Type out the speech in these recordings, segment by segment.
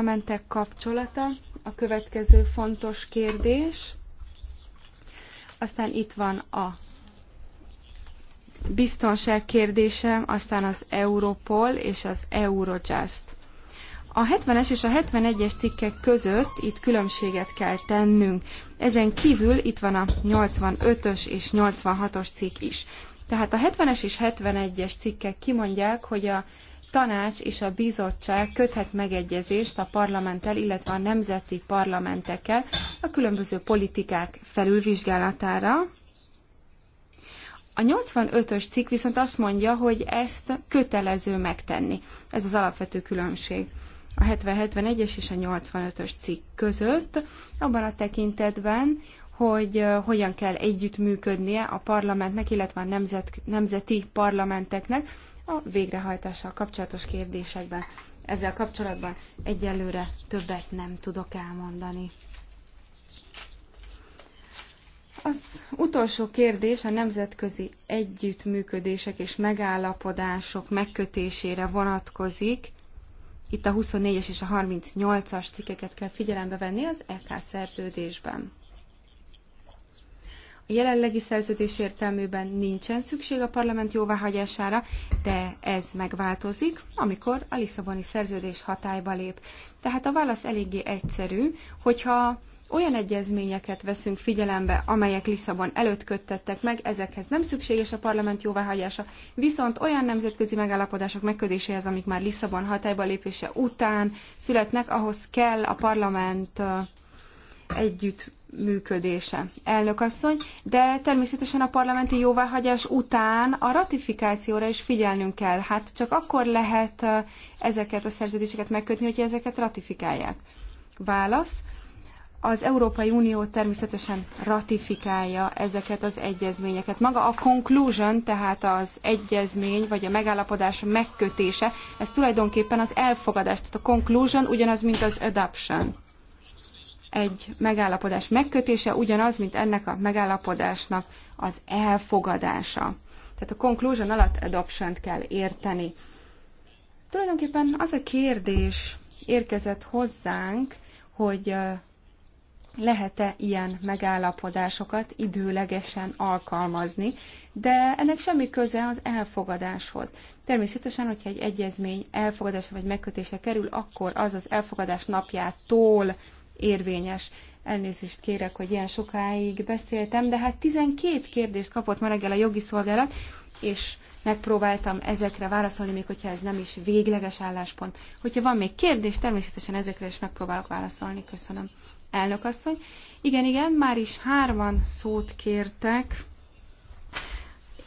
parlamentek kapcsolata a következő fontos kérdés. Aztán itt van a biztonság kérdése, aztán az Europol és az Eurojust. A 70-es és a 71-es cikkek között itt különbséget kell tennünk. Ezen kívül itt van a 85-ös és 86-os cikk is. Tehát a 70-es és 71-es cikkek kimondják, hogy a tanács és a bizottság köthet megegyezést a parlamenttel, illetve a nemzeti parlamentekkel a különböző politikák felülvizsgálatára. A 85-ös cikk viszont azt mondja, hogy ezt kötelező megtenni. Ez az alapvető különbség a 70-71-es és a 85-ös cikk között, abban a tekintetben, hogy hogyan kell együttműködnie a parlamentnek, illetve a nemzet, nemzeti parlamenteknek a végrehajtással kapcsolatos kérdésekben. Ezzel kapcsolatban egyelőre többet nem tudok elmondani. Az utolsó kérdés a nemzetközi együttműködések és megállapodások megkötésére vonatkozik. Itt a 24-es és a 38-as cikkeket kell figyelembe venni az EK szerződésben jelenlegi szerződés értelműben nincsen szükség a parlament jóváhagyására, de ez megváltozik, amikor a Lisszaboni szerződés hatályba lép. Tehát a válasz eléggé egyszerű, hogyha olyan egyezményeket veszünk figyelembe, amelyek Lisszabon előtt köttettek meg, ezekhez nem szükséges a parlament jóváhagyása, viszont olyan nemzetközi megállapodások megködéséhez, amik már Lisszabon hatályba lépése után születnek, ahhoz kell a parlament együtt működése. Elnök asszony, de természetesen a parlamenti jóváhagyás után a ratifikációra is figyelnünk kell. Hát csak akkor lehet ezeket a szerződéseket megkötni, hogyha ezeket ratifikálják. Válasz. Az Európai Unió természetesen ratifikálja ezeket az egyezményeket. Maga a conclusion, tehát az egyezmény vagy a megállapodás megkötése, ez tulajdonképpen az elfogadás, tehát a conclusion ugyanaz, mint az adoption egy megállapodás megkötése ugyanaz, mint ennek a megállapodásnak az elfogadása. Tehát a conclusion alatt adoption kell érteni. Tulajdonképpen az a kérdés érkezett hozzánk, hogy lehet-e ilyen megállapodásokat időlegesen alkalmazni, de ennek semmi köze az elfogadáshoz. Természetesen, hogyha egy egyezmény elfogadása vagy megkötése kerül, akkor az az elfogadás napjától érvényes. Elnézést kérek, hogy ilyen sokáig beszéltem, de hát 12 kérdést kapott ma reggel a jogi szolgálat, és megpróbáltam ezekre válaszolni, még hogyha ez nem is végleges álláspont. Hogyha van még kérdés, természetesen ezekre is megpróbálok válaszolni. Köszönöm. Elnök asszony. Igen, igen, már is hárman szót kértek,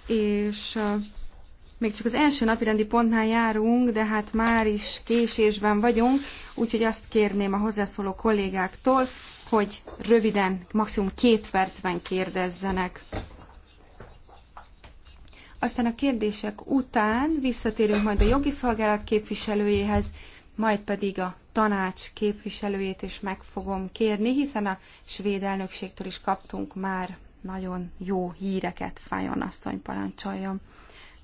és még csak az első rendi pontnál járunk, de hát már is késésben vagyunk, úgyhogy azt kérném a hozzászóló kollégáktól, hogy röviden, maximum két percben kérdezzenek. Aztán a kérdések után visszatérünk majd a jogi szolgálat képviselőjéhez, majd pedig a tanács képviselőjét is meg fogom kérni, hiszen a svéd elnökségtől is kaptunk már nagyon jó híreket, fájon asszony parancsoljon.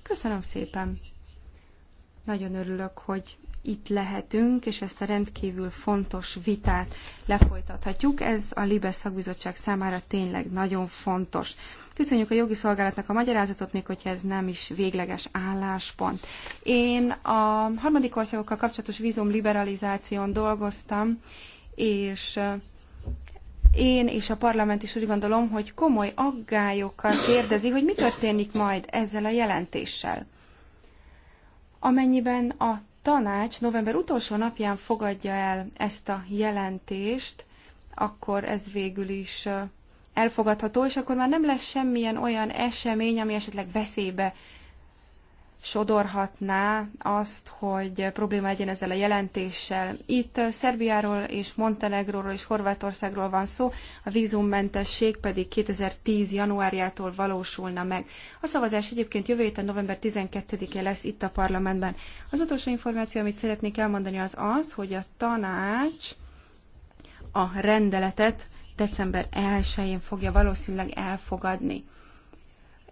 Köszönöm szépen! Nagyon örülök, hogy itt lehetünk, és ezt a rendkívül fontos vitát lefolytathatjuk. Ez a Libe szakbizottság számára tényleg nagyon fontos. Köszönjük a jogi szolgálatnak a magyarázatot, még hogyha ez nem is végleges álláspont. Én a harmadik országokkal kapcsolatos vízum liberalizáción dolgoztam, és én és a parlament is úgy gondolom, hogy komoly aggályokkal kérdezi, hogy mi történik majd ezzel a jelentéssel. Amennyiben a tanács november utolsó napján fogadja el ezt a jelentést, akkor ez végül is elfogadható, és akkor már nem lesz semmilyen olyan esemény, ami esetleg veszélybe sodorhatná azt, hogy probléma legyen ezzel a jelentéssel. Itt Szerbiáról és Montenegróról és Horvátországról van szó, a vízummentesség pedig 2010. januárjától valósulna meg. A szavazás egyébként jövő héten november 12-én lesz itt a parlamentben. Az utolsó információ, amit szeretnék elmondani, az az, hogy a tanács a rendeletet december 1-én fogja valószínűleg elfogadni.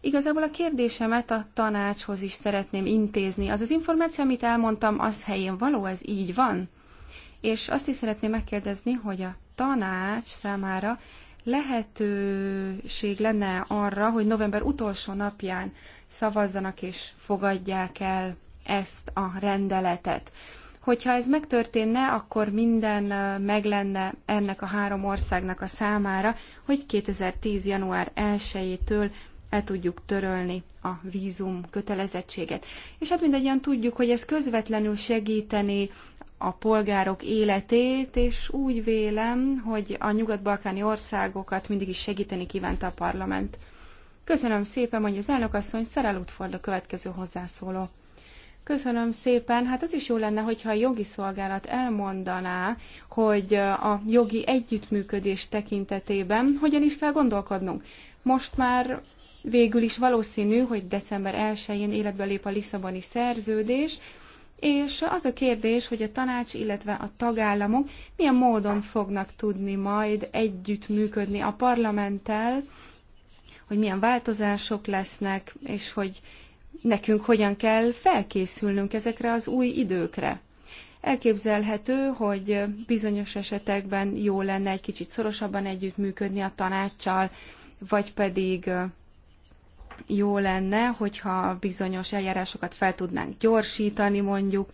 Igazából a kérdésemet a tanácshoz is szeretném intézni. Az az információ, amit elmondtam, az helyén való, ez így van? És azt is szeretném megkérdezni, hogy a tanács számára lehetőség lenne arra, hogy november utolsó napján szavazzanak és fogadják el ezt a rendeletet. Hogyha ez megtörténne, akkor minden meglenne ennek a három országnak a számára, hogy 2010. január 1-től el tudjuk törölni a vízum kötelezettséget. És hát mindegyen tudjuk, hogy ez közvetlenül segíteni a polgárok életét, és úgy vélem, hogy a nyugat-balkáni országokat mindig is segíteni kívánta a parlament. Köszönöm szépen, hogy az elnökasszony Szerelút ford a következő hozzászóló. Köszönöm szépen. Hát az is jó lenne, hogyha a jogi szolgálat elmondaná, hogy a jogi együttműködés tekintetében hogyan is kell gondolkodnunk. Most már Végül is valószínű, hogy december 1-én életbe lép a Lisszaboni szerződés, és az a kérdés, hogy a tanács, illetve a tagállamok milyen módon fognak tudni majd együttműködni a parlamenttel, hogy milyen változások lesznek, és hogy nekünk hogyan kell felkészülnünk ezekre az új időkre. Elképzelhető, hogy bizonyos esetekben jó lenne egy kicsit szorosabban együttműködni a tanácssal, vagy pedig jó lenne, hogyha bizonyos eljárásokat fel tudnánk gyorsítani mondjuk,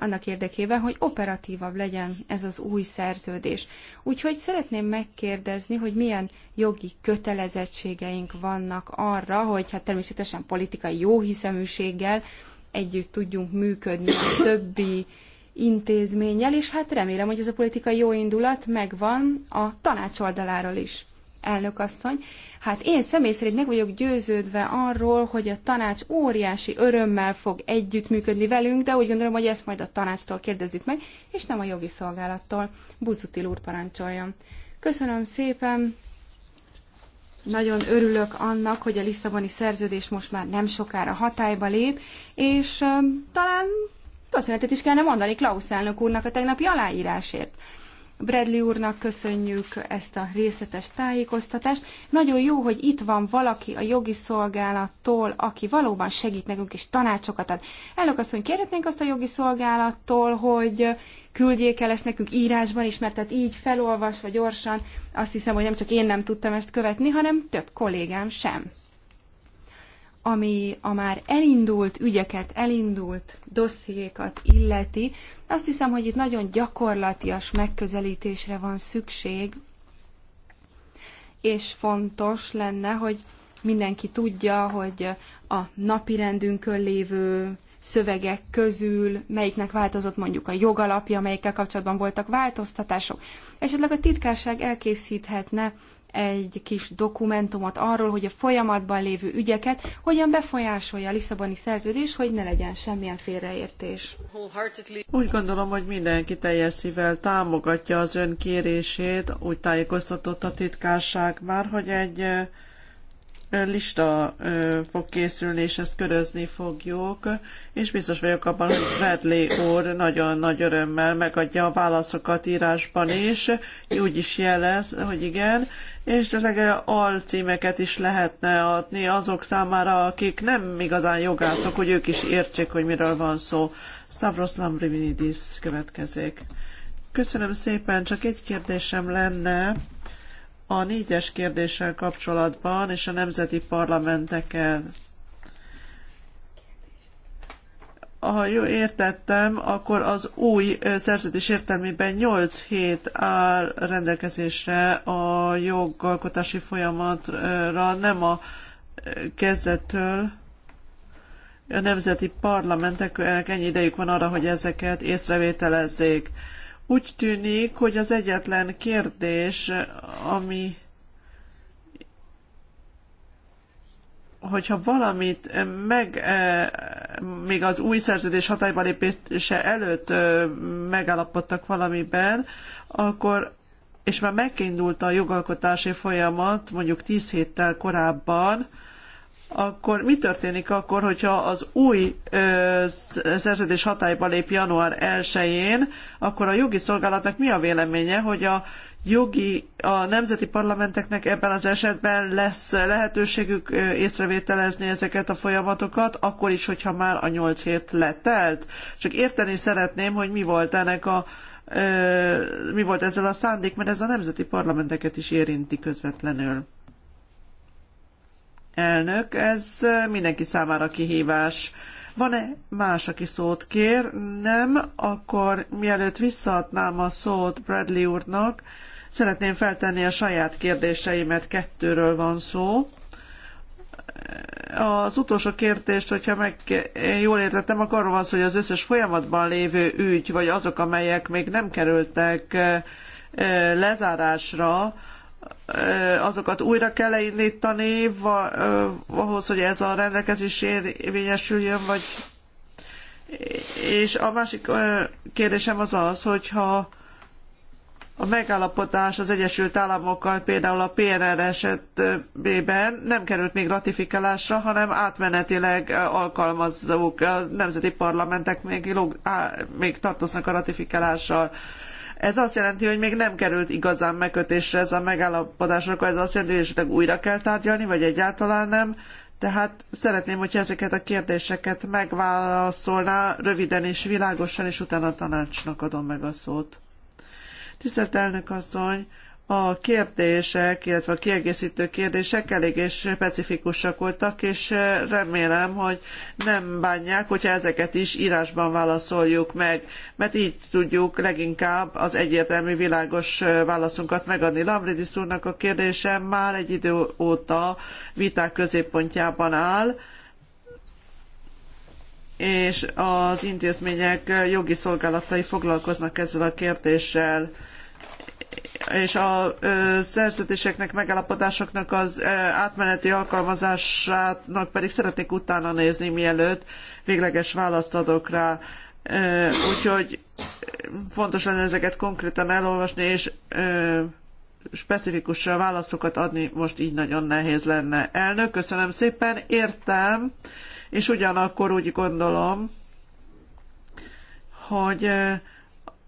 annak érdekében, hogy operatívabb legyen ez az új szerződés. Úgyhogy szeretném megkérdezni, hogy milyen jogi kötelezettségeink vannak arra, hogy hát természetesen politikai jóhiszeműséggel együtt tudjunk működni a többi intézménnyel, és hát remélem, hogy ez a politikai jóindulat megvan a tanács oldaláról is elnök asszony. Hát én személy szerint meg vagyok győződve arról, hogy a tanács óriási örömmel fog együttműködni velünk, de úgy gondolom, hogy ezt majd a tanácstól kérdezzük meg, és nem a jogi szolgálattól. Buzutil úr parancsoljon. Köszönöm szépen, nagyon örülök annak, hogy a Lisszaboni szerződés most már nem sokára hatályba lép, és um, talán köszönetet is kellene mondani Klaus elnök úrnak a tegnapi aláírásért. Bradley úrnak köszönjük ezt a részletes tájékoztatást. Nagyon jó, hogy itt van valaki a jogi szolgálattól, aki valóban segít nekünk és tanácsokat ad. Elnök asszony, kérhetnénk azt a jogi szolgálattól, hogy küldjék el ezt nekünk írásban is, mert tehát így felolvasva gyorsan, azt hiszem, hogy nem csak én nem tudtam ezt követni, hanem több kollégám sem ami a már elindult ügyeket, elindult dossziékat illeti, azt hiszem, hogy itt nagyon gyakorlatias megközelítésre van szükség, és fontos lenne, hogy mindenki tudja, hogy a napirendünkön lévő szövegek közül, melyiknek változott mondjuk a jogalapja, melyikkel kapcsolatban voltak változtatások. Esetleg a titkárság elkészíthetne egy kis dokumentumot arról, hogy a folyamatban lévő ügyeket hogyan befolyásolja a Lisszaboni szerződés, hogy ne legyen semmilyen félreértés. Úgy gondolom, hogy mindenki teljes szívvel támogatja az ön kérését, úgy tájékoztatott a titkárság már, hogy egy lista fog készülni, és ezt körözni fogjuk, és biztos vagyok abban, hogy Bradley úr nagyon nagy örömmel megadja a válaszokat írásban is, úgy is jelez, hogy igen, és tényleg alcímeket is lehetne adni azok számára, akik nem igazán jogászok, hogy ők is értsék, hogy miről van szó. Stavros Lambrinidis következik. Köszönöm szépen, csak egy kérdésem lenne a négyes kérdéssel kapcsolatban és a nemzeti parlamentekkel ha jól értettem, akkor az új szerződés értelmében 8 hét áll rendelkezésre a jogalkotási folyamatra, nem a kezdettől. A nemzeti parlamenteknek ennyi idejük van arra, hogy ezeket észrevételezzék. Úgy tűnik, hogy az egyetlen kérdés, ami hogyha valamit meg eh, még az új szerződés hatályba lépése előtt eh, megállapodtak valamiben, akkor és már megindult a jogalkotási folyamat mondjuk 10 héttel korábban, akkor mi történik akkor, hogyha az új ö, eh, szerződés hatályba lép január 1-én, akkor a jogi szolgálatnak mi a véleménye, hogy a jogi, a nemzeti parlamenteknek ebben az esetben lesz lehetőségük észrevételezni ezeket a folyamatokat, akkor is, hogyha már a nyolc hét letelt. Csak érteni szeretném, hogy mi volt ennek a mi volt ezzel a szándék, mert ez a nemzeti parlamenteket is érinti közvetlenül. Elnök, ez mindenki számára kihívás. Van-e más, aki szót kér? Nem, akkor mielőtt visszaadnám a szót Bradley úrnak, Szeretném feltenni a saját kérdéseimet, kettőről van szó. Az utolsó kérdést, hogyha meg jól értettem, akkor arról van szó, hogy az összes folyamatban lévő ügy, vagy azok, amelyek még nem kerültek lezárásra, azokat újra kell indítani ahhoz, hogy ez a rendelkezés érvényesüljön, vagy és a másik kérdésem az az, hogyha a megállapodás az Egyesült Államokkal például a PNR esetében nem került még ratifikálásra, hanem átmenetileg alkalmazzuk, a nemzeti parlamentek még, még tartoznak a ratifikálással. Ez azt jelenti, hogy még nem került igazán megkötésre ez a megállapodás, akkor ez azt jelenti, hogy esetleg újra kell tárgyalni, vagy egyáltalán nem. Tehát szeretném, hogyha ezeket a kérdéseket megválaszolná röviden és világosan, és utána a tanácsnak adom meg a szót. Tisztelt elnök asszony, a kérdések, illetve a kiegészítő kérdések eléggé specifikusak voltak, és remélem, hogy nem bánják, hogyha ezeket is írásban válaszoljuk meg, mert így tudjuk leginkább az egyértelmű világos válaszunkat megadni. Lambridis úrnak a kérdése már egy idő óta viták középpontjában áll, és az intézmények jogi szolgálatai foglalkoznak ezzel a kérdéssel és a szerződéseknek, megállapodásoknak az átmeneti alkalmazásának pedig szeretnék utána nézni, mielőtt végleges választ adok rá. Úgyhogy fontos lenne ezeket konkrétan elolvasni, és specifikus válaszokat adni most így nagyon nehéz lenne. Elnök, köszönöm szépen, értem, és ugyanakkor úgy gondolom, hogy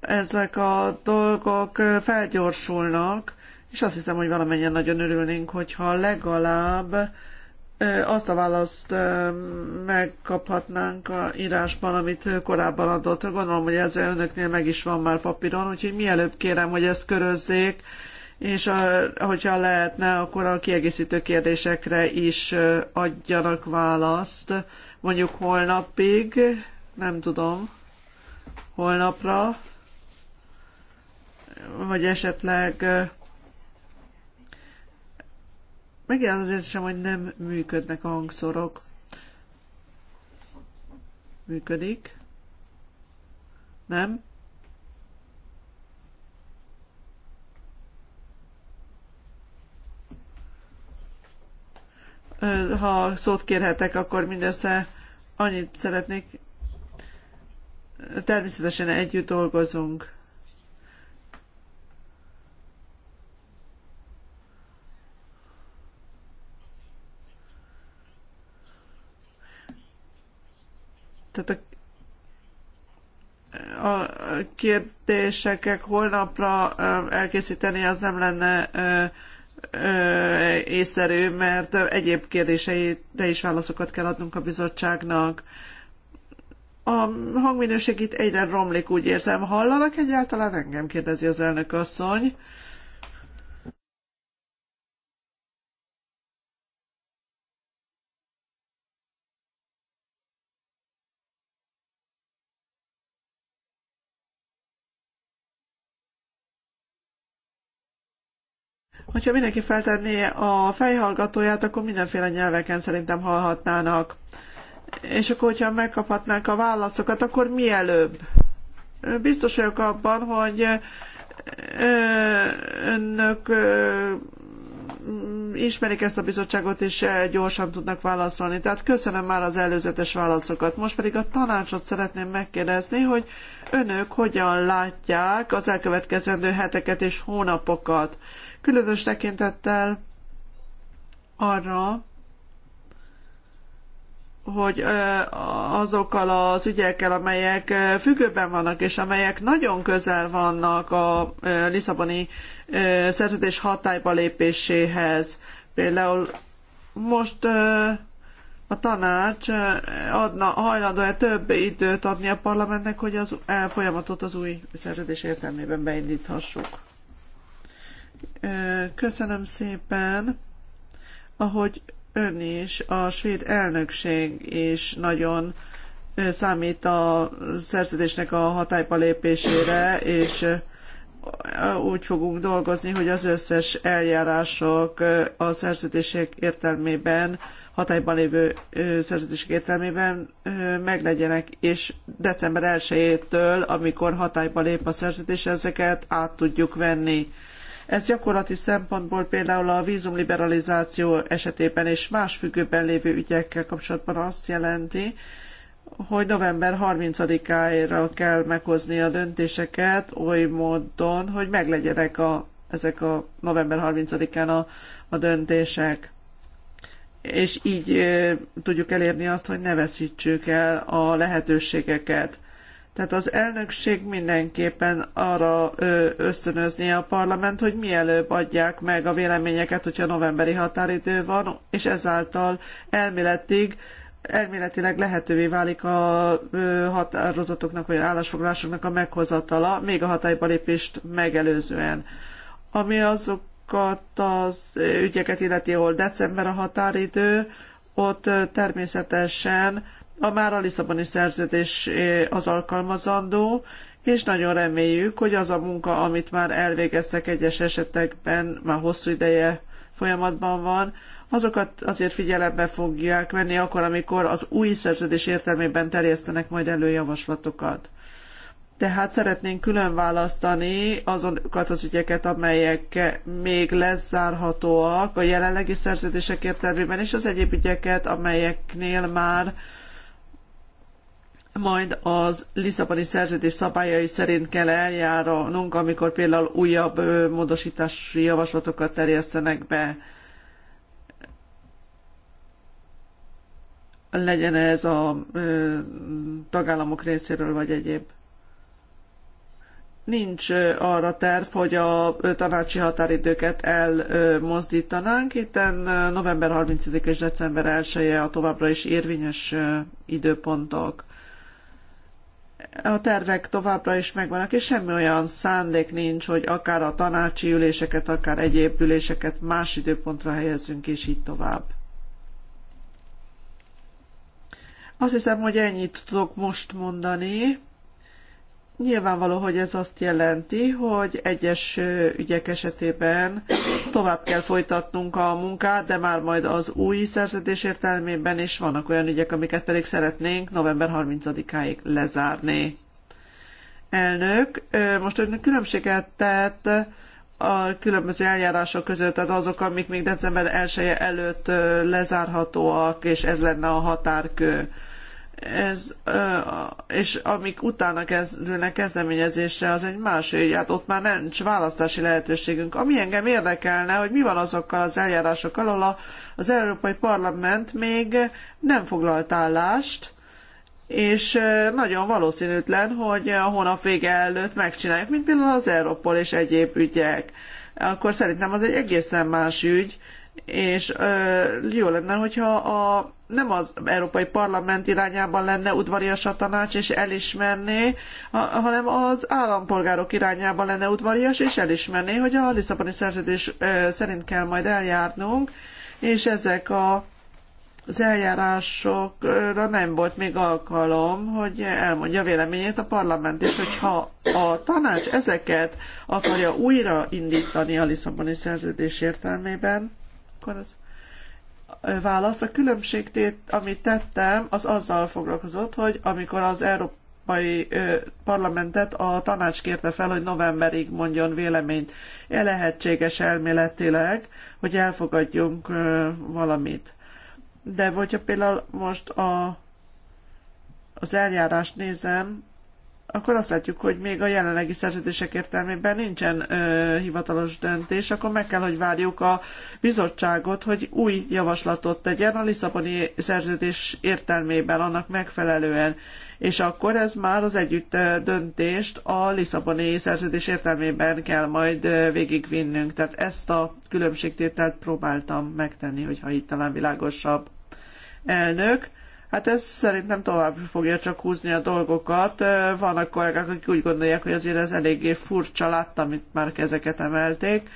ezek a dolgok felgyorsulnak, és azt hiszem, hogy valamennyien nagyon örülnénk, hogyha legalább azt a választ megkaphatnánk a írásban, amit korábban adott. Gondolom, hogy ez önöknél meg is van már papíron, úgyhogy mielőbb kérem, hogy ezt körözzék, és a, hogyha lehetne, akkor a kiegészítő kérdésekre is adjanak választ, mondjuk holnapig, nem tudom, holnapra vagy esetleg megjelent azért sem, hogy nem működnek a hangszorok. Működik. Nem? Ha szót kérhetek, akkor mindössze annyit szeretnék. Természetesen együtt dolgozunk. Tehát a a kérdéseket holnapra elkészíteni az nem lenne észszerű, mert egyéb kérdéseire is válaszokat kell adnunk a bizottságnak. A hangminőség itt egyre romlik, úgy érzem. Hallanak egyáltalán? Engem kérdezi az elnök asszony. Hogyha mindenki feltenné a fejhallgatóját, akkor mindenféle nyelveken szerintem hallhatnának. És akkor, hogyha megkaphatnánk a válaszokat, akkor mielőbb. Biztos vagyok abban, hogy önök ismerik ezt a bizottságot, és gyorsan tudnak válaszolni. Tehát köszönöm már az előzetes válaszokat. Most pedig a tanácsot szeretném megkérdezni, hogy önök hogyan látják az elkövetkezendő heteket és hónapokat. Különös tekintettel arra, hogy azokkal az ügyekkel, amelyek függőben vannak, és amelyek nagyon közel vannak a Lisszaboni szerződés hatályba lépéséhez. Például most a tanács adna, hajlandó-e több időt adni a parlamentnek, hogy az folyamatot az új szerződés értelmében beindíthassuk. Köszönöm szépen, ahogy ön is, a svéd elnökség is nagyon számít a szerződésnek a hatályba lépésére, és úgy fogunk dolgozni, hogy az összes eljárások a szerződések értelmében, hatályban lévő szerződések értelmében meglegyenek, és december 1-től, amikor hatályba lép a szerződés, ezeket át tudjuk venni. Ez gyakorlati szempontból például a vízumliberalizáció esetében és más függőben lévő ügyekkel kapcsolatban azt jelenti, hogy november 30-ára kell meghozni a döntéseket oly módon, hogy meglegyenek a, ezek a november 30-án a, a döntések. És így e, tudjuk elérni azt, hogy ne veszítsük el a lehetőségeket. Tehát az elnökség mindenképpen arra ösztönözné a parlament, hogy mielőbb adják meg a véleményeket, hogyha novemberi határidő van, és ezáltal elméletig elméletileg lehetővé válik a határozatoknak vagy állásfoglalásoknak a meghozatala, még a hatályba lépést megelőzően. Ami azokat az ügyeket illeti, ahol december a határidő, ott természetesen a már a Lisszaboni szerződés eh, az alkalmazandó, és nagyon reméljük, hogy az a munka, amit már elvégeztek egyes esetekben, már hosszú ideje folyamatban van, azokat azért figyelembe fogják venni akkor, amikor az új szerződés értelmében terjesztenek majd elő javaslatokat. Tehát szeretnénk külön választani azokat az ügyeket, amelyek még lezárhatóak a jelenlegi szerződések értelmében, és az egyéb ügyeket, amelyeknél már majd az Lisszaboni szerződés szabályai szerint kell eljárnunk, amikor például újabb módosítási javaslatokat terjesztenek be. Legyen ez a ö, tagállamok részéről, vagy egyéb. Nincs arra terv, hogy a tanácsi határidőket elmozdítanánk. Itten november 30 és december 1 -e a továbbra is érvényes időpontok a tervek továbbra is megvannak, és semmi olyan szándék nincs, hogy akár a tanácsi üléseket, akár egyéb üléseket más időpontra helyezzünk, és így tovább. Azt hiszem, hogy ennyit tudok most mondani. Nyilvánvaló, hogy ez azt jelenti, hogy egyes ügyek esetében tovább kell folytatnunk a munkát, de már majd az új szerződés értelmében is vannak olyan ügyek, amiket pedig szeretnénk november 30-áig lezárni. Elnök, most ön különbséget tett a különböző eljárások között, tehát azok, amik még december 1 -e előtt lezárhatóak, és ez lenne a határkő ez, és amik utána kerülnek kezdeményezésre, az egy más ügy, hát ott már nincs választási lehetőségünk. Ami engem érdekelne, hogy mi van azokkal az eljárásokkal, ahol az Európai Parlament még nem foglalt állást, és nagyon valószínűtlen, hogy a hónap vége előtt megcsinálják, mint például az Európol és egyéb ügyek. Akkor szerintem az egy egészen más ügy, és ö, jó lenne, hogyha a, nem az Európai Parlament irányában lenne udvarias a tanács, és elismerné, a, hanem az állampolgárok irányában lenne udvarias, és elismerné, hogy a Lisszaboni szerződés ö, szerint kell majd eljárnunk, és ezek a az eljárásokra nem volt még alkalom, hogy elmondja véleményét a parlament, és hogyha a tanács ezeket akarja újra indítani a Lisszaboni szerződés értelmében, akkor az válasz. A különbségtét, amit tettem, az azzal foglalkozott, hogy amikor az Európai Parlamentet a tanács kérte fel, hogy novemberig mondjon véleményt. E lehetséges elméletileg, hogy elfogadjunk valamit. De hogyha például most a, az eljárást nézem, akkor azt látjuk, hogy még a jelenlegi szerződések értelmében nincsen ö, hivatalos döntés, akkor meg kell, hogy várjuk a bizottságot, hogy új javaslatot tegyen a Lisszaboni szerződés értelmében, annak megfelelően. És akkor ez már az együtt döntést a Lisszaboni szerződés értelmében kell majd végigvinnünk. Tehát ezt a különbségtételt próbáltam megtenni, hogyha itt talán világosabb elnök. Hát ez szerintem tovább fogja csak húzni a dolgokat. Vannak kollégák, akik úgy gondolják, hogy azért ez eléggé furcsa, láttam itt már ezeket emelték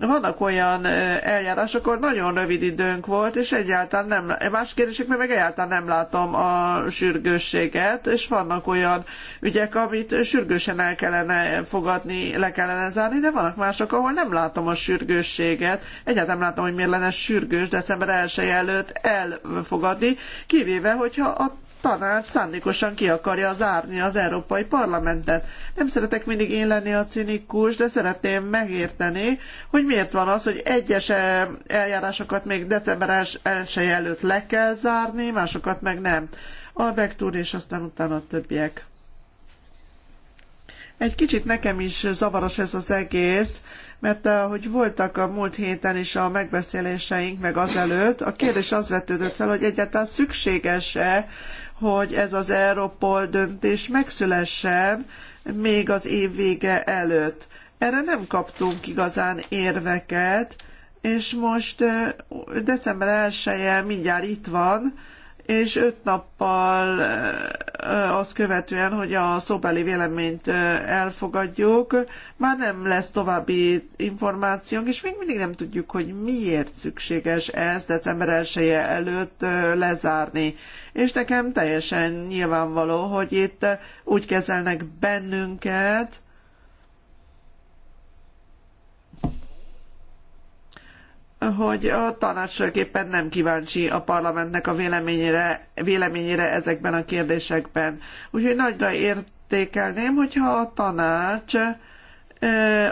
vannak olyan eljárások, ahol nagyon rövid időnk volt, és egyáltalán nem, más kérdésekben meg egyáltalán nem látom a sürgősséget, és vannak olyan ügyek, amit sürgősen el kellene fogadni, le kellene zárni, de vannak mások, ahol nem látom a sürgősséget, egyáltalán nem látom, hogy miért lenne sürgős december 1 előtt elfogadni, kivéve, hogyha a tanács szándékosan ki akarja zárni az Európai Parlamentet. Nem szeretek mindig én lenni a cinikus, de szeretném megérteni, hogy miért van az, hogy egyes e, eljárásokat még december 1 előtt le kell zárni, másokat meg nem. Albrecht úr, és aztán utána a többiek. Egy kicsit nekem is zavaros ez az egész, mert ahogy voltak a múlt héten is a megbeszéléseink, meg azelőtt, a kérdés az vetődött fel, hogy egyáltalán szükséges-e hogy ez az Europol döntés megszülessen még az év vége előtt. Erre nem kaptunk igazán érveket, és most eh, december 1 -e mindjárt itt van, és öt nappal eh, azt követően, hogy a szóbeli véleményt eh, elfogadjuk, már nem lesz további információnk, és még mindig nem tudjuk, hogy miért szükséges ez december 1 -e előtt eh, lezárni. És nekem teljesen nyilvánvaló, hogy itt úgy kezelnek bennünket, hogy a tanács tulajdonképpen nem kíváncsi a parlamentnek a véleményére, véleményére ezekben a kérdésekben. Úgyhogy nagyra értékelném, hogyha a tanács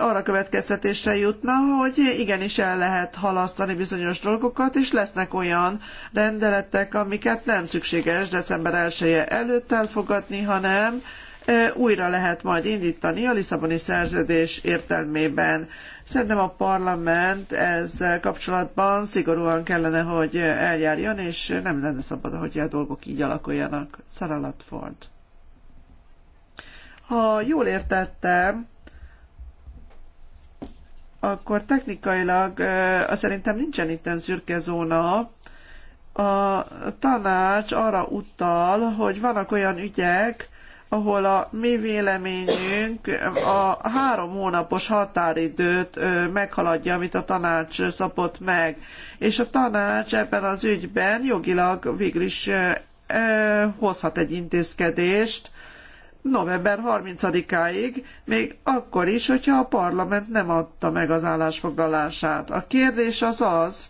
arra következtetésre jutna, hogy igenis el lehet halasztani bizonyos dolgokat, és lesznek olyan rendeletek, amiket nem szükséges december 1 -e előtt elfogadni, hanem újra lehet majd indítani a Lisszaboni szerződés értelmében. Szerintem a parlament ezzel kapcsolatban szigorúan kellene, hogy eljárjon, és nem lenne szabad, hogy a dolgok így alakuljanak. Sarah Latford. Ha jól értettem, akkor technikailag szerintem nincsen itt szürke zóna. A tanács arra utal, hogy vannak olyan ügyek, ahol a mi véleményünk a három hónapos határidőt meghaladja, amit a tanács szabott meg. És a tanács ebben az ügyben jogilag végül is hozhat egy intézkedést, november 30-áig, még akkor is, hogyha a parlament nem adta meg az állásfoglalását. A kérdés az az,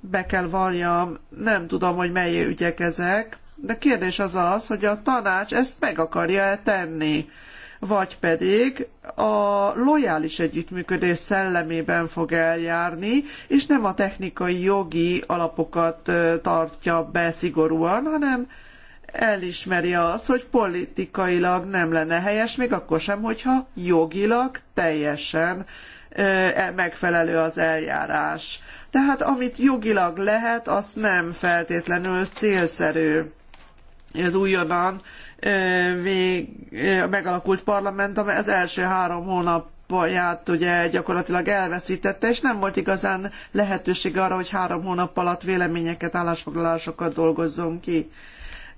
be kell valljam, nem tudom, hogy mely ügyek ezek, de kérdés az az, hogy a tanács ezt meg akarja-e tenni, vagy pedig a lojális együttműködés szellemében fog eljárni, és nem a technikai jogi alapokat tartja be szigorúan, hanem elismeri azt, hogy politikailag nem lenne helyes, még akkor sem, hogyha jogilag teljesen e, megfelelő az eljárás. Tehát amit jogilag lehet, azt nem feltétlenül célszerű az újonnan vég, megalakult parlament, amely az első három hónap baját ugye gyakorlatilag elveszítette, és nem volt igazán lehetőség arra, hogy három hónap alatt véleményeket, állásfoglalásokat dolgozzon ki.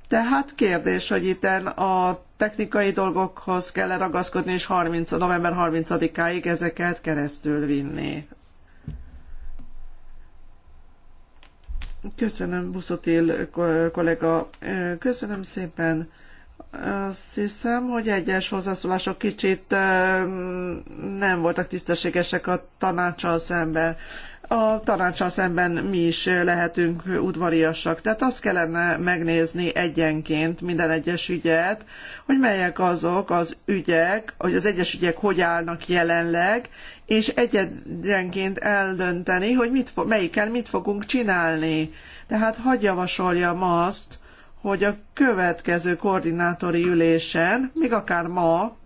Tehát kérdés, hogy itten a technikai dolgokhoz kell ragaszkodni, és 30, november 30-áig ezeket keresztül vinni. Köszönöm, Buszotil eh, kollega. Eh, köszönöm szépen. Azt hiszem, hogy egyes hozzászólások kicsit eh, nem voltak tisztességesek a tanácsal szemben. A tanácsal szemben mi is lehetünk udvariasak. Tehát azt kellene megnézni egyenként minden egyes ügyet, hogy melyek azok az ügyek, hogy az egyes ügyek hogy állnak jelenleg, és egyenként eldönteni, hogy mit fo- melyikkel mit fogunk csinálni. Tehát hagy javasoljam azt, hogy a következő koordinátori ülésen, még akár ma,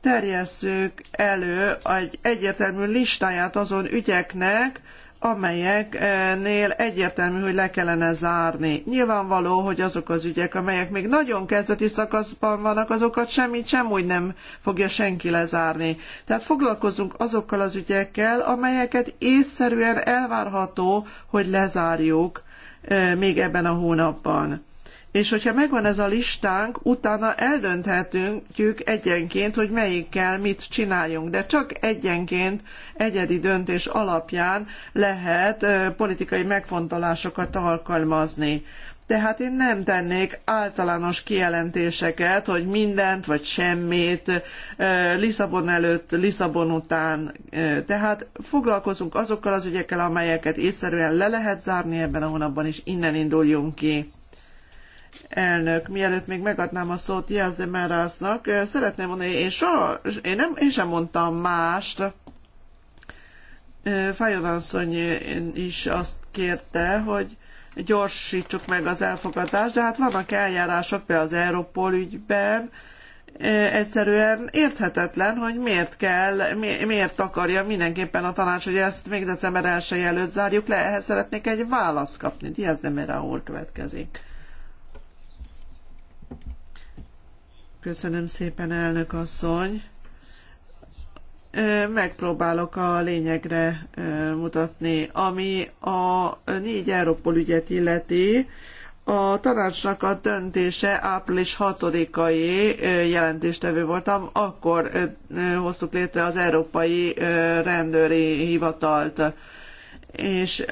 terjesszük elő egy egyértelmű listáját azon ügyeknek, amelyeknél egyértelmű, hogy le kellene zárni. Nyilvánvaló, hogy azok az ügyek, amelyek még nagyon kezdeti szakaszban vannak, azokat semmit sem úgy nem fogja senki lezárni. Tehát foglalkozunk azokkal az ügyekkel, amelyeket észszerűen elvárható, hogy lezárjuk eh, még ebben a hónapban és hogyha megvan ez a listánk, utána eldönthetünk egyenként, hogy melyikkel mit csináljunk, de csak egyenként egyedi döntés alapján lehet politikai megfontolásokat alkalmazni. Tehát én nem tennék általános kijelentéseket, hogy mindent vagy semmit, Lisszabon előtt, Lisszabon után. Tehát foglalkozunk azokkal az ügyekkel, amelyeket észszerűen le lehet zárni ebben a hónapban, és innen induljunk ki. Elnök, mielőtt még megadnám a szót Jász de Merásznak, eh, szeretném mondani, én, soha, én, nem, én sem mondtam mást. Eh, Fajon asszony is azt kérte, hogy gyorsítsuk meg az elfogadást, de hát vannak eljárások be az Európol ügyben, eh, egyszerűen érthetetlen, hogy miért kell, mi, miért akarja mindenképpen a tanács, hogy ezt még december 1 előtt zárjuk le. Ehhez szeretnék egy választ kapni. Diaz de Mera úr következik. Köszönöm szépen, elnök asszony. Megpróbálok a lényegre mutatni. Ami a négy Európol ügyet illeti, a tanácsnak a döntése április 6-ai jelentéstevő voltam, akkor hoztuk létre az Európai Rendőri Hivatalt. És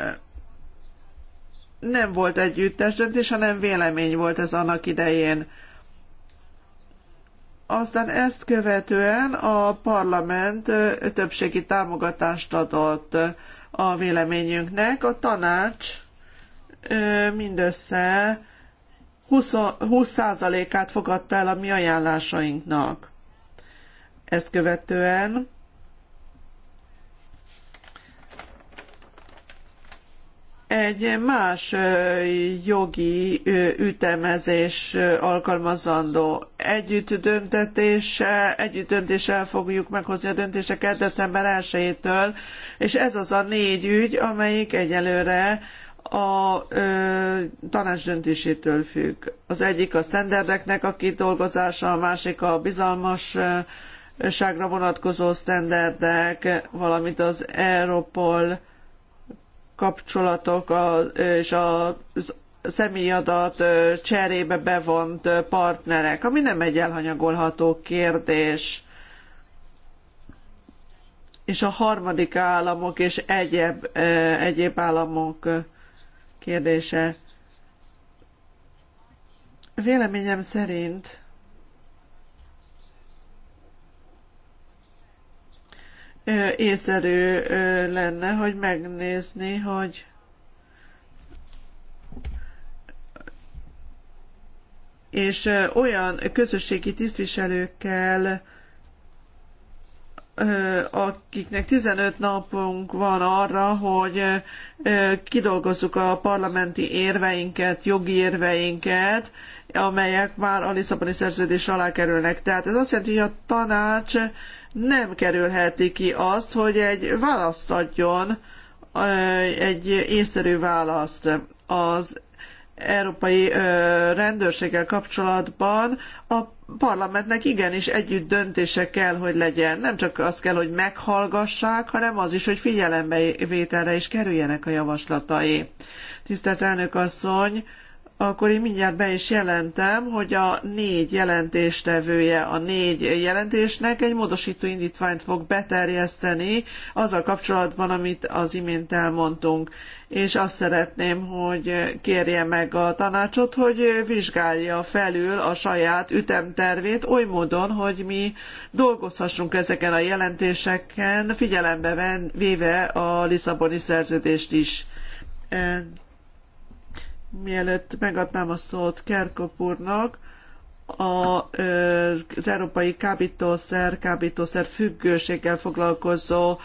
nem volt együttes döntés, hanem vélemény volt ez annak idején. Aztán ezt követően a parlament többségi támogatást adott a véleményünknek. A tanács mindössze 20%-át fogadta el a mi ajánlásainknak. Ezt követően egy más jogi ütemezés alkalmazandó. Együtt döntetése, együtt döntéssel fogjuk meghozni a döntéseket december 1-től, és ez az a négy ügy, amelyik egyelőre a ö, tanács döntésétől függ. Az egyik a sztenderdeknek a kidolgozása, a másik a bizalmasságra vonatkozó sztenderdek, valamint az Europol kapcsolatok és a személyadat cserébe bevont partnerek, ami nem egy elhanyagolható kérdés. És a harmadik államok és egyéb, egyéb államok kérdése. Véleményem szerint észszerű lenne, hogy megnézni, hogy és olyan közösségi tisztviselőkkel, akiknek 15 napunk van arra, hogy kidolgozzuk a parlamenti érveinket, jogi érveinket, amelyek már a Lisszaboni szerződés alá kerülnek. Tehát ez azt jelenti, hogy a tanács nem kerülheti ki azt, hogy egy választ adjon, egy észszerű választ az európai rendőrséggel kapcsolatban a parlamentnek igenis együtt döntése kell, hogy legyen. Nem csak az kell, hogy meghallgassák, hanem az is, hogy figyelembevételre is kerüljenek a javaslatai. Tisztelt elnök asszony, akkor én mindjárt be is jelentem, hogy a négy jelentéstevője a négy jelentésnek egy módosító indítványt fog beterjeszteni azzal kapcsolatban, amit az imént elmondtunk. És azt szeretném, hogy kérje meg a tanácsot, hogy vizsgálja felül a saját ütemtervét oly módon, hogy mi dolgozhassunk ezeken a jelentéseken, figyelembe véve a Lisszaboni szerződést is mielőtt megadnám a szót Kerkop úrnak, a, az Európai Kábítószer, Kábítószer függőséggel foglalkozó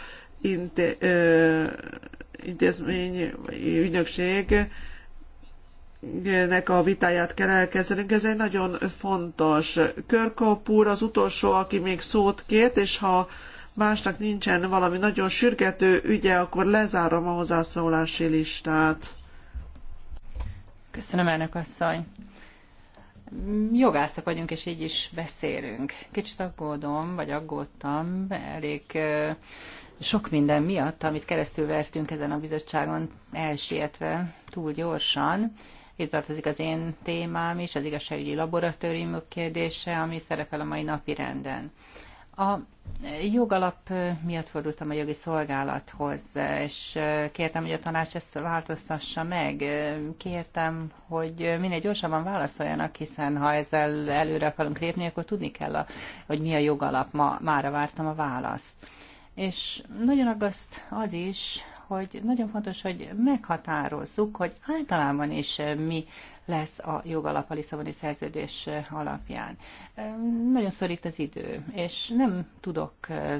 intézmény, ügynökség nek a vitáját kell elkezdenünk. Ez egy nagyon fontos. Körkop úr az utolsó, aki még szót kért, és ha másnak nincsen valami nagyon sürgető ügye, akkor lezárom a hozzászólási listát. Köszönöm, elnök asszony. Jogászok vagyunk, és így is beszélünk. Kicsit aggódom, vagy aggódtam, elég sok minden miatt, amit keresztül vertünk ezen a bizottságon elsietve túl gyorsan. Itt tartozik az én témám is, az igazságügyi laboratóriumok kérdése, ami szerepel a mai napi renden. A jogalap miatt fordultam a jogi szolgálathoz, és kértem, hogy a tanács ezt változtassa meg. Kértem, hogy minél gyorsabban válaszoljanak, hiszen ha ezzel előre akarunk lépni, akkor tudni kell, hogy mi a jogalap. Ma, mára vártam a választ. És nagyon aggaszt az is, hogy nagyon fontos, hogy meghatározzuk, hogy általában is mi lesz a jogalap a Lisszaboni szerződés alapján. Nagyon szorít az idő, és nem tudok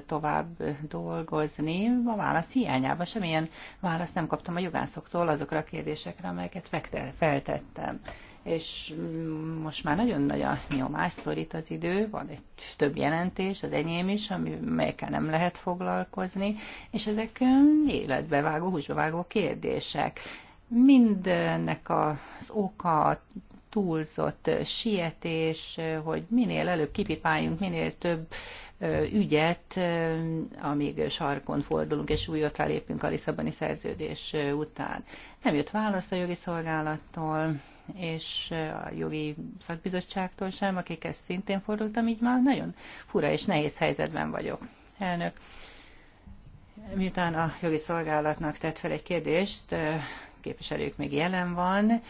tovább dolgozni a válasz hiányában. Semmilyen választ nem kaptam a jogászoktól azokra a kérdésekre, amelyeket feltettem és mm, most már nagyon nagy a nyomás, szorít az idő, van egy több jelentés, az enyém is, amelyekkel nem lehet foglalkozni, és ezek életbevágó, húsbevágó kérdések mindennek az oka túlzott sietés, hogy minél előbb kipipáljunk, minél több ügyet, amíg sarkon fordulunk és újra lépünk a Lisszaboni szerződés után. Nem jött válasz a jogi szolgálattól, és a jogi szakbizottságtól sem, akikhez szintén fordultam, így már nagyon fura és nehéz helyzetben vagyok. Elnök, miután a jogi szolgálatnak tett fel egy kérdést, képviselők még jelen van.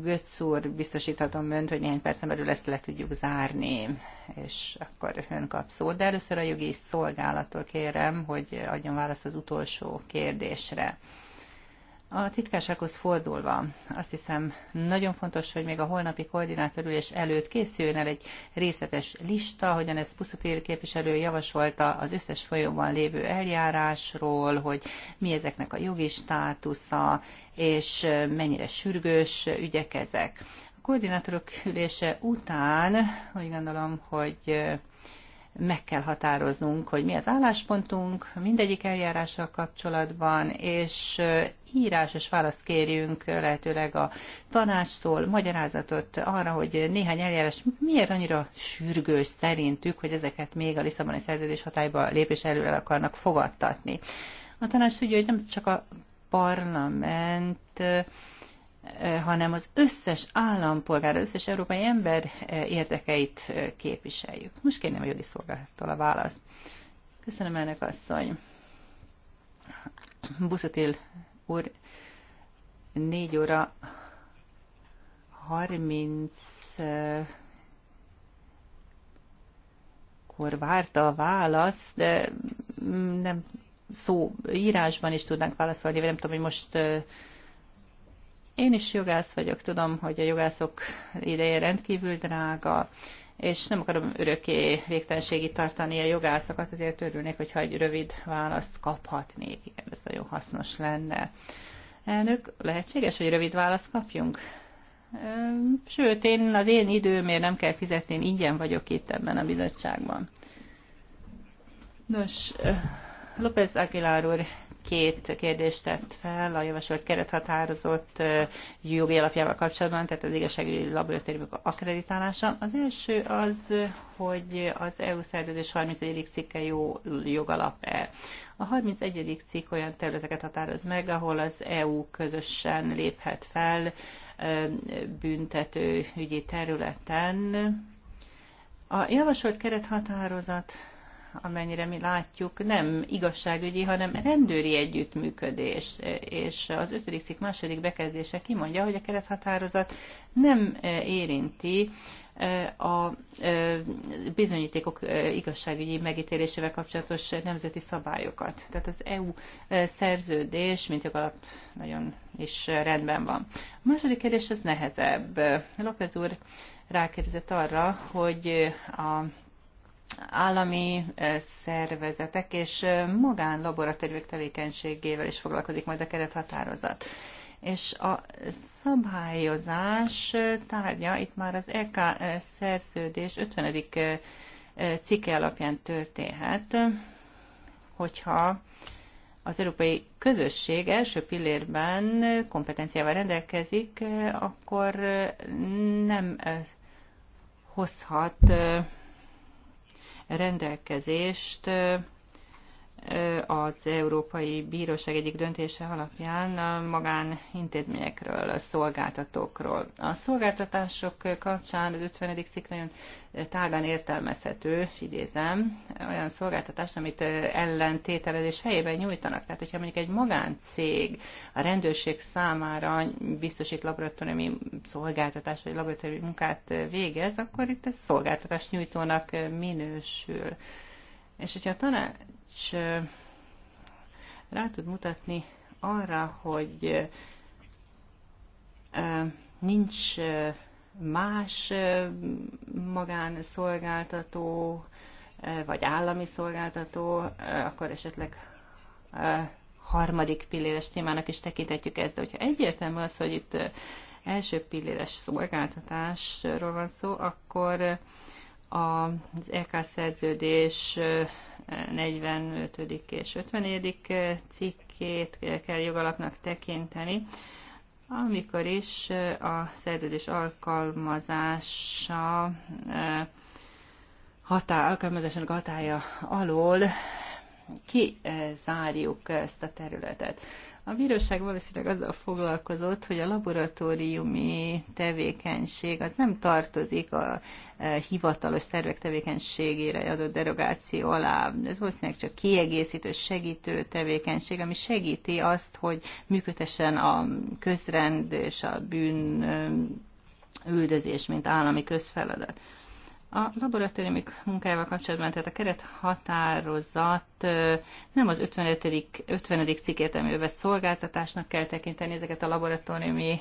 Götz úr, biztosíthatom önt, hogy néhány percen belül ezt le tudjuk zárni, és akkor ön kap szót. De először a jogi szolgálattól kérem, hogy adjon választ az utolsó kérdésre. A titkársághoz fordulva azt hiszem nagyon fontos, hogy még a holnapi koordinátorülés előtt készüljön el egy részletes lista, hogyan ez Puszutér képviselő javasolta az összes folyóban lévő eljárásról, hogy mi ezeknek a jogi státusza, és mennyire sürgős ügyek ezek. A koordinátorok ülése után úgy gondolom, hogy meg kell határoznunk, hogy mi az álláspontunk mindegyik eljárással kapcsolatban, és írásos választ kérjünk lehetőleg a tanácstól, magyarázatot arra, hogy néhány eljárás miért annyira sürgős szerintük, hogy ezeket még a Lisszaboni szerződés hatályba lépés előre akarnak fogadtatni. A tanács tudja, hogy nem csak a parlament Eh, hanem az összes állampolgár, az összes európai ember eh, érdekeit eh, képviseljük. Most kérném a jogi szolgálattól a választ. Köszönöm elnök asszony. Buszotil úr 4 óra 30 kor várta a választ, de mm, nem szó írásban is tudnánk válaszolni, vagy nem tudom, hogy most én is jogász vagyok, tudom, hogy a jogászok ideje rendkívül drága, és nem akarom örökké végtelenségi tartani a jogászokat, azért örülnék, hogyha egy rövid választ kaphatnék. Igen, ez nagyon hasznos lenne. Elnök, lehetséges, hogy rövid választ kapjunk? Sőt, én az én időmért nem kell fizetni, én ingyen vagyok itt ebben a bizottságban. Nos, López Aguilar úr két kérdést tett fel a javasolt kerethatározott jogi alapjával kapcsolatban, tehát az igazságügyi laboratóriumok akkreditálása. Az első az, hogy az EU szerződés 31. cikke jó jogalap-e. A 31. cikk olyan területeket határoz meg, ahol az EU közösen léphet fel büntető ügyi területen. A javasolt kerethatározat amennyire mi látjuk, nem igazságügyi, hanem rendőri együttműködés. És az ötödik cikk második bekezdése kimondja, hogy a kerethatározat nem e, érinti e, a e, bizonyítékok igazságügyi megítélésével kapcsolatos nemzeti szabályokat. Tehát az EU szerződés, mint jogalap, nagyon is rendben van. A második kérdés az nehezebb. López úr rákérdezett arra, hogy a állami szervezetek és magánlaboratóriumok tevékenységével is foglalkozik majd a kerethatározat. És a szabályozás tárgya itt már az EK szerződés 50. cikke alapján történhet, hogyha az európai közösség első pillérben kompetenciával rendelkezik, akkor nem hozhat rendelkezést az Európai Bíróság egyik döntése alapján a magánintézményekről, a szolgáltatókról. A szolgáltatások kapcsán az 50. cikk nagyon tágan értelmezhető, és idézem, olyan szolgáltatás, amit ellentételezés helyében nyújtanak. Tehát, hogyha mondjuk egy magáncég a rendőrség számára biztosít laboratóriumi szolgáltatás vagy laboratóriumi munkát végez, akkor itt ez szolgáltatás nyújtónak minősül. És hogyha a tanács rá tud mutatni arra, hogy nincs más magánszolgáltató, vagy állami szolgáltató, akkor esetleg harmadik pilléres témának is tekintetjük ezt. De hogyha egyértelmű az, hogy itt első pilléres szolgáltatásról van szó, akkor az EK szerződés 45. és 50. cikkét kell jogalapnak tekinteni, amikor is a szerződés alkalmazása hatá, alkalmazásának hatája alól kizárjuk ezt a területet. A bíróság valószínűleg azzal foglalkozott, hogy a laboratóriumi tevékenység az nem tartozik a e, hivatalos szervek tevékenységére adott derogáció alá. Ez valószínűleg csak kiegészítő, segítő tevékenység, ami segíti azt, hogy működhessen a közrend és a bűn e, üldözés, mint állami közfeladat. A laboratóriumi munkájával kapcsolatban, tehát a kerethatározat nem az 50. 50. cikk értelmű szolgáltatásnak kell tekinteni ezeket a laboratóriumi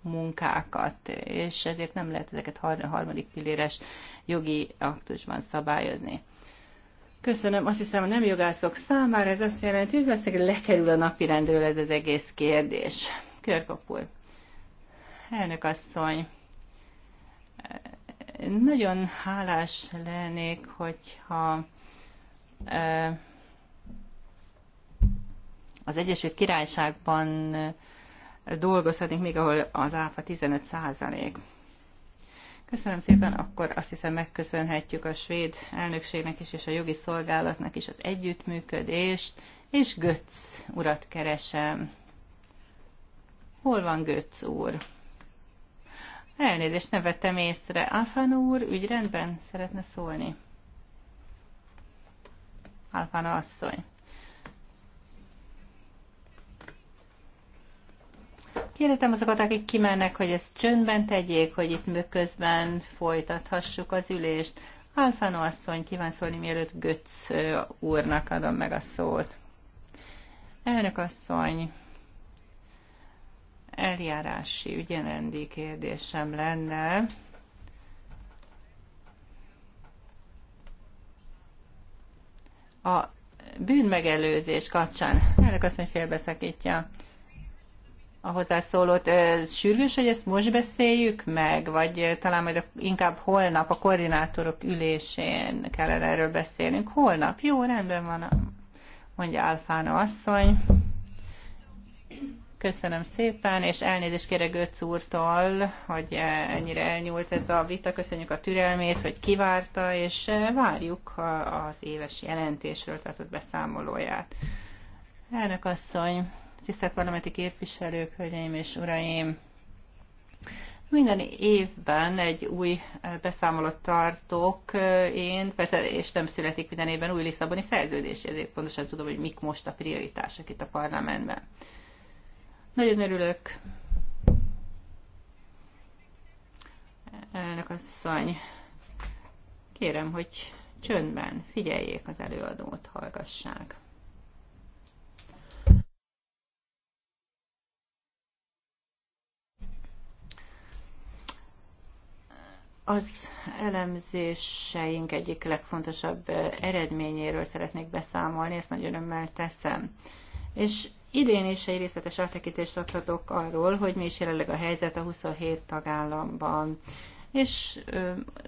munkákat, és ezért nem lehet ezeket harmadik pilléres jogi aktusban szabályozni. Köszönöm, azt hiszem a nem jogászok számára ez azt jelenti, hogy valószínűleg lekerül a rendről ez az egész kérdés. Körkapul. Elnök asszony, nagyon hálás lennék, hogyha az Egyesült Királyságban dolgozhatnék, még ahol az áfa 15 százalék. Köszönöm szépen, akkor azt hiszem megköszönhetjük a svéd elnökségnek is és a jogi szolgálatnak is az együttműködést, és Götz urat keresem. Hol van Götz úr? Elnézést, ne vettem észre. Alfano úr, ügyrendben szeretne szólni. Alfano asszony. Kérhetem azokat, akik kimennek, hogy ezt csöndben tegyék, hogy itt közben folytathassuk az ülést. Alfano asszony kíván szólni, mielőtt Götz úrnak adom meg a szót. Elnök asszony, eljárási ügyelendi kérdésem lenne. A bűnmegelőzés kapcsán, elnök azt, hogy félbeszakítja a hozzászólót. Sürgős, hogy ezt most beszéljük meg, vagy talán majd inkább holnap a koordinátorok ülésén kellene erről beszélnünk. Holnap? Jó, rendben van, mondja Alfána asszony. Köszönöm szépen, és elnézést kérek Götz úrtól, hogy ennyire elnyúlt ez a vita. Köszönjük a türelmét, hogy kivárta, és várjuk az éves jelentésről ott beszámolóját. Elnök asszony, tisztelt parlamenti képviselők, hölgyeim és uraim! Minden évben egy új beszámolót tartok én, persze, és nem születik minden évben új Lisszaboni szerződés, ezért pontosan tudom, hogy mik most a prioritások itt a parlamentben. Nagyon örülök. Elnök asszony, kérem, hogy csöndben figyeljék az előadót, hallgassák. Az elemzéseink egyik legfontosabb eredményéről szeretnék beszámolni, ezt nagy örömmel teszem. És Idén is egy részletes áttekintést adhatok arról, hogy mi is jelenleg a helyzet a 27 tagállamban, és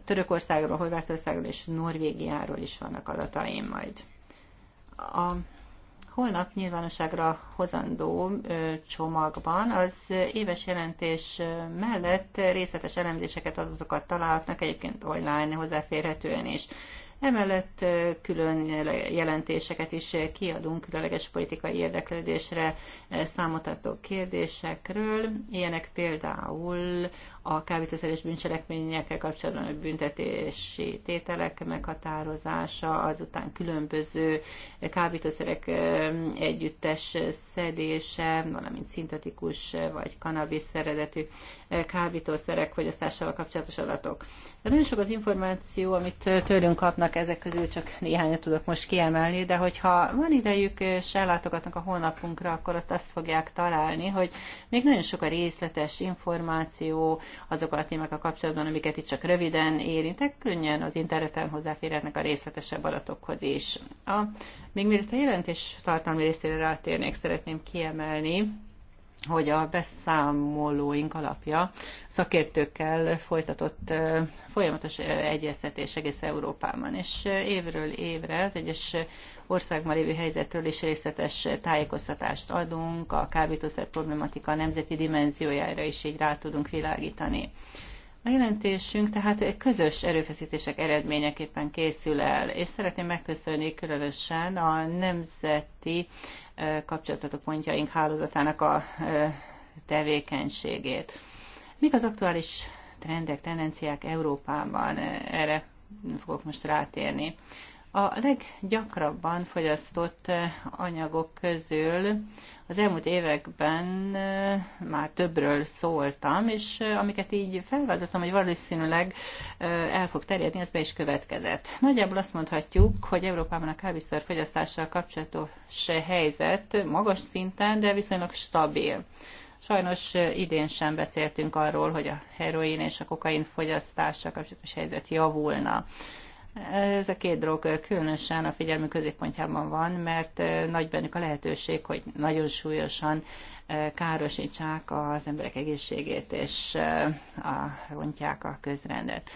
Törökországról, Horvátországról és Norvégiáról is vannak adataim majd. A holnap nyilvánosságra hozandó csomagban az éves jelentés mellett részletes elemzéseket, adatokat találhatnak, egyébként online hozzáférhetően is. Emellett külön jelentéseket is kiadunk különleges politikai érdeklődésre számotató kérdésekről. Ilyenek például a kábítószeres bűncselekményekkel kapcsolatban a büntetési tételek meghatározása, azután különböző kábítószerek együttes szedése, valamint szintetikus vagy kanabis szeredetű kábítószerek fogyasztásával kapcsolatos adatok. De nagyon sok az információ, amit tőlünk kapnak voltak, ezek közül csak néhányat tudok most kiemelni, de hogyha van idejük és eh, ellátogatnak a honlapunkra, akkor ott azt fogják találni, hogy még nagyon sok a részletes információ azokkal a témákkal kapcsolatban, amiket itt csak röviden érintek, könnyen az interneten hozzáférhetnek a részletesebb adatokhoz is. A, még mielőtt a jelentés tartalmi részére rátérnék, szeretném kiemelni, hogy a beszámolóink alapja szakértőkkel folytatott folyamatos egyeztetés egész Európában, és évről évre az egyes országban lévő helyzetről is részletes tájékoztatást adunk, a kábítószer problematika nemzeti dimenziójára is így rá tudunk világítani. A jelentésünk tehát közös erőfeszítések eredményeképpen készül el, és szeretném megköszönni különösen a Nemzeti kapcsolatot a pontjaink hálózatának a tevékenységét. Mik az aktuális trendek, tendenciák Európában? Erre fogok most rátérni. A leggyakrabban fogyasztott eh, anyagok közül az elmúlt években eh, már többről szóltam, és eh, amiket így felvázoltam, hogy valószínűleg el fog terjedni, ez be is következett. Nagyjából azt mondhatjuk, hogy Európában a kábiszer fogyasztással kapcsolatos helyzet magas szinten, de viszonylag stabil. Sajnos idén sem beszéltünk arról, hogy a heroin és a kokain fogyasztással kapcsolatos helyzet javulna. Ez a két drog különösen a figyelmi középpontjában van, mert nagy bennük a lehetőség, hogy nagyon súlyosan károsítsák az emberek egészségét, és a, rontják a közrendet.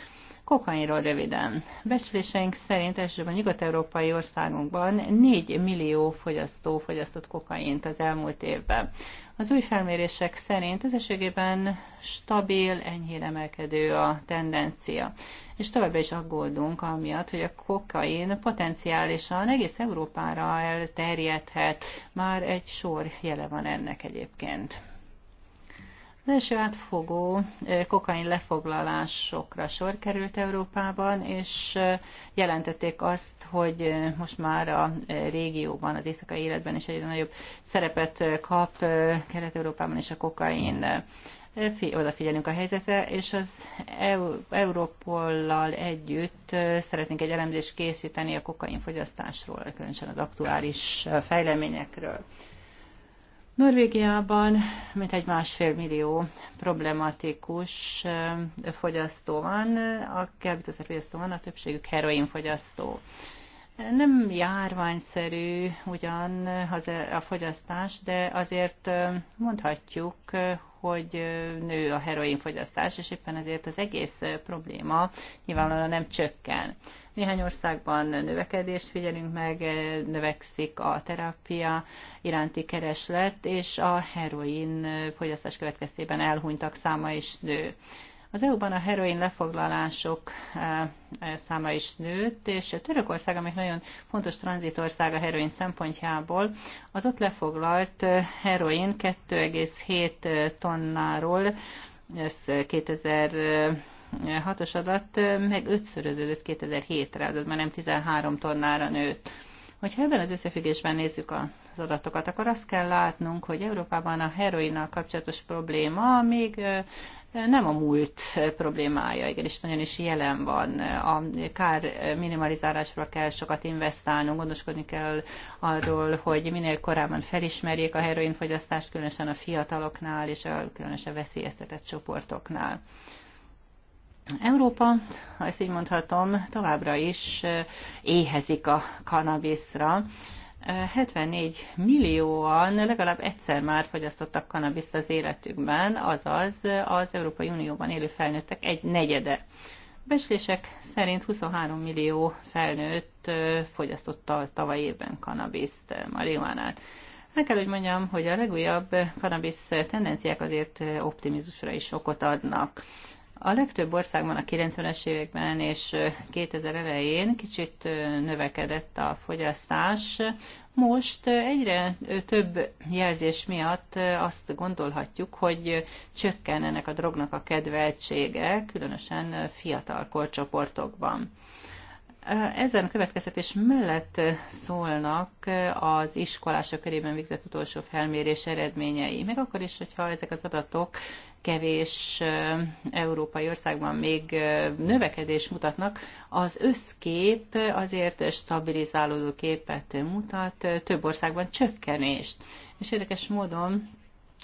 Kokainról röviden. Becsléseink szerint elsősorban nyugat-európai országunkban 4 millió fogyasztó fogyasztott kokaint az elmúlt évben. Az új felmérések szerint összességében stabil, enyhén emelkedő a tendencia. És továbbra is aggódunk amiatt, hogy a kokain potenciálisan egész Európára elterjedhet. Már egy sor jele van ennek egyébként. Első átfogó kokain lefoglalásokra sor került Európában, és jelentették azt, hogy most már a régióban, az éjszakai életben is egyre nagyobb szerepet kap Kelet-Európában is a kokain odafigyelünk a helyzetre, és az Európollal együtt szeretnénk egy elemzést készíteni a kokain fogyasztásról, különösen az aktuális fejleményekről. Norvégiában mintegy másfél millió problematikus fogyasztó van, a fogyasztó van, a többségük heroinfogyasztó. Nem járványszerű ugyan a fogyasztás, de azért mondhatjuk, hogy nő a heroinfogyasztás, és éppen ezért az egész probléma nyilvánvalóan nem csökken. Néhány országban növekedést figyelünk meg, növekszik a terápia iránti kereslet, és a heroin fogyasztás következtében elhunytak száma is nő. Az EU-ban a heroin lefoglalások e, e, száma is nőtt, és Törökország, amely nagyon fontos tranzitország a heroin szempontjából, az ott lefoglalt e, heroin 2,7 tonnáról, ez 2000 hatos adat meg ötszöröződött 2007-re, az már nem 13 tonnára nőtt. Hogyha ebben az összefüggésben nézzük az adatokat, akkor azt kell látnunk, hogy Európában a heroinnal kapcsolatos probléma még nem a múlt problémája, igenis nagyon is jelen van. A kár minimalizálásra kell sokat investálnunk, gondoskodni kell arról, hogy minél korábban felismerjék a heroinfogyasztást, különösen a fiataloknál és a különösen veszélyeztetett csoportoknál. Európa, ha ezt így mondhatom, továbbra is éhezik a kanabiszra, 74 millióan legalább egyszer már fogyasztottak kanabiszt az életükben, azaz az Európai Unióban élő felnőttek egy negyede. Becslések szerint 23 millió felnőtt fogyasztotta a tavaly évben kanabiszt, marihuánát. El kell, hogy mondjam, hogy a legújabb kanabisz tendenciák azért optimizusra is okot adnak. A legtöbb országban a 90-es években és 2000 elején kicsit növekedett a fogyasztás. Most egyre több jelzés miatt azt gondolhatjuk, hogy csökken ennek a drognak a kedveltsége, különösen fiatal korcsoportokban. Ezen a következtetés mellett szólnak az iskolások körében végzett utolsó felmérés eredményei, meg akkor is, hogyha ezek az adatok kevés európai országban még növekedés mutatnak, az összkép azért stabilizálódó képet mutat, több országban csökkenést. És érdekes módon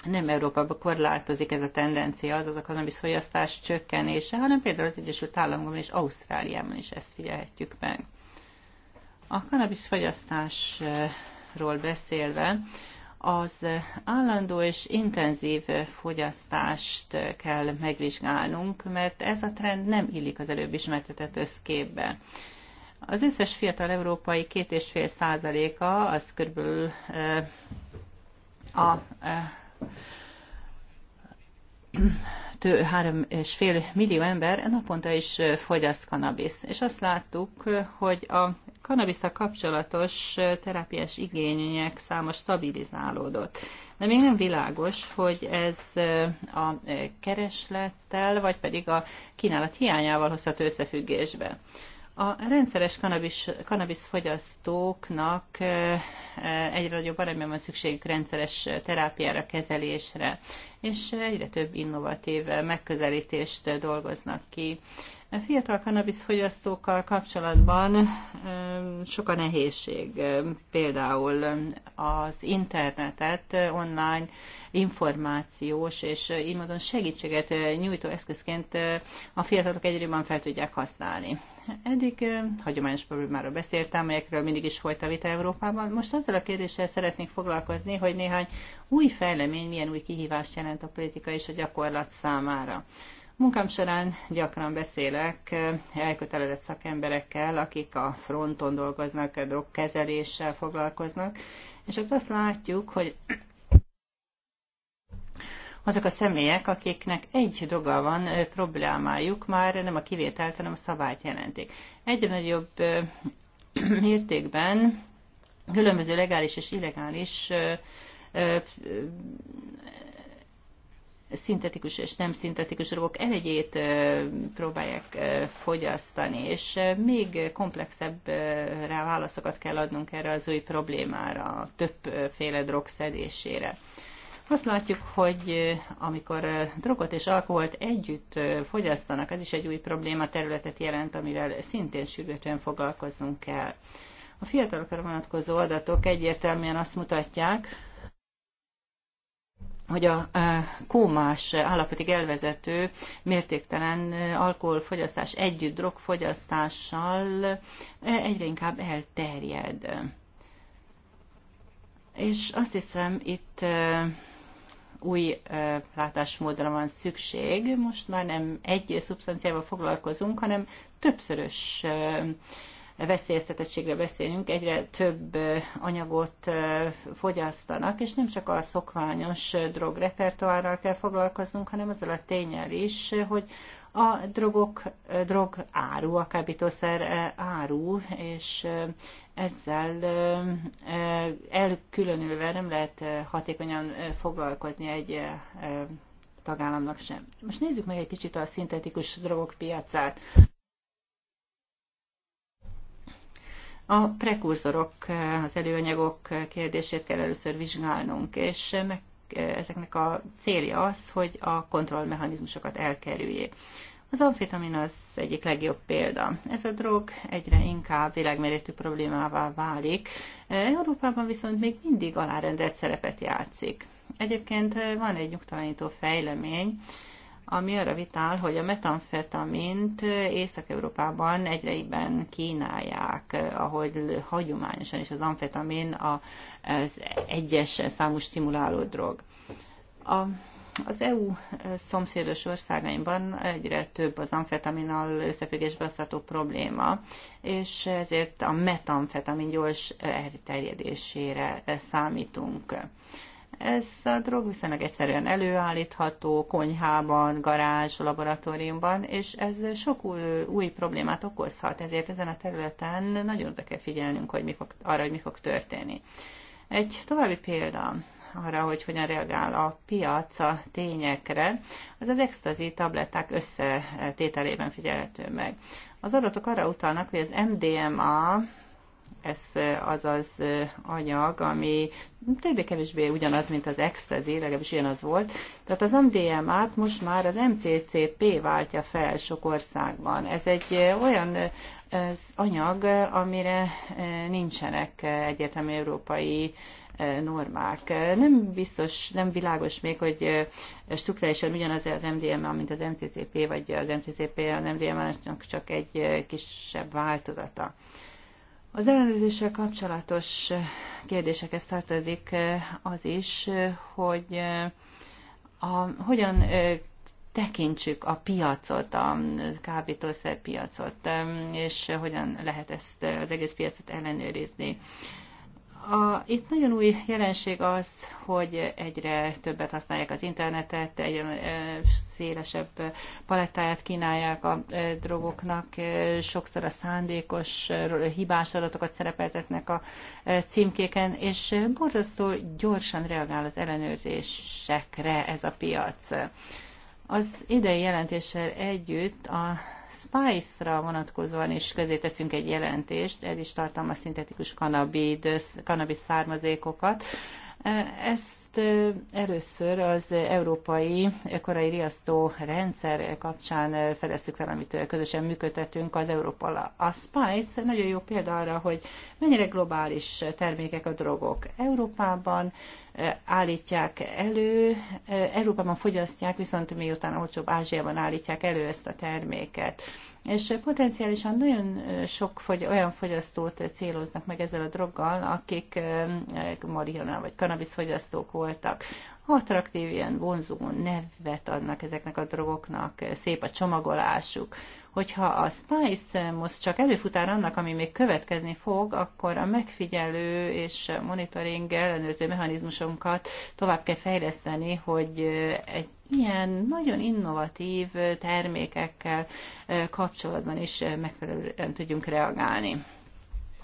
nem Európában korlátozik ez a tendencia, az az kanabisz fogyasztás csökkenése, hanem például az Egyesült Államokban és Ausztráliában is ezt figyelhetjük meg. A kanabisz fogyasztásról beszélve, az állandó és intenzív fogyasztást kell megvizsgálnunk, mert ez a trend nem illik az előbb ismertetett összképbe. Az összes fiatal európai két és fél százaléka, az körülbelül eh, a eh, három és fél millió ember naponta is fogyaszt kanabisz. És azt láttuk, hogy a kanabiszak kapcsolatos terápiás igények száma stabilizálódott. De még nem világos, hogy ez a kereslettel, vagy pedig a kínálat hiányával hozhat összefüggésbe. A rendszeres kanabis, kanabis fogyasztóknak egyre nagyobb arányban van szükségük rendszeres terápiára, kezelésre, és egyre több innovatív megközelítést dolgoznak ki. A fiatal kanabis fogyasztókkal kapcsolatban sok a nehézség. Például az internetet online információs és így módon segítséget nyújtó eszközként a fiatalok egyre fel tudják használni. Eddig hagyományos problémáról beszéltem, amelyekről mindig is folyt a vita Európában. Most azzal a kérdéssel szeretnék foglalkozni, hogy néhány új fejlemény milyen új kihívást jelent a politika és a gyakorlat számára. Munkám során gyakran beszélek elkötelezett szakemberekkel, akik a fronton dolgoznak, a drogkezeléssel foglalkoznak, és akkor azt látjuk, hogy azok a személyek, akiknek egy doga van, problémájuk már nem a kivételt, hanem a szabályt jelentik. Egyre nagyobb mértékben különböző legális és illegális szintetikus és nem szintetikus drogok elegyét próbálják fogyasztani, és még komplexebb rá válaszokat kell adnunk erre az új problémára, többféle drog szedésére. Azt látjuk, hogy amikor drogot és alkoholt együtt fogyasztanak, ez is egy új probléma területet jelent, amivel szintén sürgetően foglalkoznunk kell. A fiatalokra vonatkozó adatok egyértelműen azt mutatják, hogy a kómás állapotig elvezető mértéktelen alkoholfogyasztás együtt drogfogyasztással egyre inkább elterjed. És azt hiszem, itt új látásmódra van szükség. Most már nem egy szubstanciával foglalkozunk, hanem többszörös veszélyeztetettségre beszélünk, egyre több anyagot fogyasztanak, és nem csak a szokványos drogrepertoárral kell foglalkoznunk, hanem azzal a tényel is, hogy a drogok, drog áru, a kábítószer áru, és ezzel elkülönülve nem lehet hatékonyan foglalkozni egy tagállamnak sem. Most nézzük meg egy kicsit a szintetikus drogok piacát. A prekurzorok, az előanyagok kérdését kell először vizsgálnunk, és meg ezeknek a célja az, hogy a kontrollmechanizmusokat elkerüljék. Az amfetamin az egyik legjobb példa. Ez a drog egyre inkább világméretű problémává válik, Európában viszont még mindig alárendelt szerepet játszik. Egyébként van egy nyugtalanító fejlemény, ami arra vitál, hogy a metamfetamint Észak-Európában egyreiben kínálják, ahogy hagyományosan is az amfetamin az egyes számú stimuláló drog. A az EU szomszédos országaimban egyre több az amfetaminnal összefüggésbe osztató probléma, és ezért a metamfetamin gyors elterjedésére számítunk. Ez a drog viszonylag egyszerűen előállítható konyhában, garázs, laboratóriumban, és ez sok új, új problémát okozhat, ezért ezen a területen nagyon oda kell figyelnünk hogy mi fog, arra, hogy mi fog történni. Egy további példa arra, hogy hogyan reagál a piac a tényekre, az az extazi tabletták összetételében figyelhető meg. Az adatok arra utalnak, hogy az MDMA ez az az anyag, ami többé-kevésbé ugyanaz, mint az ecstasy, legalábbis ilyen az volt. Tehát az MDMA-t most már az MCCP váltja fel sok országban. Ez egy olyan az anyag, amire nincsenek egyetem európai normák. Nem biztos, nem világos még, hogy struktúrálisan ugyanaz az MDMA, mint az MCCP, vagy az MCCP az MDMA-nak csak egy kisebb változata. Az ellenőrzéssel kapcsolatos kérdésekhez tartozik az is, hogy a, hogyan tekintsük a piacot, a piacot, és hogyan lehet ezt az egész piacot ellenőrizni. A, itt nagyon új jelenség az, hogy egyre többet használják az internetet, egyre szélesebb palettáját kínálják a drogoknak, sokszor a szándékos, hibás adatokat szerepeltetnek a címkéken, és borzasztó gyorsan reagál az ellenőrzésekre ez a piac. Az idei jelentéssel együtt a Spice-ra vonatkozóan is közé teszünk egy jelentést, ez is tartalmaz szintetikus kanabid, kanabis származékokat. Ezt először az európai korai riasztó rendszer kapcsán fedeztük fel, amit közösen működtetünk az Európa. A Spice nagyon jó példa arra, hogy mennyire globális termékek a drogok Európában, állítják elő, Európában fogyasztják, viszont miután olcsóbb Ázsiában állítják elő ezt a terméket. És potenciálisan nagyon sok fogy, olyan fogyasztót céloznak meg ezzel a droggal, akik marihuana vagy kanabisz fogyasztók voltak. Attraktív, ilyen vonzó nevet adnak ezeknek a drogoknak, szép a csomagolásuk. Hogyha a Spice most csak előfutár annak, ami még következni fog, akkor a megfigyelő és monitoring ellenőrző mechanizmusunkat tovább kell fejleszteni, hogy egy ilyen nagyon innovatív termékekkel kapcsolatban is megfelelően tudjunk reagálni.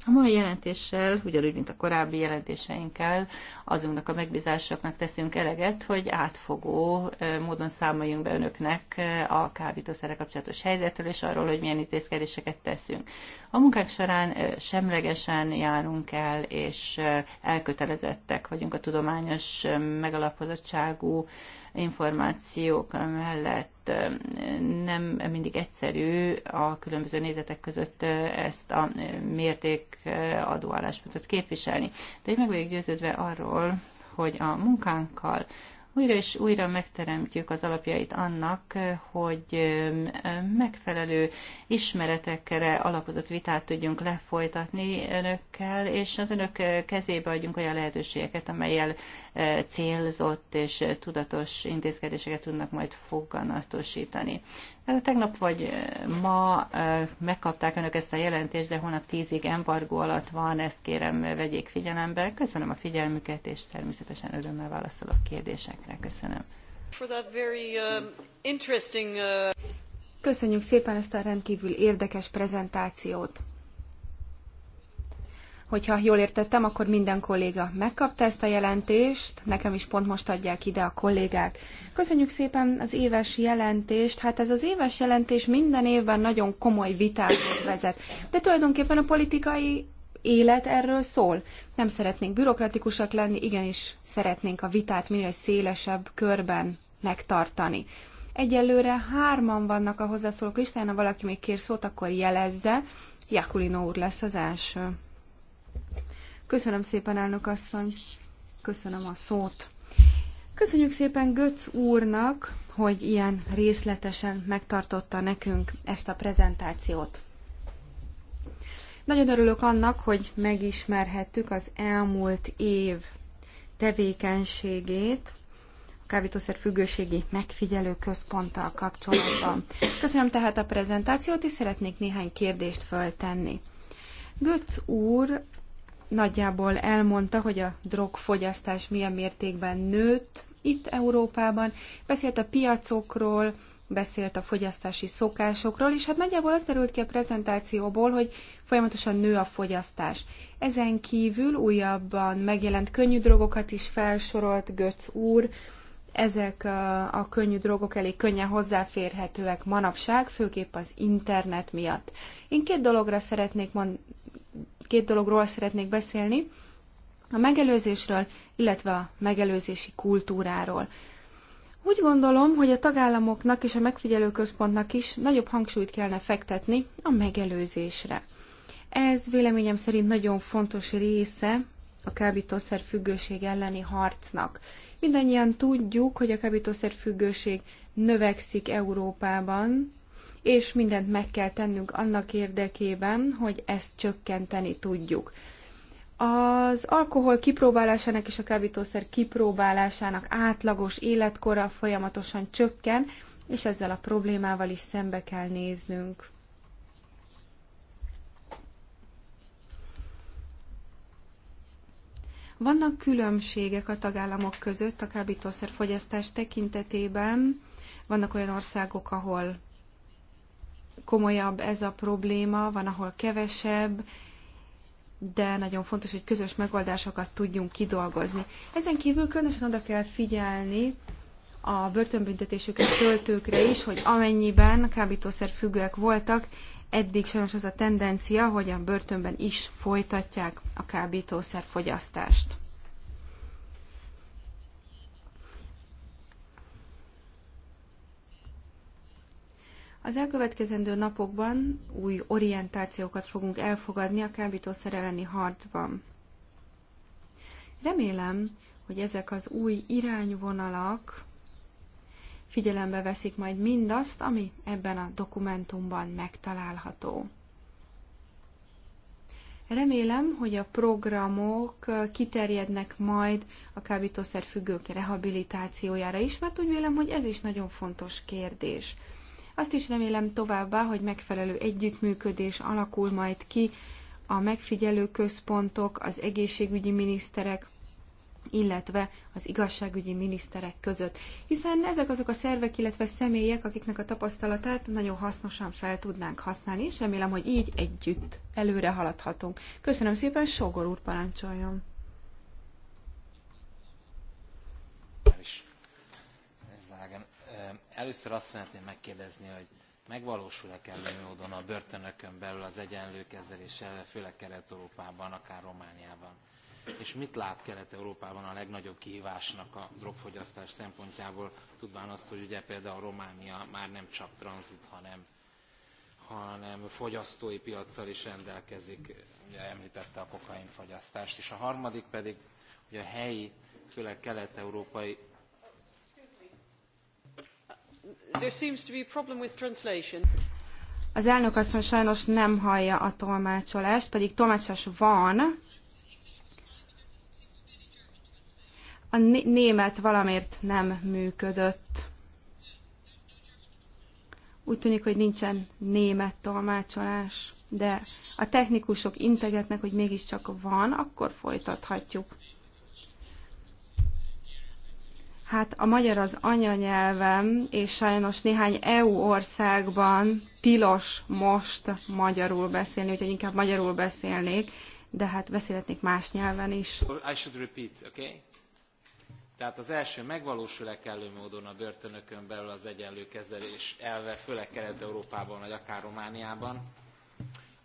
A mai jelentéssel, ugyanúgy, mint a korábbi jelentéseinkkel, azoknak a megbízásoknak teszünk eleget, hogy átfogó módon számoljunk be önöknek a kábítószerre kapcsolatos helyzetről, és arról, hogy milyen intézkedéseket teszünk. A munkák során semlegesen járunk el, és elkötelezettek vagyunk a tudományos megalapozottságú információk mellett nem mindig egyszerű a különböző nézetek között ezt a mérték adóálláspontot képviselni. De én meg vagyok győződve arról, hogy a munkánkkal újra és újra megteremtjük az alapjait annak, hogy megfelelő ismeretekre alapozott vitát tudjunk lefolytatni önökkel, és az önök kezébe adjunk olyan lehetőségeket, amelyel célzott és tudatos intézkedéseket tudnak majd foganatosítani. Tehát tegnap vagy ma megkapták önök ezt a jelentést, de hónap tízig embargó alatt van, ezt kérem vegyék figyelembe. Köszönöm a figyelmüket, és természetesen örömmel válaszolok kérdésekre. Köszönöm. Um, uh, Köszönjük szépen ezt a rendkívül érdekes prezentációt. Hogyha jól értettem, akkor minden kolléga megkapta ezt a jelentést, nekem is pont most adják ide a kollégák. Köszönjük szépen az éves jelentést. Hát ez az éves jelentés minden évben nagyon komoly vitákat vezet. De tulajdonképpen a politikai élet erről szól. Nem szeretnénk bürokratikusak lenni, igenis szeretnénk a vitát minél szélesebb körben megtartani. Egyelőre hárman vannak a hozzászólók listáján, ha valaki még kér szót, akkor jelezze. Jakulino úr lesz az első. Köszönöm szépen, elnök asszony. Köszönöm a szót. Köszönjük szépen Götz úrnak, hogy ilyen részletesen megtartotta nekünk ezt a prezentációt. Nagyon örülök annak, hogy megismerhettük az elmúlt év tevékenységét a kávítószer függőségi megfigyelő központtal kapcsolatban. Köszönöm tehát a prezentációt, és szeretnék néhány kérdést föltenni. Götz úr nagyjából elmondta, hogy a drogfogyasztás milyen mértékben nőtt itt Európában, beszélt a piacokról, beszélt a fogyasztási szokásokról, és hát nagyjából az derült ki a prezentációból, hogy folyamatosan nő a fogyasztás. Ezen kívül újabban megjelent könnyű drogokat is felsorolt Götz úr, ezek a, a könnyű drogok elég könnyen hozzáférhetőek manapság, főképp az internet miatt. Én két dologra szeretnék mond, két dologról szeretnék beszélni. A megelőzésről, illetve a megelőzési kultúráról. Úgy gondolom, hogy a tagállamoknak és a megfigyelőközpontnak is nagyobb hangsúlyt kellene fektetni a megelőzésre. Ez véleményem szerint nagyon fontos része a kábítószer függőség elleni harcnak. Mindannyian tudjuk, hogy a kábítószer függőség növekszik Európában, és mindent meg kell tennünk annak érdekében, hogy ezt csökkenteni tudjuk. Az alkohol kipróbálásának és a kábítószer kipróbálásának átlagos életkora folyamatosan csökken, és ezzel a problémával is szembe kell néznünk. Vannak különbségek a tagállamok között a kábítószer fogyasztás tekintetében. Vannak olyan országok, ahol komolyabb ez a probléma, van, ahol kevesebb, de nagyon fontos, hogy közös megoldásokat tudjunk kidolgozni. Ezen kívül különösen oda kell figyelni a börtönbüntetésüket töltőkre is, hogy amennyiben kábítószer függőek voltak, eddig sajnos az a tendencia, hogy a börtönben is folytatják a kábítószer fogyasztást. Az elkövetkezendő napokban új orientációkat fogunk elfogadni a kábítószer elleni harcban. Remélem, hogy ezek az új irányvonalak figyelembe veszik majd mindazt, ami ebben a dokumentumban megtalálható. Remélem, hogy a programok kiterjednek majd a függők rehabilitációjára is, mert úgy vélem, hogy ez is nagyon fontos kérdés. Azt is remélem továbbá, hogy megfelelő együttműködés alakul majd ki a megfigyelő központok, az egészségügyi miniszterek, illetve az igazságügyi miniszterek között. Hiszen ezek azok a szervek, illetve személyek, akiknek a tapasztalatát nagyon hasznosan fel tudnánk használni, és remélem, hogy így együtt előre haladhatunk. Köszönöm szépen, Sogor úr parancsoljon! Először azt szeretném megkérdezni, hogy megvalósul-e kellő módon a börtönökön belül az egyenlő kezelés elve, főleg Kelet-Európában, akár Romániában? És mit lát Kelet-Európában a legnagyobb kihívásnak a drogfogyasztás szempontjából, tudván azt, hogy ugye például Románia már nem csak tranzit, hanem hanem fogyasztói piaccal is rendelkezik, ugye említette a kokainfogyasztást, és a harmadik pedig, hogy a helyi, főleg kelet-európai a Az elnök asszony sajnos nem hallja a tolmácsolást, pedig tolmácsolás van. A német valamiért nem működött. Úgy tűnik, hogy nincsen német tolmácsolás, de a technikusok integetnek, hogy mégiscsak van, akkor folytathatjuk. Hát a magyar az anyanyelvem, és sajnos néhány EU országban tilos most magyarul beszélni, úgyhogy inkább magyarul beszélnék, de hát beszélhetnék más nyelven is. I should repeat, okay? Tehát az első megvalósul-e kellő módon a börtönökön belül az egyenlő kezelés elve, főleg Kelet-Európában vagy akár Romániában?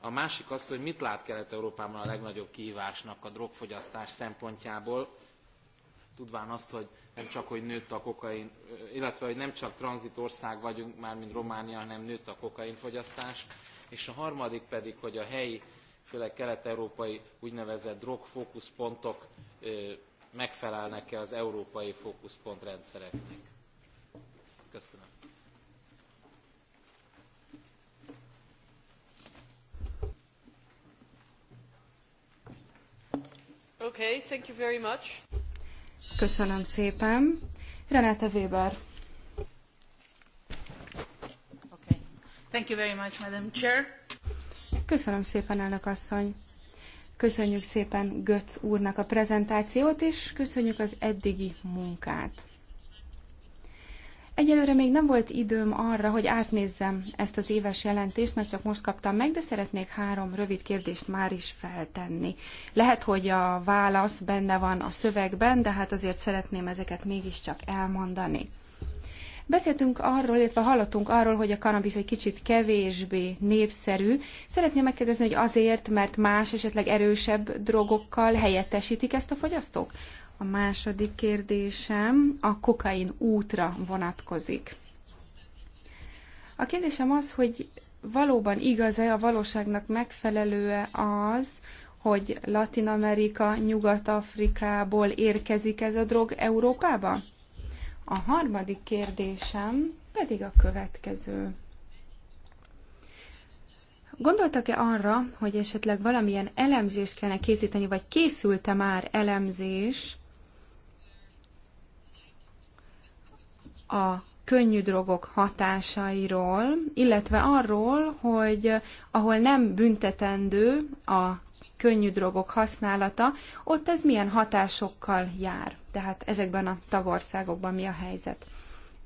A másik az, hogy mit lát Kelet-Európában a legnagyobb kihívásnak a drogfogyasztás szempontjából, tudván azt, hogy nem csak, hogy nőtt a kokain, illetve, hogy nem csak tranzitország vagyunk már, mint Románia, hanem nőtt a kokainfogyasztás. És a harmadik pedig, hogy a helyi, főleg kelet-európai úgynevezett drogfókuszpontok megfelelnek-e az európai rendszereknek. Köszönöm. Okay, thank you very much. Köszönöm szépen. Renate Weber. Okay. Thank you very much, Madam Chair. Köszönöm szépen, elnök asszony. Köszönjük szépen Götz úrnak a prezentációt, és köszönjük az eddigi munkát. Egyelőre még nem volt időm arra, hogy átnézzem ezt az éves jelentést, mert csak most kaptam meg, de szeretnék három rövid kérdést már is feltenni. Lehet, hogy a válasz benne van a szövegben, de hát azért szeretném ezeket mégiscsak elmondani. Beszéltünk arról, illetve hallottunk arról, hogy a kanabisz egy kicsit kevésbé népszerű. Szeretném megkérdezni, hogy azért, mert más, esetleg erősebb drogokkal helyettesítik ezt a fogyasztók? A második kérdésem a kokain útra vonatkozik. A kérdésem az, hogy valóban igaz-e, a valóságnak megfelelő-e az, hogy Latin Amerika, Nyugat-Afrikából érkezik ez a drog Európába? A harmadik kérdésem pedig a következő. Gondoltak-e arra, hogy esetleg valamilyen elemzést kellene készíteni, vagy készült-e már elemzés a könnyű drogok hatásairól, illetve arról, hogy ahol nem büntetendő a könnyű drogok használata, ott ez milyen hatásokkal jár. Tehát ezekben a tagországokban mi a helyzet.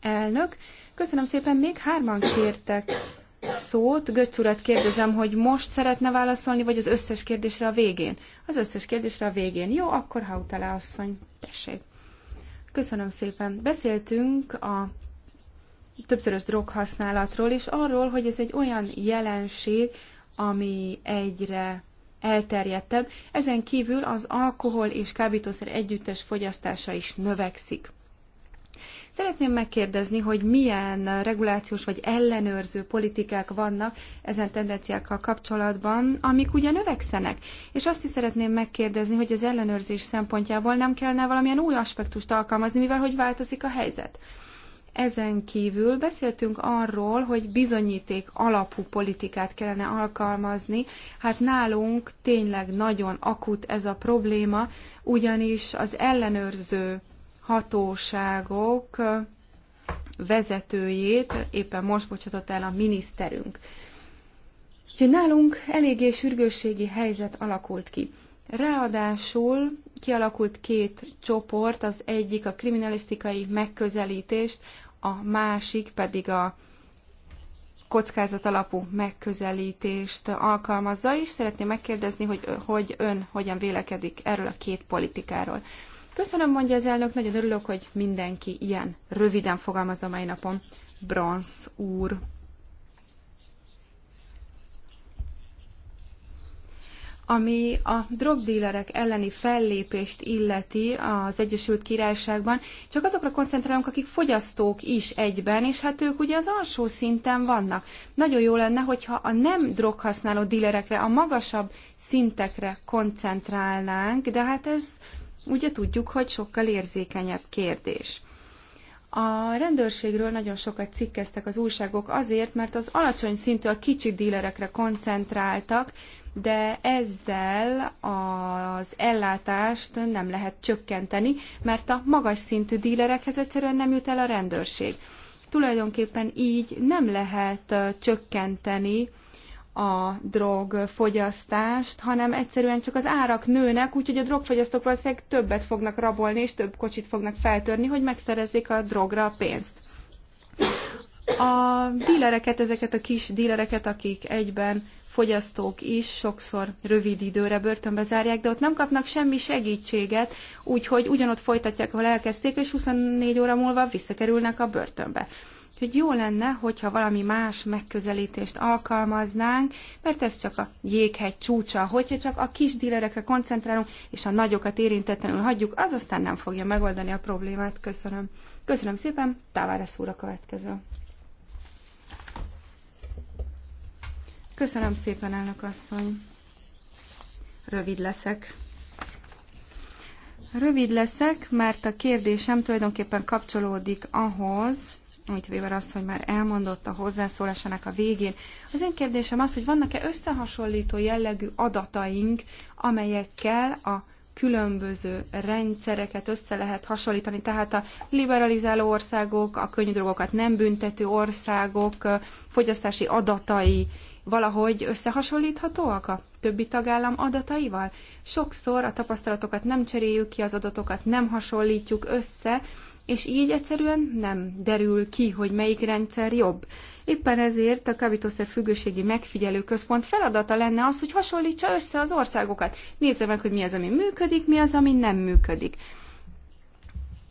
Elnök, köszönöm szépen, még hárman kértek szót. Götz urat kérdezem, hogy most szeretne válaszolni, vagy az összes kérdésre a végén? Az összes kérdésre a végén. Jó, akkor Hautele asszony, tessék. Köszönöm szépen. Beszéltünk a többszörös droghasználatról, és arról, hogy ez egy olyan jelenség, ami egyre elterjedtebb. Ezen kívül az alkohol és kábítószer együttes fogyasztása is növekszik. Szeretném megkérdezni, hogy milyen regulációs vagy ellenőrző politikák vannak ezen tendenciákkal kapcsolatban, amik ugye növekszenek. És azt is szeretném megkérdezni, hogy az ellenőrzés szempontjából nem kellene valamilyen új aspektust alkalmazni, mivel hogy változik a helyzet. Ezen kívül beszéltünk arról, hogy bizonyíték alapú politikát kellene alkalmazni. Hát nálunk tényleg nagyon akut ez a probléma, ugyanis az ellenőrző hatóságok vezetőjét éppen most bocsátott el a miniszterünk. Úgyhogy nálunk eléggé sürgősségi helyzet alakult ki. Ráadásul kialakult két csoport, az egyik a kriminalisztikai megközelítést, a másik pedig a kockázat alapú megközelítést alkalmazza, és szeretném megkérdezni, hogy, hogy ön hogyan vélekedik erről a két politikáról. Köszönöm, mondja az elnök, nagyon örülök, hogy mindenki ilyen röviden fogalmaz a mai napon. Bronz úr. ami a drogdílerek elleni fellépést illeti az Egyesült Királyságban, csak azokra koncentrálunk, akik fogyasztók is egyben, és hát ők ugye az alsó szinten vannak. Nagyon jó lenne, hogyha a nem droghasználó dílerekre, a magasabb szintekre koncentrálnánk, de hát ez ugye tudjuk, hogy sokkal érzékenyebb kérdés. A rendőrségről nagyon sokat cikkeztek az újságok azért, mert az alacsony szintű a kicsi dílerekre koncentráltak, de ezzel az ellátást nem lehet csökkenteni, mert a magas szintű dílerekhez egyszerűen nem jut el a rendőrség. Tulajdonképpen így nem lehet csökkenteni a drogfogyasztást, hanem egyszerűen csak az árak nőnek, úgyhogy a drogfogyasztók valószínűleg többet fognak rabolni, és több kocsit fognak feltörni, hogy megszerezzék a drogra a pénzt. A dílereket, ezeket a kis dílereket, akik egyben fogyasztók is sokszor rövid időre börtönbe zárják, de ott nem kapnak semmi segítséget, úgyhogy ugyanott folytatják, ahol elkezdték, és 24 óra múlva visszakerülnek a börtönbe. Úgyhogy jó lenne, hogyha valami más megközelítést alkalmaznánk, mert ez csak a jéghegy csúcsa. Hogyha csak a kis dílerekre koncentrálunk, és a nagyokat érintetlenül hagyjuk, az aztán nem fogja megoldani a problémát. Köszönöm. Köszönöm szépen, Táváresz úr a következő. Köszönöm szépen, elnök asszony. Rövid leszek. Rövid leszek, mert a kérdésem tulajdonképpen kapcsolódik ahhoz, amit Weber hogy már elmondott a hozzászólásának a végén. Az én kérdésem az, hogy vannak-e összehasonlító jellegű adataink, amelyekkel a különböző rendszereket össze lehet hasonlítani, tehát a liberalizáló országok, a könnyű drogokat nem büntető országok fogyasztási adatai valahogy összehasonlíthatóak a többi tagállam adataival? Sokszor a tapasztalatokat nem cseréljük ki, az adatokat nem hasonlítjuk össze, és így egyszerűen nem derül ki, hogy melyik rendszer jobb. Éppen ezért a kavitószer függőségi megfigyelő központ feladata lenne az, hogy hasonlítsa össze az országokat. Nézze meg, hogy mi az, ami működik, mi az, ami nem működik.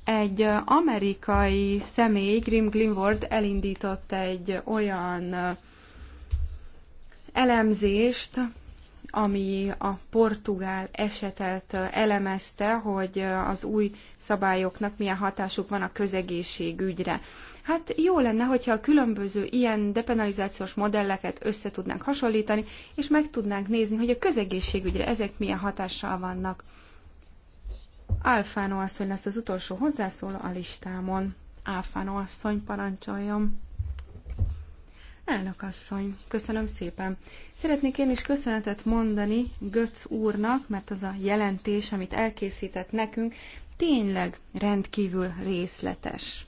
Egy uh, amerikai személy, Grim Glimward elindított egy olyan uh, elemzést, ami a portugál esetet elemezte, hogy az új szabályoknak milyen hatásuk van a közegészségügyre. Hát jó lenne, hogyha a különböző ilyen depenalizációs modelleket össze tudnánk hasonlítani, és meg tudnánk nézni, hogy a közegészségügyre ezek milyen hatással vannak. Alfánó asszony lesz az utolsó hozzászóló a listámon. Alfánó asszony, parancsoljon! Elnök asszony, köszönöm szépen. Szeretnék én is köszönetet mondani Götz úrnak, mert az a jelentés, amit elkészített nekünk, tényleg rendkívül részletes.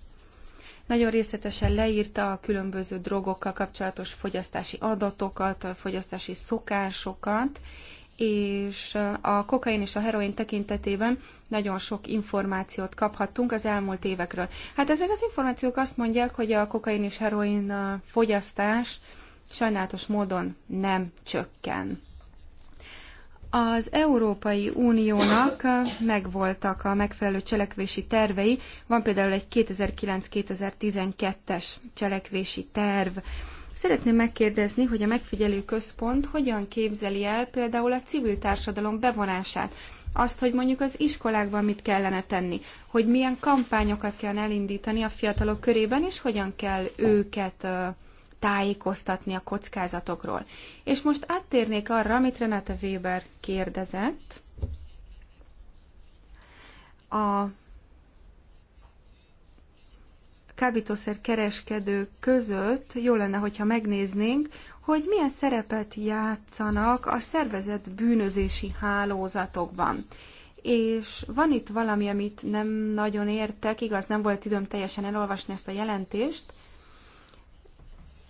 Nagyon részletesen leírta a különböző drogokkal kapcsolatos fogyasztási adatokat, a fogyasztási szokásokat, és a kokain és a heroin tekintetében nagyon sok információt kaphattunk az elmúlt évekről. Hát ezek az információk azt mondják, hogy a kokain és heroin uh, fogyasztás sajnálatos módon nem csökken. Az Európai Uniónak uh, megvoltak a megfelelő cselekvési tervei, van például egy 2009-2012-es cselekvési terv, Szeretném megkérdezni, hogy a megfigyelő központ hogyan képzeli el például a civil társadalom bevonását, azt, hogy mondjuk az iskolákban mit kellene tenni, hogy milyen kampányokat kell elindítani a fiatalok körében, és hogyan kell őket tájékoztatni a kockázatokról. És most áttérnék arra, amit Renate Weber kérdezett. A kábítószer kereskedők között jó lenne, hogyha megnéznénk, hogy milyen szerepet játszanak a szervezet bűnözési hálózatokban. És van itt valami, amit nem nagyon értek, igaz, nem volt időm teljesen elolvasni ezt a jelentést.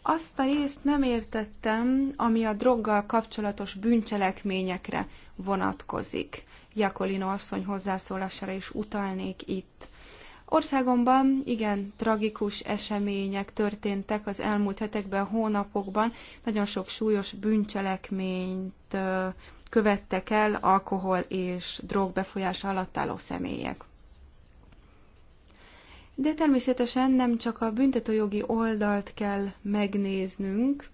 Azt a részt nem értettem, ami a droggal kapcsolatos bűncselekményekre vonatkozik. Jakolino asszony hozzászólására is utalnék itt. Országomban igen tragikus események történtek az elmúlt hetekben, hónapokban. Nagyon sok súlyos bűncselekményt követtek el alkohol és drog befolyása alatt álló személyek. De természetesen nem csak a büntetőjogi oldalt kell megnéznünk,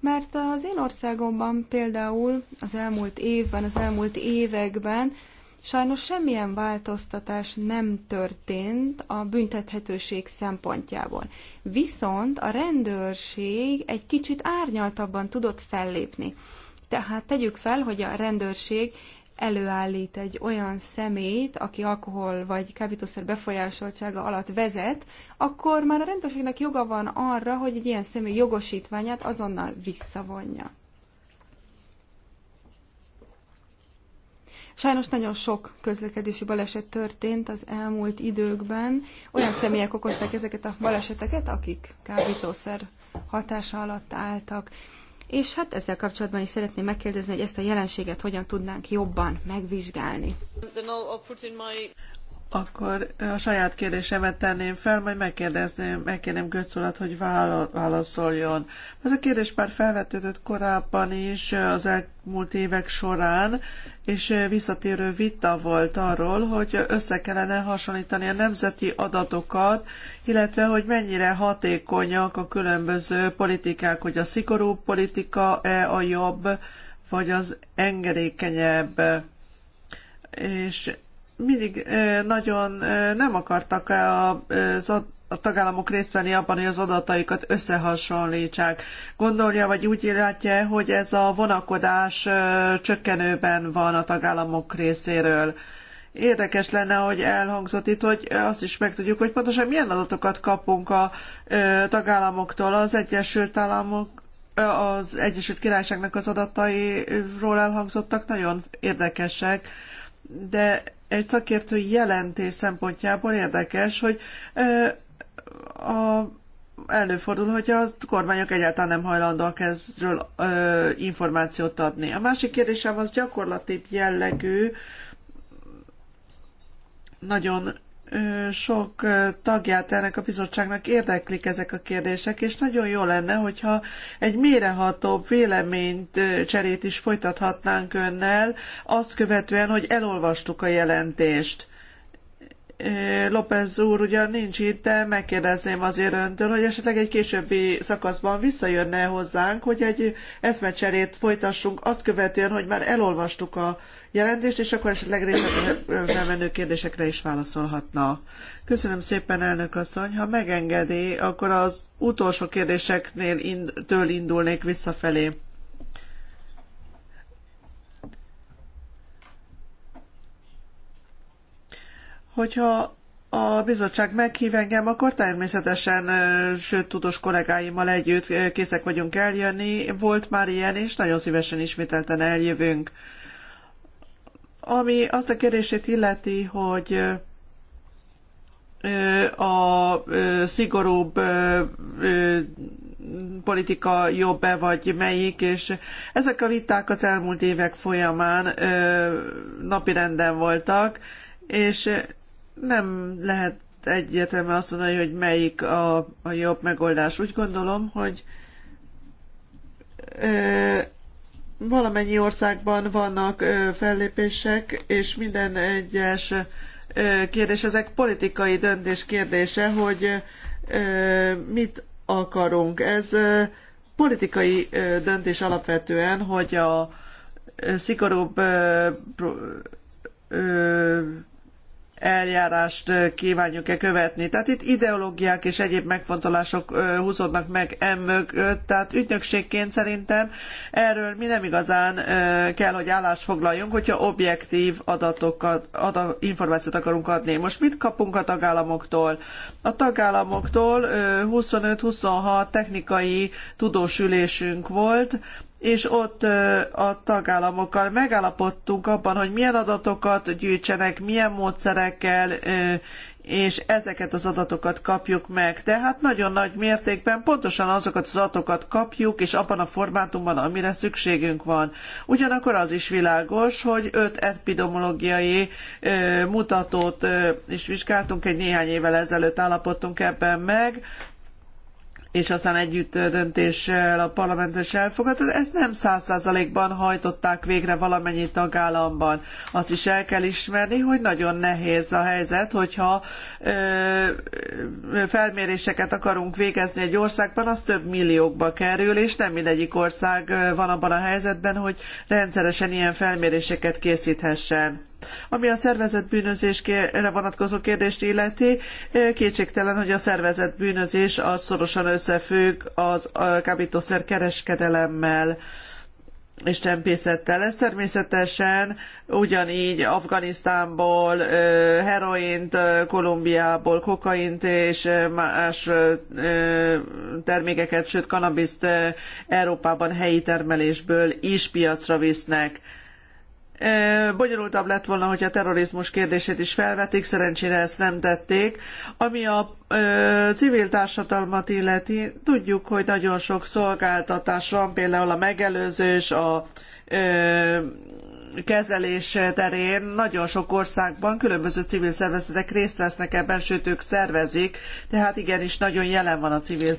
mert az én országomban például az elmúlt évben, az elmúlt években Sajnos semmilyen változtatás nem történt a büntethetőség szempontjából. Viszont a rendőrség egy kicsit árnyaltabban tudott fellépni. Tehát tegyük fel, hogy a rendőrség előállít egy olyan szemét, aki alkohol vagy kábítószer befolyásoltsága alatt vezet, akkor már a rendőrségnek joga van arra, hogy egy ilyen személy jogosítványát azonnal visszavonja. Sajnos nagyon sok közlekedési baleset történt az elmúlt időkben. Olyan személyek okozták ezeket a baleseteket, akik kábítószer hatása alatt álltak. És hát ezzel kapcsolatban is szeretném megkérdezni, hogy ezt a jelenséget hogyan tudnánk jobban megvizsgálni. Akkor a saját kérdésemet tenném fel, majd megkérdezném, megkérném Götz hogy válaszoljon. Ez a kérdés már felvetődött korábban is az elmúlt évek során, és visszatérő vita volt arról, hogy össze kellene hasonlítani a nemzeti adatokat, illetve hogy mennyire hatékonyak a különböző politikák, hogy a szigorú politika-e a jobb, vagy az engedékenyebb és mindig nagyon nem akartak az a tagállamok részt venni abban, hogy az adataikat összehasonlítsák. Gondolja, vagy úgy látja, hogy ez a vonakodás csökkenőben van a tagállamok részéről. Érdekes lenne, hogy elhangzott itt, hogy azt is megtudjuk, hogy pontosan milyen adatokat kapunk a tagállamoktól. Az Egyesült Államok, az Egyesült Királyságnak az adatairól elhangzottak nagyon érdekesek de egy szakértői jelentés szempontjából érdekes, hogy a előfordul, hogy a kormányok egyáltalán nem hajlandóak ezről ö, információt adni. A másik kérdésem az gyakorlatibb jellegű, nagyon sok tagját ennek a bizottságnak érdeklik ezek a kérdések, és nagyon jó lenne, hogyha egy mérehatóbb véleményt cserét is folytathatnánk önnel, azt követően, hogy elolvastuk a jelentést López úr ugyan nincs itt, de megkérdezném azért öntől, hogy esetleg egy későbbi szakaszban visszajönne hozzánk, hogy egy eszmecserét folytassunk azt követően, hogy már elolvastuk a jelentést, és akkor esetleg részletesen menő kérdésekre is válaszolhatna. Köszönöm szépen, elnök asszony. Ha megengedi, akkor az utolsó kérdéseknél ind- től indulnék visszafelé. Hogyha a bizottság meghív engem, akkor természetesen, sőt, tudós kollégáimmal együtt készek vagyunk eljönni. Volt már ilyen, és nagyon szívesen ismételten eljövünk. Ami azt a kérdését illeti, hogy a szigorúbb politika jobb-e vagy melyik, és ezek a viták az elmúlt évek folyamán napirenden voltak, és nem lehet egyetemben azt mondani, hogy melyik a, a jobb megoldás. Úgy gondolom, hogy ö, valamennyi országban vannak ö, fellépések, és minden egyes ö, kérdés, ezek politikai döntés kérdése, hogy ö, mit akarunk. Ez ö, politikai ö, döntés alapvetően, hogy a ö, szigorúbb ö, ö, eljárást kívánjuk-e követni. Tehát itt ideológiák és egyéb megfontolások húzódnak meg emögött, tehát ügynökségként szerintem erről mi nem igazán kell, hogy állást foglaljunk, hogyha objektív adatokat, adat, információt akarunk adni. Most mit kapunk a tagállamoktól? A tagállamoktól 25-26 technikai tudósülésünk volt, és ott a tagállamokkal megállapodtunk abban, hogy milyen adatokat gyűjtsenek, milyen módszerekkel, és ezeket az adatokat kapjuk meg. Tehát nagyon nagy mértékben pontosan azokat az adatokat kapjuk, és abban a formátumban, amire szükségünk van. Ugyanakkor az is világos, hogy öt epidemiológiai mutatót is vizsgáltunk, egy néhány évvel ezelőtt állapodtunk ebben meg, és aztán együtt döntéssel a parlamentről is elfogadott, ezt nem száz százalékban hajtották végre valamennyi tagállamban. Azt is el kell ismerni, hogy nagyon nehéz a helyzet, hogyha ö, felméréseket akarunk végezni egy országban, az több milliókba kerül, és nem mindegyik ország van abban a helyzetben, hogy rendszeresen ilyen felméréseket készíthessen. Ami a szervezett bűnözésre vonatkozó kérdést illeti, eh, kétségtelen, hogy a szervezett bűnözés az szorosan összefügg az eh, kábítószer kereskedelemmel és csempészettel. Ez természetesen ugyanígy Afganisztánból, eh, heroint, Kolumbiából, kokaint és más termékeket, sőt kanabiszt Európában helyi termelésből is piacra visznek Bonyolultabb lett volna, hogy a terrorizmus kérdését is felvetik, szerencsére ezt nem tették. Ami a civil társadalmat illeti, tudjuk, hogy nagyon sok szolgáltatás van, például a megelőzés, a kezelés terén nagyon sok országban különböző civil szervezetek részt vesznek ebben, sőt ők szervezik, tehát igenis nagyon jelen van a civil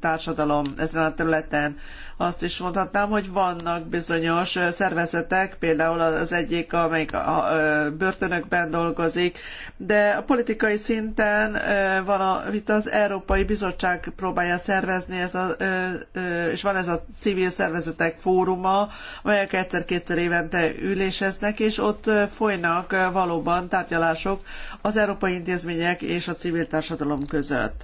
társadalom ezen a területen azt is mondhatnám, hogy vannak bizonyos szervezetek, például az egyik, amelyik a börtönökben dolgozik, de a politikai szinten van a, itt az Európai Bizottság próbálja szervezni, ez a, és van ez a civil szervezetek fóruma, amelyek egyszer-kétszer évente üléseznek, és ott folynak valóban tárgyalások az európai intézmények és a civil társadalom között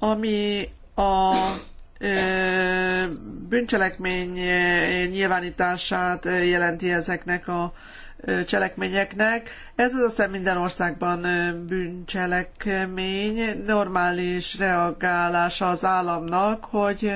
ami a bűncselekmény nyilvánítását jelenti ezeknek a cselekményeknek. Ez az aztán minden országban bűncselekmény, normális reagálása az államnak, hogy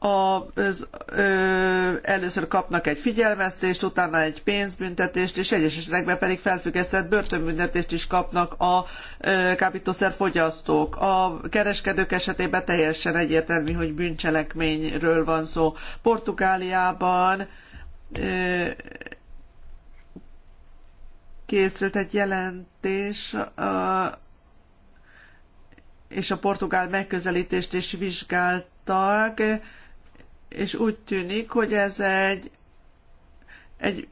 a, az, ö, először kapnak egy figyelmeztést, utána egy pénzbüntetést, és egyes esetekben pedig felfüggesztett börtönbüntetést is kapnak a ö, kábítószer fogyasztók. A kereskedők esetében teljesen egyértelmű, hogy bűncselekményről van szó. Portugáliában ö, készült egy jelentés, ö, és a portugál megközelítést is vizsgálták, és úgy tűnik, hogy ez egy, egy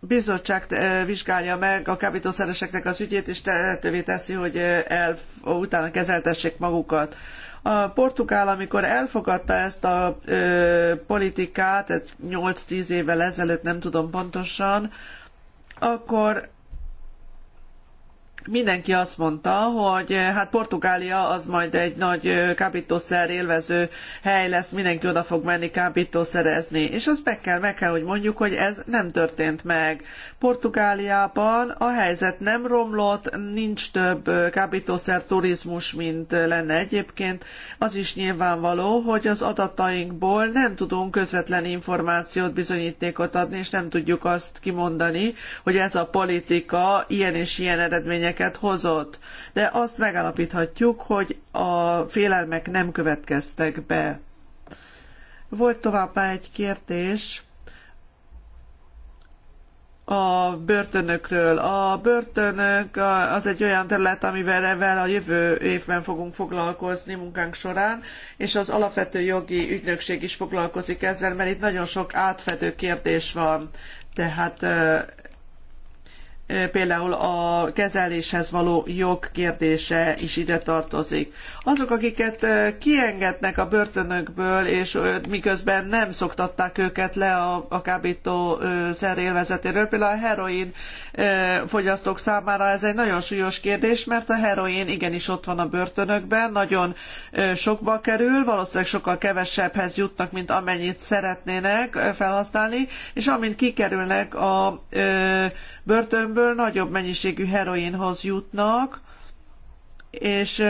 bizottság eh, vizsgálja meg a kábítószereseknek az ügyét, és lehetővé teszi, hogy eh, el, utána kezeltessék magukat. A Portugál, amikor elfogadta ezt a ö, eh, politikát, 8-10 évvel ezelőtt, nem tudom pontosan, akkor mindenki azt mondta, hogy eh, hát Portugália az majd egy nagy eh, kábítószer élvező hely lesz, mindenki oda fog menni kábítószerezni. És azt meg kell, meg kell, hogy mondjuk, hogy ez nem történt meg. Portugáliában a helyzet nem romlott, nincs több eh, kábítószer turizmus, mint lenne egyébként. Az is nyilvánvaló, hogy az adatainkból nem tudunk közvetlen információt, bizonyítékot adni, és nem tudjuk azt kimondani, hogy ez a politika ilyen és ilyen eredmények eredményeket hozott, de azt megállapíthatjuk, hogy a félelmek nem következtek be. Volt továbbá egy kérdés a börtönökről. A börtönök az egy olyan terület, amivel evel a jövő évben fogunk foglalkozni munkánk során, és az alapvető jogi ügynökség is foglalkozik ezzel, mert itt nagyon sok átfedő kérdés van. Tehát például a kezeléshez való jog kérdése is ide tartozik. Azok, akiket kiengednek a börtönökből, és miközben nem szoktatták őket le a, a kábítószer élvezetéről, például a heroin fogyasztók számára ez egy nagyon súlyos kérdés, mert a heroin igenis ott van a börtönökben, nagyon sokba kerül, valószínűleg sokkal kevesebbhez jutnak, mint amennyit szeretnének felhasználni, és amint kikerülnek a börtönből nagyobb mennyiségű heroinhoz jutnak, és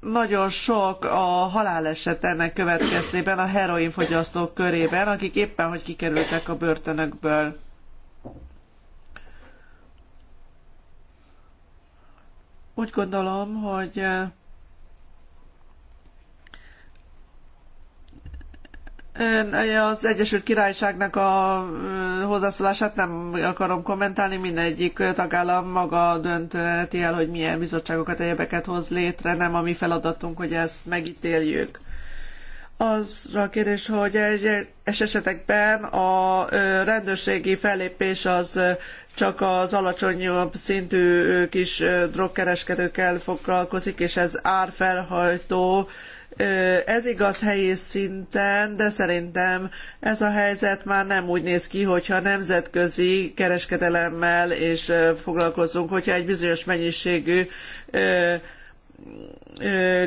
nagyon sok a haláleset ennek következtében a heroinfogyasztók körében, akik éppen, hogy kikerültek a börtönökből. Úgy gondolom, hogy Eh, az Egyesült Királyságnak a eh, hozzászólását nem akarom kommentálni, mindegyik eh, tagállam maga döntheti el, hogy milyen bizottságokat, egyebeket hoz létre, nem a mi feladatunk, hogy ezt megítéljük. Azra a kérdés, hogy egyes esetekben a rendőrségi fellépés az csak az alacsonyabb szintű kis drogkereskedőkkel foglalkozik, és ez árfelhajtó ez igaz helyi szinten, de szerintem ez a helyzet már nem úgy néz ki, hogyha nemzetközi kereskedelemmel és foglalkozunk, hogyha egy bizonyos mennyiségű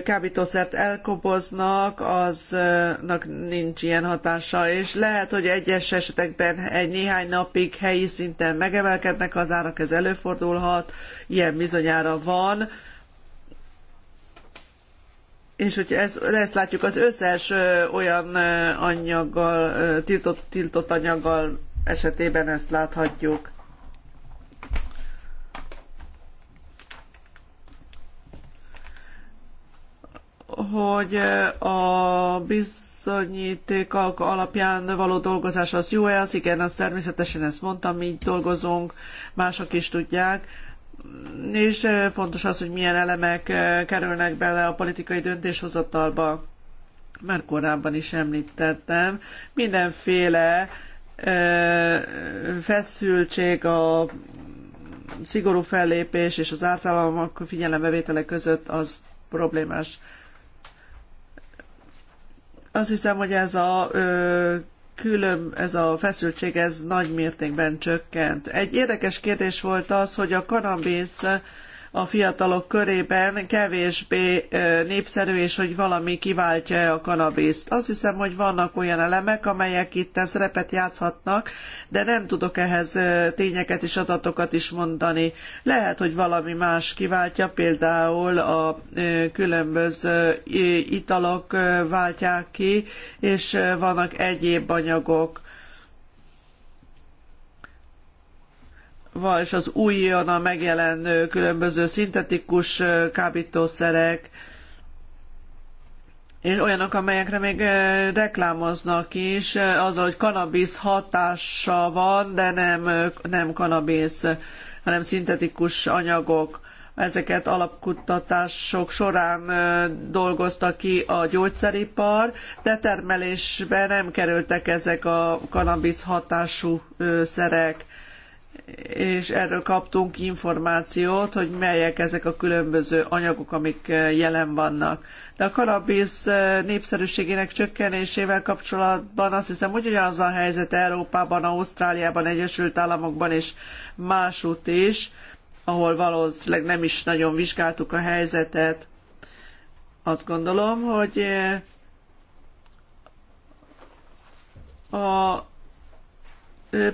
kábítószert elkoboznak, aznak nincs ilyen hatása, és lehet, hogy egyes esetekben egy néhány napig helyi szinten megemelkednek az árak, ez előfordulhat, ilyen bizonyára van, és hogyha ez, ezt látjuk az összes olyan anyaggal, tiltott, tiltott anyaggal esetében ezt láthatjuk. hogy a bizonyíték alapján való dolgozás az jó-e, az igen, az természetesen ezt mondtam, így dolgozunk, mások is tudják és fontos az, hogy milyen elemek kerülnek bele a politikai döntéshozatalba. Már korábban is említettem, mindenféle feszültség a szigorú fellépés és az általamok figyelembevétele között az problémás. Azt hiszem, hogy ez a ö, külön, ez a feszültség ez nagy mértékben csökkent. Egy érdekes kérdés volt az, hogy a kanabisz a fiatalok körében kevésbé népszerű, és hogy valami kiváltja a kanabiszt. Azt hiszem, hogy vannak olyan elemek, amelyek itt szerepet játszhatnak, de nem tudok ehhez tényeket és adatokat is mondani. Lehet, hogy valami más kiváltja, például a különböző italok váltják ki, és vannak egyéb anyagok és az újonnan megjelenő különböző szintetikus kábítószerek, és olyanok, amelyekre még reklámoznak is, azzal, hogy kanabisz hatása van, de nem, nem kanabisz, hanem szintetikus anyagok. Ezeket alapkutatások során dolgozta ki a gyógyszeripar, de termelésbe nem kerültek ezek a kanabisz hatású szerek és erről kaptunk információt, hogy melyek ezek a különböző anyagok, amik eh, jelen vannak. De a kanabisz eh, népszerűségének csökkenésével kapcsolatban azt hiszem, hogy ugyanaz a helyzet Európában, Ausztráliában, Egyesült Államokban és másút is, ahol valószínűleg nem is nagyon vizsgáltuk a helyzetet. Azt gondolom, hogy eh, a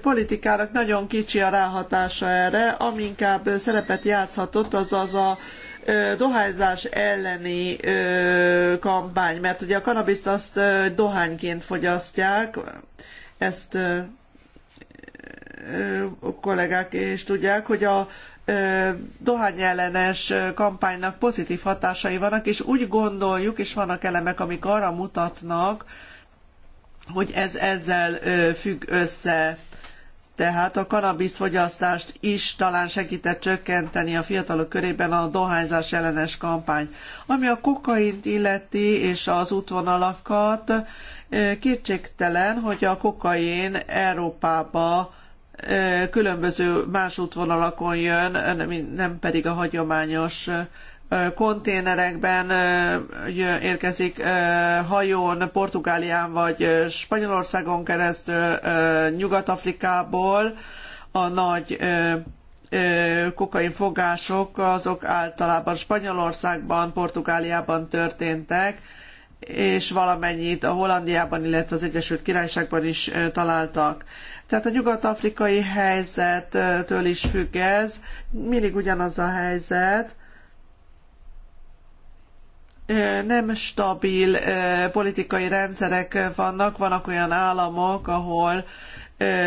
politikának nagyon kicsi a ráhatása erre, aminkább szerepet játszhatott az az a dohányzás elleni kampány, mert ugye a kanabiszt azt dohányként fogyasztják, ezt kollégák is tudják, hogy a dohányellenes kampánynak pozitív hatásai vannak, és úgy gondoljuk, és vannak elemek, amik arra mutatnak, hogy ez ezzel függ össze. Tehát a cannabis fogyasztást is talán segített csökkenteni a fiatalok körében a dohányzás ellenes kampány. Ami a kokaint illeti és az útvonalakat, kétségtelen, hogy a kokain Európába különböző más útvonalakon jön, nem pedig a hagyományos konténerekben érkezik hajón Portugálián vagy Spanyolországon keresztül Nyugat-Afrikából a nagy kokain fogások azok általában Spanyolországban, Portugáliában történtek, és valamennyit a Hollandiában, illetve az Egyesült Királyságban is találtak. Tehát a nyugat-afrikai helyzettől is függ ez, mindig ugyanaz a helyzet, nem stabil politikai rendszerek vannak, vannak olyan államok, ahol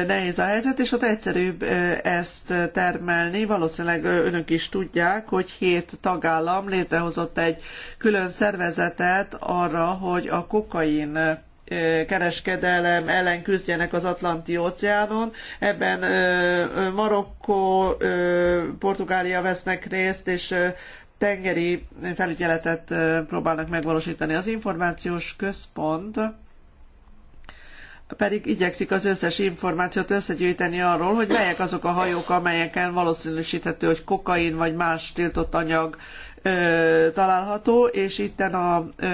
nehéz a helyzet, és ott egyszerűbb ezt termelni. Valószínűleg önök is tudják, hogy hét tagállam létrehozott egy külön szervezetet arra, hogy a kokain kereskedelem ellen küzdjenek az Atlanti óceánon. Ebben Marokkó, Portugália vesznek részt, és tengeri felügyeletet próbálnak megvalósítani. Az információs központ pedig igyekszik az összes információt összegyűjteni arról, hogy melyek azok a hajók, amelyeken valószínűsíthető, hogy kokain vagy más tiltott anyag ö, található, és itten a ö,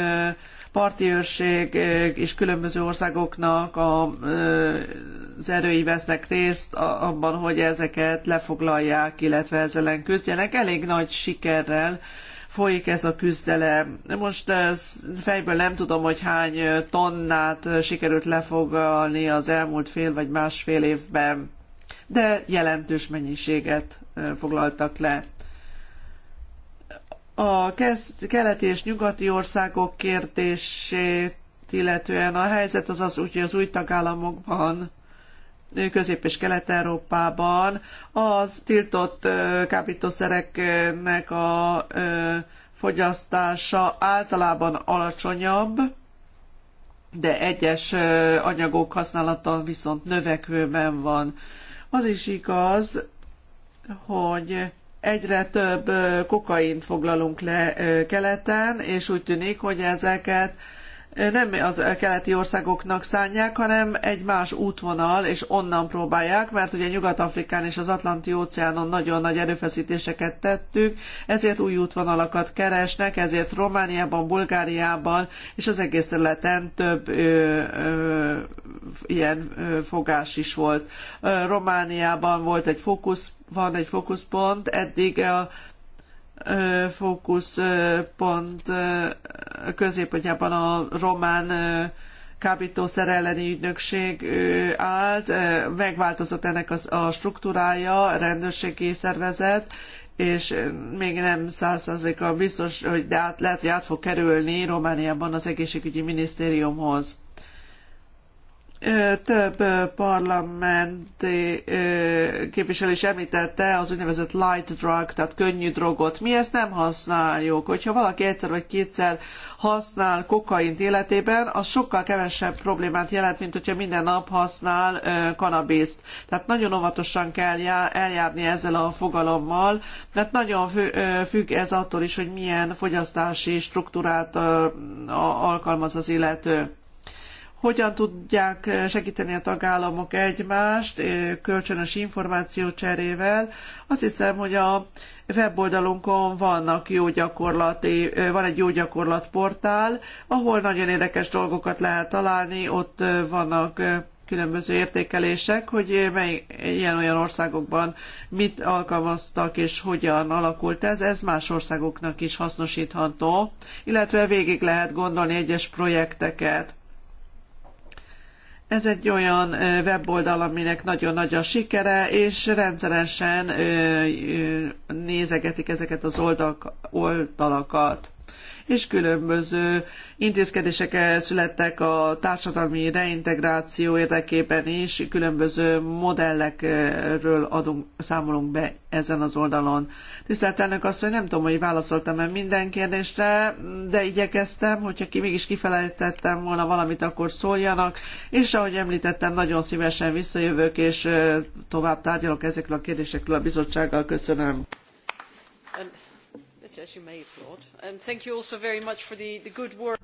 parti őrség és különböző országoknak a, az erői vesznek részt abban, hogy ezeket lefoglalják, illetve ezzel ellen küzdjenek. Elég nagy sikerrel folyik ez a küzdelem. Most fejből nem tudom, hogy hány tonnát sikerült lefoglalni az elmúlt fél vagy másfél évben, de jelentős mennyiséget foglaltak le a keleti és nyugati országok kérdését illetően a helyzet az az, úgy, hogy az új tagállamokban, Közép- és Kelet-Európában az tiltott kábítószereknek a fogyasztása általában alacsonyabb, de egyes anyagok használata viszont növekvőben van. Az is igaz, hogy egyre több kokain foglalunk le keleten, és úgy tűnik, hogy ezeket nem az keleti országoknak szánják, hanem egy más útvonal, és onnan próbálják, mert ugye Nyugat-Afrikán és az Atlanti-óceánon nagyon nagy erőfeszítéseket tettük, ezért új útvonalakat keresnek, ezért Romániában, Bulgáriában és az egész területen több ö, ö, ilyen ö, fogás is volt. Romániában volt egy fókusz, van egy fókuszpont, eddig a fókuszpont középpontjában a román kábítószer elleni ügynökség állt, megváltozott ennek a struktúrája, rendőrségi szervezet, és még nem százszerzéka biztos, hogy de át, lehet, hogy át fog kerülni Romániában az egészségügyi minisztériumhoz. Több parlamenti képviselő is említette az úgynevezett light drug, tehát könnyű drogot. Mi ezt nem használjuk. Hogyha valaki egyszer vagy kétszer használ kokaint életében, az sokkal kevesebb problémát jelent, mint hogyha minden nap használ kanabiszt. Tehát nagyon óvatosan kell eljárni ezzel a fogalommal, mert nagyon függ ez attól is, hogy milyen fogyasztási struktúrát alkalmaz az illető hogyan tudják segíteni a tagállamok egymást eh, kölcsönös információ cserével. Azt hiszem, hogy a weboldalunkon vannak jó gyakorlati, eh, van egy jó gyakorlatportál, ahol nagyon érdekes dolgokat lehet találni, ott eh, vannak különböző értékelések, hogy mely ilyen-olyan országokban mit alkalmaztak és hogyan alakult ez, ez más országoknak is hasznosítható, illetve végig lehet gondolni egyes projekteket. Ez egy olyan weboldal, aminek nagyon nagy a sikere, és rendszeresen nézegetik ezeket az oldalakat és különböző intézkedések születtek a társadalmi reintegráció érdekében is, különböző modellekről adunk, számolunk be ezen az oldalon. Tisztelt elnök asszony, nem tudom, hogy válaszoltam-e minden kérdésre, de igyekeztem, hogyha ki mégis kifelejtettem volna valamit, akkor szóljanak, és ahogy említettem, nagyon szívesen visszajövök, és tovább tárgyalok ezekről a kérdésekről a bizottsággal. Köszönöm as you may applaud. And um, thank you also very much for the, the good work.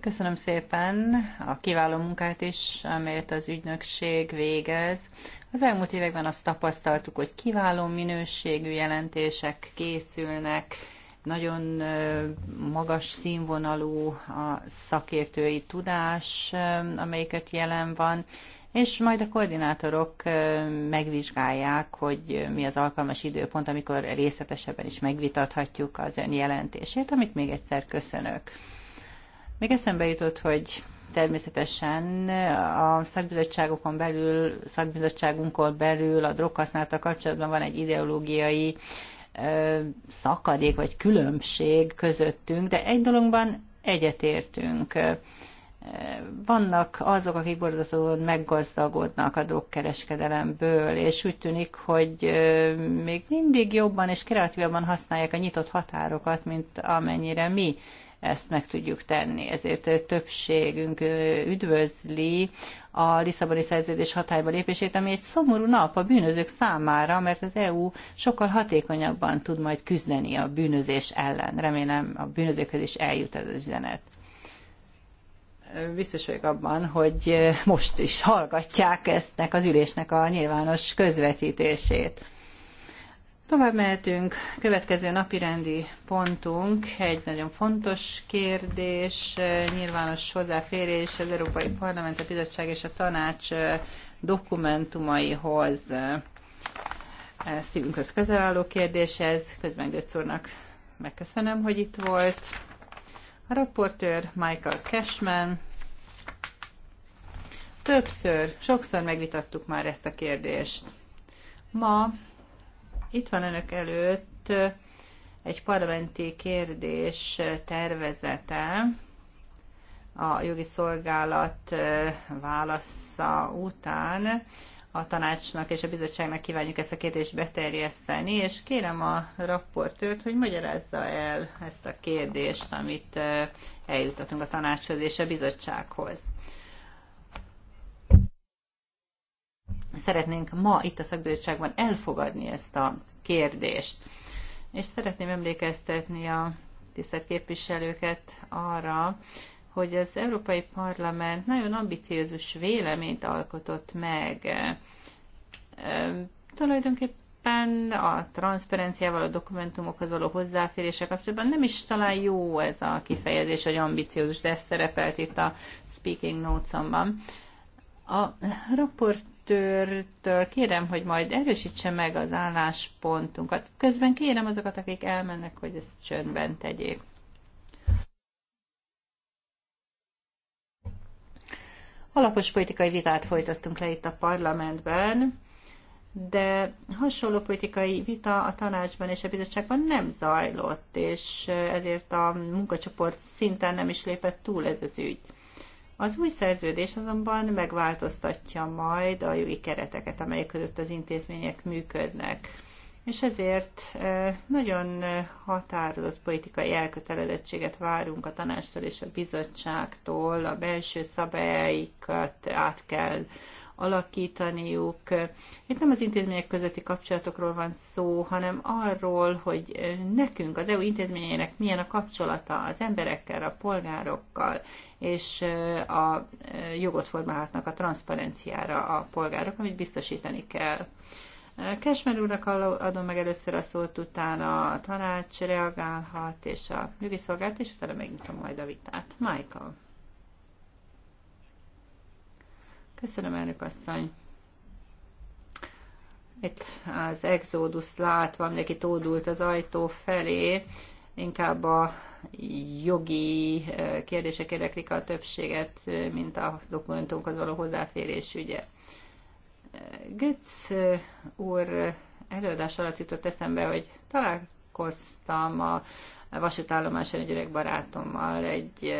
Köszönöm szépen a kiváló munkát is, amelyet az ügynökség végez. Az elmúlt években azt tapasztaltuk, hogy kiváló minőségű jelentések készülnek, nagyon magas színvonalú a szakértői tudás, amelyiket jelen van, és majd a koordinátorok megvizsgálják, hogy mi az alkalmas időpont, amikor részletesebben is megvitathatjuk az ön jelentését, amit még egyszer köszönök. Még eszembe jutott, hogy természetesen a szakbizottságokon belül, szakbizottságunkon belül a droghasználata kapcsolatban van egy ideológiai szakadék vagy különbség közöttünk, de egy dologban egyetértünk vannak azok, akik borzasztóan meggazdagodnak a drogkereskedelemből, és úgy tűnik, hogy még mindig jobban és kreatívabban használják a nyitott határokat, mint amennyire mi ezt meg tudjuk tenni. Ezért többségünk üdvözli a Lisszaboni szerződés hatályba lépését, ami egy szomorú nap a bűnözők számára, mert az EU sokkal hatékonyabban tud majd küzdeni a bűnözés ellen. Remélem a bűnözőkhöz is eljut ez az üzenet biztos vagyok abban, hogy most is hallgatják eztnek az ülésnek a nyilvános közvetítését. Tovább mehetünk. Következő napirendi pontunk egy nagyon fontos kérdés, nyilvános hozzáférés az Európai Parlament, a Bizottság és a Tanács dokumentumaihoz. Szívünkhöz közel álló kérdés ez. Közben Götz úrnak megköszönöm, hogy itt volt. A raportőr Michael Cashman. Többször, sokszor megvitattuk már ezt a kérdést. Ma itt van önök előtt egy parlamenti kérdés tervezete a jogi szolgálat válasza után a tanácsnak és a bizottságnak kívánjuk ezt a kérdést beterjeszteni, és kérem a rapportőrt, hogy magyarázza el ezt a kérdést, amit eljutatunk a tanácshoz és a bizottsághoz. Szeretnénk ma itt a szakbizottságban elfogadni ezt a kérdést. És szeretném emlékeztetni a tisztelt képviselőket arra, hogy az Európai Parlament nagyon ambiciózus véleményt alkotott meg. Tulajdonképpen a transzparenciával, a dokumentumokhoz való hozzáférése kapcsolatban nem is talán jó ez a kifejezés, hogy ambiciózus, de ez szerepelt itt a speaking notes notes-omban. A raport raportőrtől kérem, hogy majd erősítse meg az álláspontunkat. Közben kérem azokat, akik elmennek, hogy ezt csöndben tegyék. Alapos politikai vitát folytattunk le itt a parlamentben, de hasonló politikai vita a tanácsban és a bizottságban nem zajlott, és ezért a munkacsoport szinten nem is lépett túl ez az ügy. Az új szerződés azonban megváltoztatja majd a jogi kereteket, amelyek között az intézmények működnek és ezért nagyon határozott politikai elkötelezettséget várunk a tanástól és a bizottságtól, a belső szabályaikat át kell alakítaniuk. Itt nem az intézmények közötti kapcsolatokról van szó, hanem arról, hogy nekünk, az EU intézményeinek milyen a kapcsolata az emberekkel, a polgárokkal, és a jogot formálhatnak a transzparenciára a polgárok, amit biztosítani kell. Kesmer úrnak adom meg először a szót, utána a tanács reagálhat, és a szolgált, és utána megnyitom majd a vitát. Michael. Köszönöm, elnök asszony. Itt az exódus látva, mindenki tódult az ajtó felé, inkább a jogi eh, kérdések érdeklik a többséget, mint a dokumentumhoz való hozzáférés ügye. Götz úr előadás alatt jutott eszembe, hogy találkoztam a vasútállomáson egy öreg barátommal, egy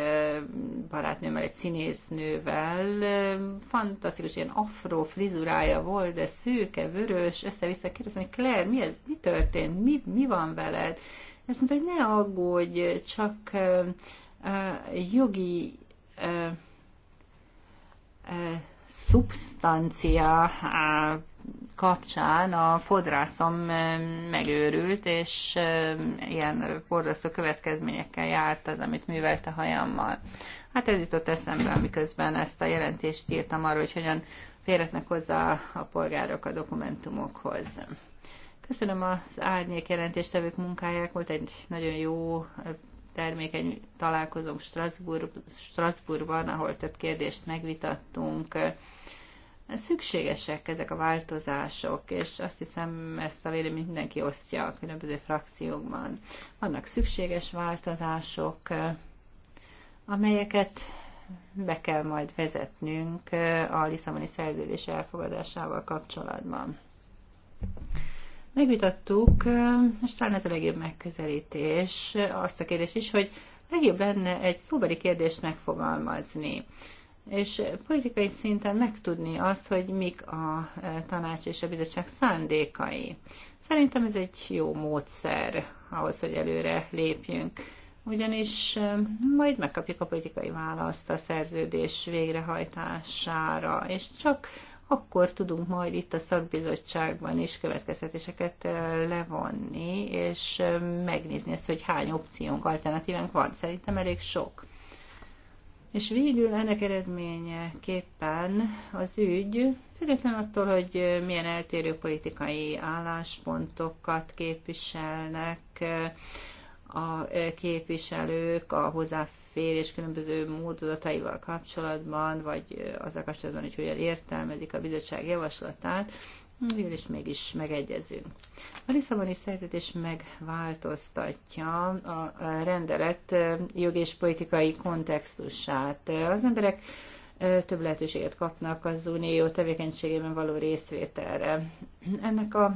barátnőmmel, egy színésznővel. Fantasztikus, ilyen afro frizurája volt, de szőke, vörös, össze-vissza kérdezem, hogy Claire, mi, ez, mi történt, mi, mi van veled? Ezt mondta, hogy ne aggódj, csak uh, uh, jogi uh, uh, szubstancia kapcsán a fodrászom megőrült, és ilyen borzasztó következményekkel járt az, amit művelt a hajammal. Hát ez jutott eszembe, miközben ezt a jelentést írtam arról, hogy hogyan férhetnek hozzá a polgárok a dokumentumokhoz. Köszönöm az árnyék jelentéstevők munkáját, volt egy nagyon jó termékeny találkozónk Strasbourg, Strasbourgban, ahol több kérdést megvitattunk. Szükségesek ezek a változások, és azt hiszem ezt a véleményt mindenki osztja a különböző frakciókban. Vannak szükséges változások, amelyeket be kell majd vezetnünk a Lisszaboni szerződés elfogadásával kapcsolatban megvitattuk, és talán ez a legjobb megközelítés, azt a kérdést is, hogy legjobb lenne egy szóbeli kérdést megfogalmazni és politikai szinten megtudni azt, hogy mik a tanács és a bizottság szándékai. Szerintem ez egy jó módszer ahhoz, hogy előre lépjünk, ugyanis majd megkapjuk a politikai választ a szerződés végrehajtására, és csak akkor tudunk majd itt a szakbizottságban is következtetéseket levonni, és megnézni ezt, hogy hány opciónk, alternatívánk van. Szerintem elég sok. És végül ennek eredményeképpen az ügy, függetlenül attól, hogy milyen eltérő politikai álláspontokat képviselnek, a e, képviselők a hozzáférés különböző módozataival kapcsolatban, vagy e, a kapcsolatban, hogy hogyan értelmezik a bizottság javaslatát, végül is mégis megegyezünk. A Lisszaboni szerződés megváltoztatja a rendelet e, jogi és politikai kontextusát. Az emberek több lehetőséget kapnak az unió tevékenységében való részvételre. Ennek a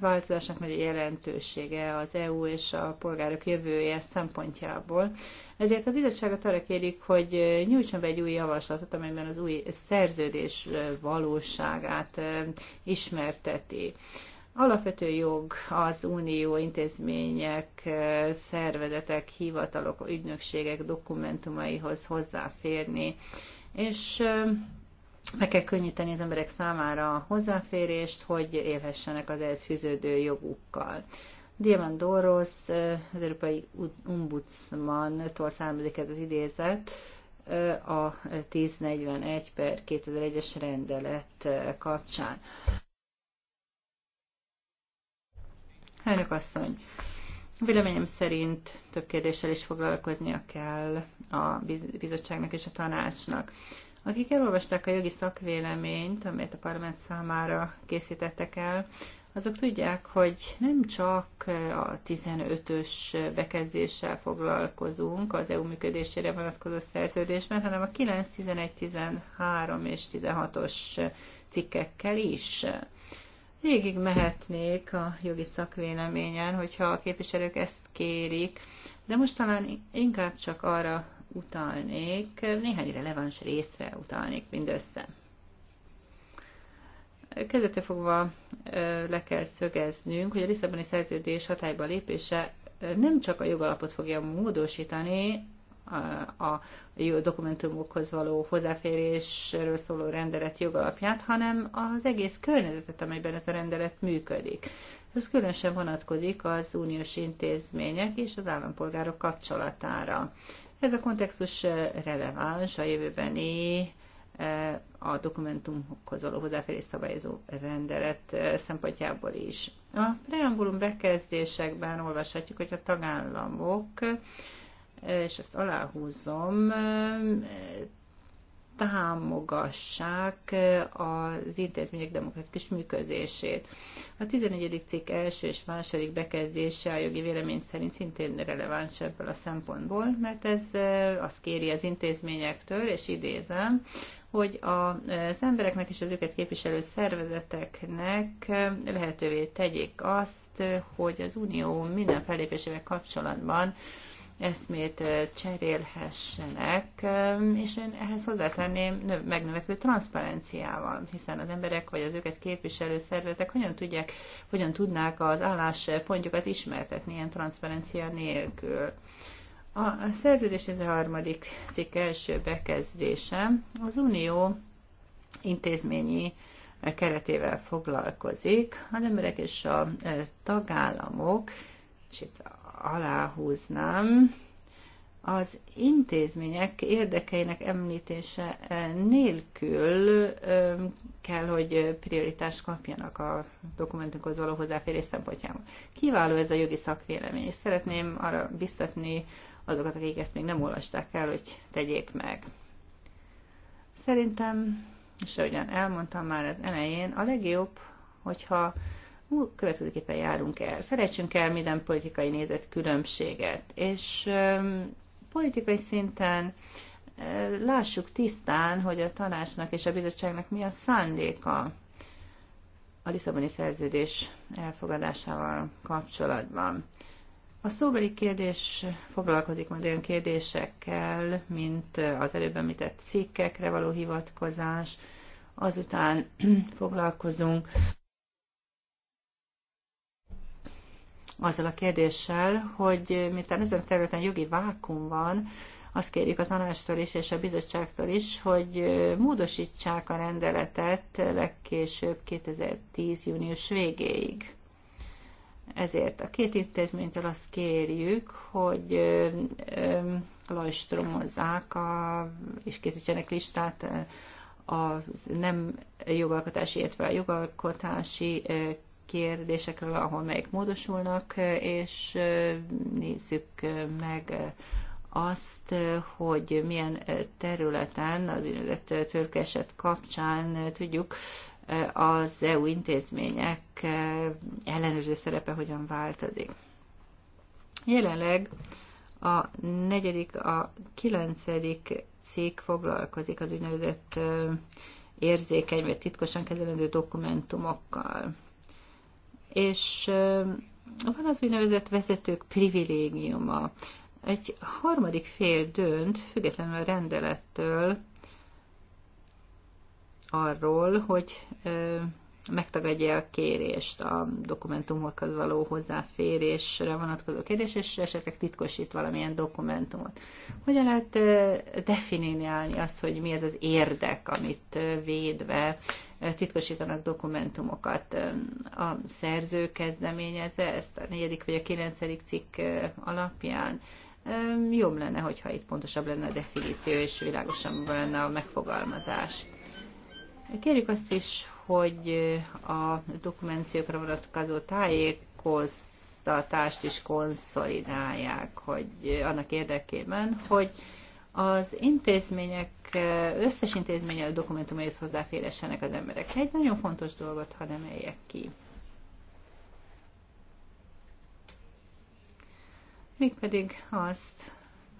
változásnak nagy jelentősége az EU és a polgárok jövője szempontjából. Ezért a bizottságot arra kérik, hogy nyújtson be egy új javaslatot, amelyben az új szerződés valóságát ismerteti alapvető jog az unió intézmények, szervezetek, hivatalok, ügynökségek dokumentumaihoz hozzáférni és meg kell könnyíteni az emberek számára a hozzáférést, hogy élhessenek az ehhez fűződő jogukkal. Doros, az Európai Ombudsman-tól származik ez az idézet, a 1041 per 2001-es rendelet kapcsán. Elnök asszony, Véleményem szerint több kérdéssel is foglalkoznia kell a bizottságnak és a tanácsnak. Akik elolvasták a jogi szakvéleményt, amelyet a parlament számára készítettek el, azok tudják, hogy nem csak a 15-ös bekezdéssel foglalkozunk az EU működésére vonatkozó szerződésben, hanem a 9, 11, 13 és 16-os cikkekkel is végig mehetnék a jogi szakvéleményen, hogyha a képviselők ezt kérik, de most talán inkább csak arra utalnék, néhány releváns részre utalnék mindössze. Kezdetől fogva le kell szögeznünk, hogy a Lisszaboni szerződés hatályba lépése nem csak a jogalapot fogja módosítani, a jó dokumentumokhoz való hozzáférésről szóló rendelet jogalapját, hanem az egész környezetet, amelyben ez a rendelet működik. Ez különösen vonatkozik az uniós intézmények és az állampolgárok kapcsolatára. Ez a kontextus releváns a jövőbeni a dokumentumokhoz való hozzáférés szabályozó rendelet szempontjából is. A preambulum bekezdésekben olvashatjuk, hogy a tagállamok és ezt aláhúzom, támogassák az intézmények demokratikus működését. A 14. cikk első és második bekezdése a jogi vélemény szerint szintén releváns ebből a szempontból, mert ez azt kéri az intézményektől, és idézem, hogy az embereknek és az őket képviselő szervezeteknek lehetővé tegyék azt, hogy az Unió minden fellépésével kapcsolatban eszmét cserélhessenek, és én ehhez hozzátenném megnövekvő transzparenciával, hiszen az emberek vagy az őket képviselő szervezetek hogyan tudják, hogyan tudnák az álláspontjukat ismertetni ilyen transzparencia nélkül. A szerződés ez a harmadik cikk első bekezdése az Unió intézményi keretével foglalkozik. Az emberek és a tagállamok, és itt aláhúznám, az intézmények érdekeinek említése eh, nélkül eh, kell, hogy prioritást kapjanak a dokumentumhoz való hozzáférés szempontjából. Kiváló ez a jogi szakvélemény, és szeretném arra biztatni azokat, akik ezt még nem olvasták el, hogy tegyék meg. Szerintem, és ahogyan elmondtam már az elején, a legjobb, hogyha hú, következőképpen járunk el. Felejtsünk el minden politikai nézet különbséget, és politikai szinten lássuk tisztán, hogy a tanácsnak és a bizottságnak mi a szándéka a Lisszaboni szerződés elfogadásával kapcsolatban. A szóbeli kérdés foglalkozik majd olyan kérdésekkel, mint az előbb említett cikkekre való hivatkozás, azután foglalkozunk azzal a kérdéssel, hogy miután ezen a területen jogi vákum van, azt kérjük a tanástól is és a bizottságtól is, hogy módosítsák a rendeletet legkésőbb 2010. június végéig. Ezért a két intézménytől azt kérjük, hogy lajstromozzák a, és készítsenek listát a nem jogalkotási, illetve a jogalkotási kérdésekről, ahol melyik módosulnak, és nézzük meg azt, hogy milyen területen, az ügynevezett törkeset kapcsán tudjuk, az EU intézmények ellenőrző szerepe hogyan változik. Jelenleg a negyedik, a kilencedik cég foglalkozik az úgynevezett érzékeny vagy titkosan kezelendő dokumentumokkal és van az úgynevezett vezetők privilégiuma. Egy harmadik fél dönt, függetlenül a rendelettől, arról, hogy megtagadja a kérést a dokumentumokhoz való hozzáférésre vonatkozó kérdés, és esetleg titkosít valamilyen dokumentumot. Hogyan lehet definiálni azt, hogy mi ez az érdek, amit védve titkosítanak dokumentumokat. A szerző kezdeményezze ezt a negyedik vagy a kilencedik cikk alapján. Jobb lenne, hogyha itt pontosabb lenne a definíció, és világosabb lenne a megfogalmazás. Kérjük azt is, hogy a dokumenciókra vonatkozó tájékoztatást is konszolidálják, hogy annak érdekében, hogy az intézmények, összes intézménye a dokumentumaihoz hozzáférhessenek az emberek. Egy nagyon fontos dolgot, ha nem eljek ki. Mégpedig azt,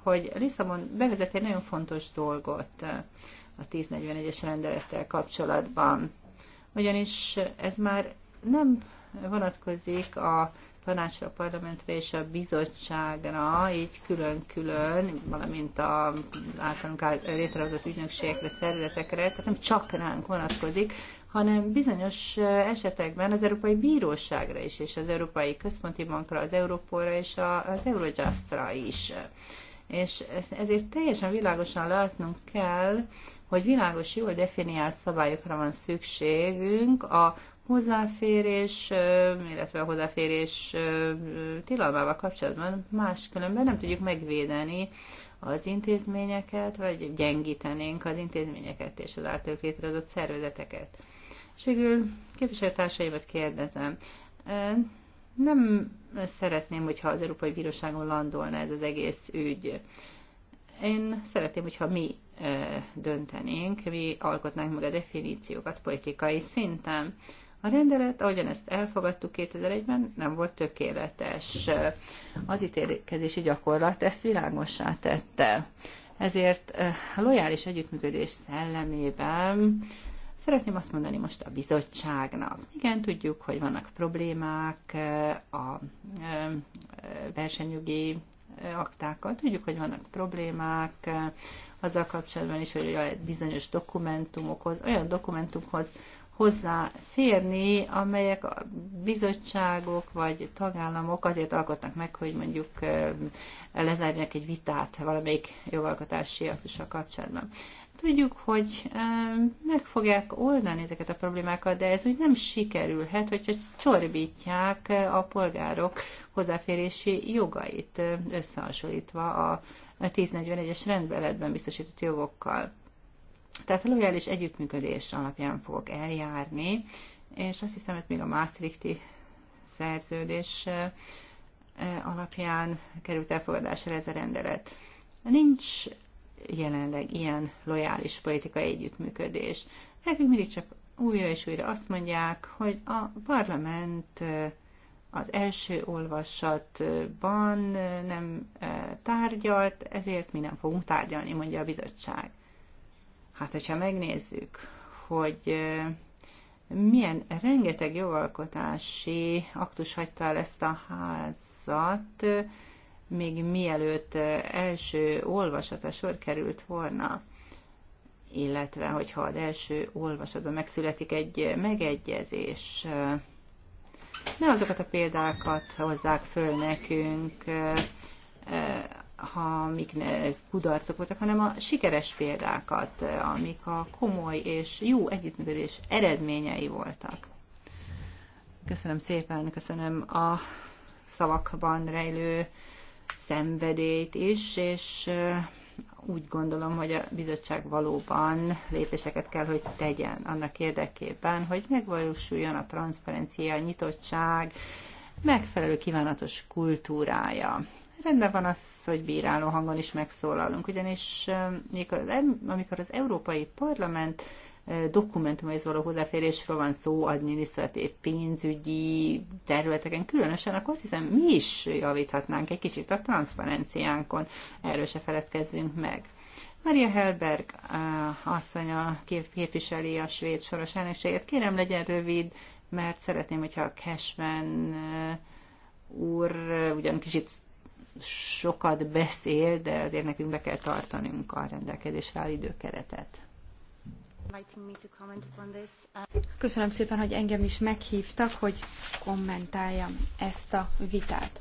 hogy Lisszabon bevezet egy nagyon fontos dolgot a 1041-es rendelettel kapcsolatban ugyanis ez már nem vonatkozik a tanácsra, a parlamentre és a bizottságra, így külön-külön, valamint a általunk létrehozott ügynökségekre, szervezetekre, tehát nem csak ránk vonatkozik, hanem bizonyos eh, esetekben az Európai Bíróságra is, és az Európai Központi Bankra, az Európóra és az Eurojustra is. És ezért teljesen világosan látnunk kell, hogy világos, jól definiált szabályokra van szükségünk a hozzáférés, illetve a hozzáférés tilalmával kapcsolatban, máskülönben nem tudjuk megvédeni az intézményeket, vagy gyengítenénk az intézményeket és az általuk létrehozott szervezeteket. És végül képviselőtársaimat kérdezem, nem szeretném, hogyha az Európai Bíróságon landolna ez az egész ügy. Én szeretném, hogyha mi döntenénk, mi alkotnánk meg a definíciókat politikai szinten. A rendelet, ahogyan ezt elfogadtuk 2001-ben, nem volt tökéletes. Az ítélkezési gyakorlat ezt világosá tette. Ezért a lojális együttműködés szellemében szeretném azt mondani most a bizottságnak. Igen, tudjuk, hogy vannak problémák a versenyjogi aktákkal, tudjuk, hogy vannak problémák azzal kapcsolatban is, hogy olyan bizonyos dokumentumokhoz, olyan dokumentumhoz hozzáférni, amelyek a bizottságok vagy tagállamok azért alkotnak meg, hogy mondjuk lezárjanak egy vitát valamelyik jogalkotási aktussal kapcsolatban tudjuk, hogy meg fogják oldani ezeket a problémákat, de ez úgy nem sikerülhet, hogyha csorbítják a polgárok hozzáférési jogait, összehasonlítva a a 1041-es rendbeletben biztosított jogokkal. Tehát a lojális együttműködés alapján fogok eljárni, és azt hiszem, hogy még a Maastrichti szerződés eh, alapján került elfogadásra ez a rendelet. Nincs jelenleg ilyen lojális politikai együttműködés. Nekünk mindig csak újra és újra azt mondják, hogy a parlament eh, az első olvasatban nem eh, tárgyalt, ezért mi nem fogunk tárgyalni, mondja a bizottság. Hát, hogyha megnézzük, hogy eh, milyen rengeteg jogalkotási aktus hagyta el ezt a házat, még mielőtt eh, első olvasata sor került volna, illetve hogyha az első olvasatban megszületik egy megegyezés, ne azokat a példákat hozzák föl nekünk, ha mik kudarcok voltak, hanem a sikeres példákat, amik a komoly és jó együttműködés eredményei voltak. Köszönöm szépen, köszönöm a szavakban rejlő szenvedélyt is, és úgy gondolom, hogy a bizottság valóban lépéseket kell, hogy tegyen annak érdekében, hogy megvalósuljon a transzparencia, a nyitottság, megfelelő kívánatos kultúrája. Rendben van az, hogy bíráló hangon is megszólalunk, ugyanis amikor az Európai Parlament dokumentumhoz való hozzáférésről van szó, adminisztratív, pénzügyi területeken, különösen akkor azt hiszem mi is javíthatnánk egy kicsit a transzparenciánkon, erről se feledkezzünk meg. Maria Helberg asszonya képviseli a svéd soros elnökséget. Kérem, legyen rövid, mert szeretném, hogyha a Cashman úr ugyan kicsit sokat beszél, de azért nekünk be kell tartanunk a rendelkezésre álló időkeretet. Köszönöm szépen, hogy engem is meghívtak, hogy kommentáljam ezt a vitát.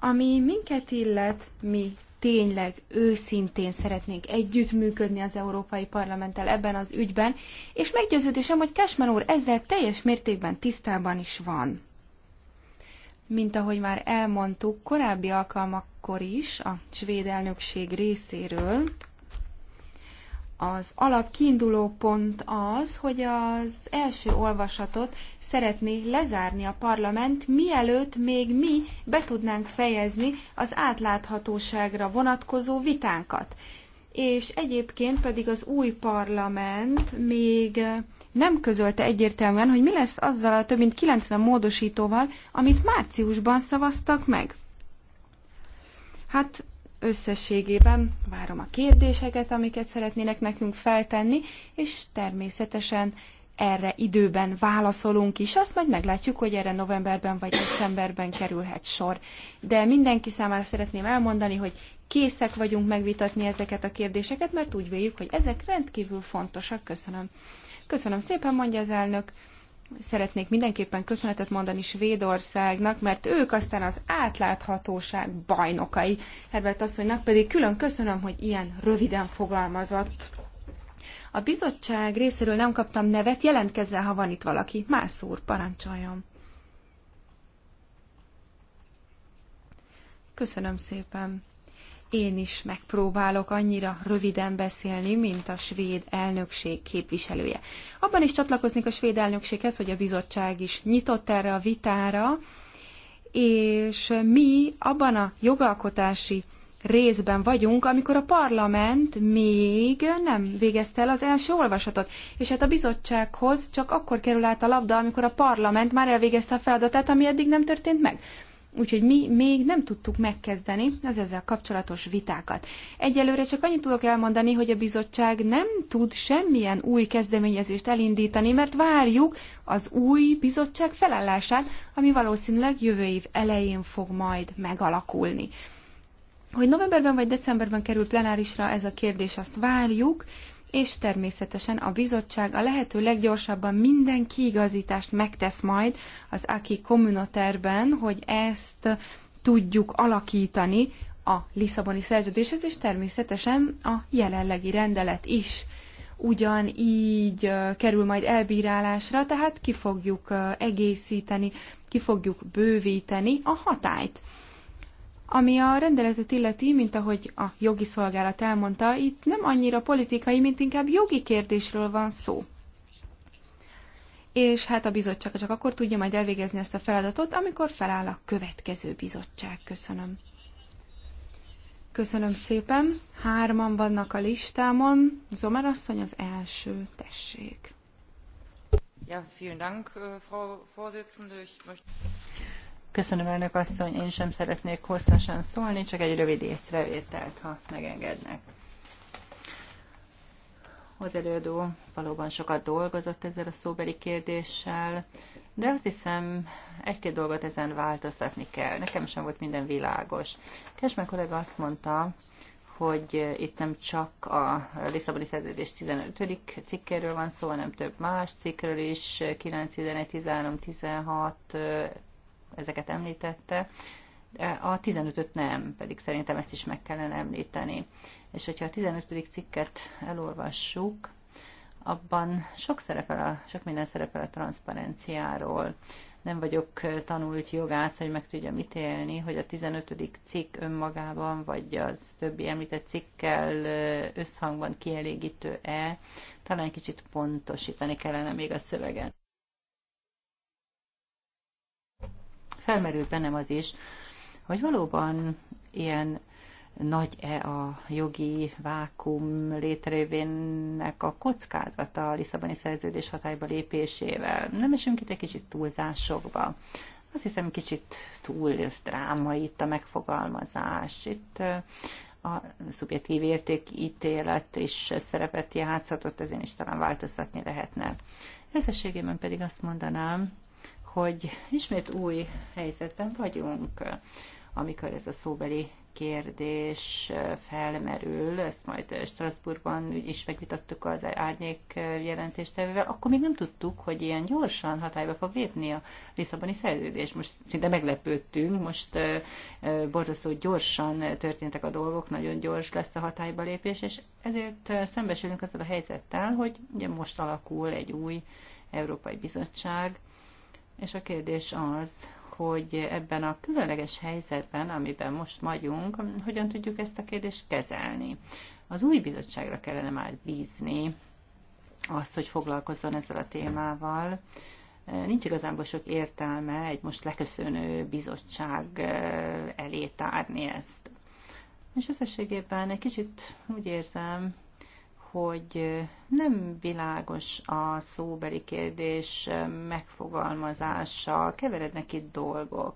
Ami minket illet, mi tényleg őszintén szeretnénk együttműködni az Európai Parlamenttel ebben az ügyben, és meggyőződésem, hogy Cashman úr ezzel teljes mértékben tisztában is van. Mint ahogy már elmondtuk korábbi alkalmakkor is a svéd elnökség részéről, az alap kiinduló pont az, hogy az első olvasatot szeretné lezárni a parlament, mielőtt még mi be tudnánk fejezni az átláthatóságra vonatkozó vitánkat. És egyébként pedig az új parlament még nem közölte egyértelműen, hogy mi lesz azzal a több mint 90 módosítóval, amit márciusban szavaztak meg. Hát Összességében várom a kérdéseket, amiket szeretnének nekünk feltenni, és természetesen erre időben válaszolunk is, azt majd meglátjuk, hogy erre novemberben vagy decemberben kerülhet sor. De mindenki számára szeretném elmondani, hogy készek vagyunk megvitatni ezeket a kérdéseket, mert úgy véljük, hogy ezek rendkívül fontosak. Köszönöm. Köszönöm szépen, mondja az elnök szeretnék mindenképpen köszönetet mondani Svédországnak, mert ők aztán az átláthatóság bajnokai. Herbert asszonynak pedig külön köszönöm, hogy ilyen röviden fogalmazott. A bizottság részéről nem kaptam nevet, jelentkezzen, ha van itt valaki. Más úr, parancsoljon. Köszönöm szépen. Én is megpróbálok annyira röviden beszélni, mint a svéd elnökség képviselője. Abban is csatlakoznék a svéd elnökséghez, hogy a bizottság is nyitott erre a vitára, és mi abban a jogalkotási részben vagyunk, amikor a parlament még nem végezte el az első olvasatot. És hát a bizottsághoz csak akkor kerül át a labda, amikor a parlament már elvégezte a feladatát, ami eddig nem történt meg. Úgyhogy mi még nem tudtuk megkezdeni az ezzel kapcsolatos vitákat. Egyelőre csak annyit tudok elmondani, hogy a bizottság nem tud semmilyen új kezdeményezést elindítani, mert várjuk az új bizottság felállását, ami valószínűleg jövő év elején fog majd megalakulni. Hogy novemberben vagy decemberben kerül plenárisra ez a kérdés, azt várjuk, és természetesen a bizottság a lehető leggyorsabban minden kiigazítást megtesz majd az AKI kommunaterben, hogy ezt tudjuk alakítani a Lisszaboni szerződéshez, és természetesen a jelenlegi rendelet is ugyanígy kerül majd elbírálásra, tehát ki fogjuk egészíteni, ki fogjuk bővíteni a hatályt. Ami a rendeletet illeti, mint ahogy a jogi szolgálat elmondta, itt nem annyira politikai, mint inkább jogi kérdésről van szó. És hát a bizottság csak akkor tudja majd elvégezni ezt a feladatot, amikor feláll a következő bizottság. Köszönöm. Köszönöm szépen. Hárman vannak a listámon. Zomer asszony az első. Tessék. Ja, vielen Dank, äh, Frau Vorsitzende. Ich möchte... Köszönöm, elnök asszony, én sem szeretnék hosszasan szólni, csak egy rövid észrevételt, ha megengednek. Az előadó valóban sokat dolgozott ezzel a szóbeli kérdéssel, de azt hiszem, egy-két dolgot ezen változtatni kell. Nekem sem volt minden világos. Kesme kollega azt mondta, hogy itt nem csak a Lisszaboni szerződés 15. cikkéről van szó, hanem több más cikkről is, 9, 11, 13, 16, ezeket említette, a 15-öt nem, pedig szerintem ezt is meg kellene említeni. És hogyha a 15. cikket elolvassuk, abban sok, szerepel a, sok minden szerepel a transzparenciáról. Nem vagyok tanult jogász, hogy meg tudjam ítélni, hogy a 15. cikk önmagában, vagy az többi említett cikkkel összhangban kielégítő-e. Talán kicsit pontosítani kellene még a szöveget. felmerült bennem az is, hogy valóban ilyen nagy-e a jogi vákum létrejövének a kockázata a Lisszaboni szerződés hatályba lépésével. Nem esünk itt egy kicsit túlzásokba. Azt hiszem, kicsit túl drámai itt a megfogalmazás. Itt a szubjektív értékítélet is szerepet játszhatott, ezért is talán változtatni lehetne. Összességében pedig azt mondanám, hogy ismét új helyzetben vagyunk, amikor ez a szóbeli kérdés felmerül, ezt majd Strasbourgban is megvitattuk az árnyék jelentéstevővel, akkor még nem tudtuk, hogy ilyen gyorsan hatályba fog lépni a Lisszaboni szerződés. Most szinte meglepődtünk, most borzasztó gyorsan történtek a dolgok, nagyon gyors lesz a hatályba lépés, és ezért szembesülünk azzal a helyzettel, hogy ugye most alakul egy új Európai Bizottság, és a kérdés az, hogy ebben a különleges helyzetben, amiben most vagyunk, hogyan tudjuk ezt a kérdést kezelni. Az új bizottságra kellene már bízni azt, hogy foglalkozzon ezzel a témával. Nincs igazából sok értelme egy most leköszönő bizottság eh, elé tárni ezt. És összességében egy kicsit úgy érzem, hogy nem világos a szóbeli kérdés megfogalmazása, keverednek itt dolgok.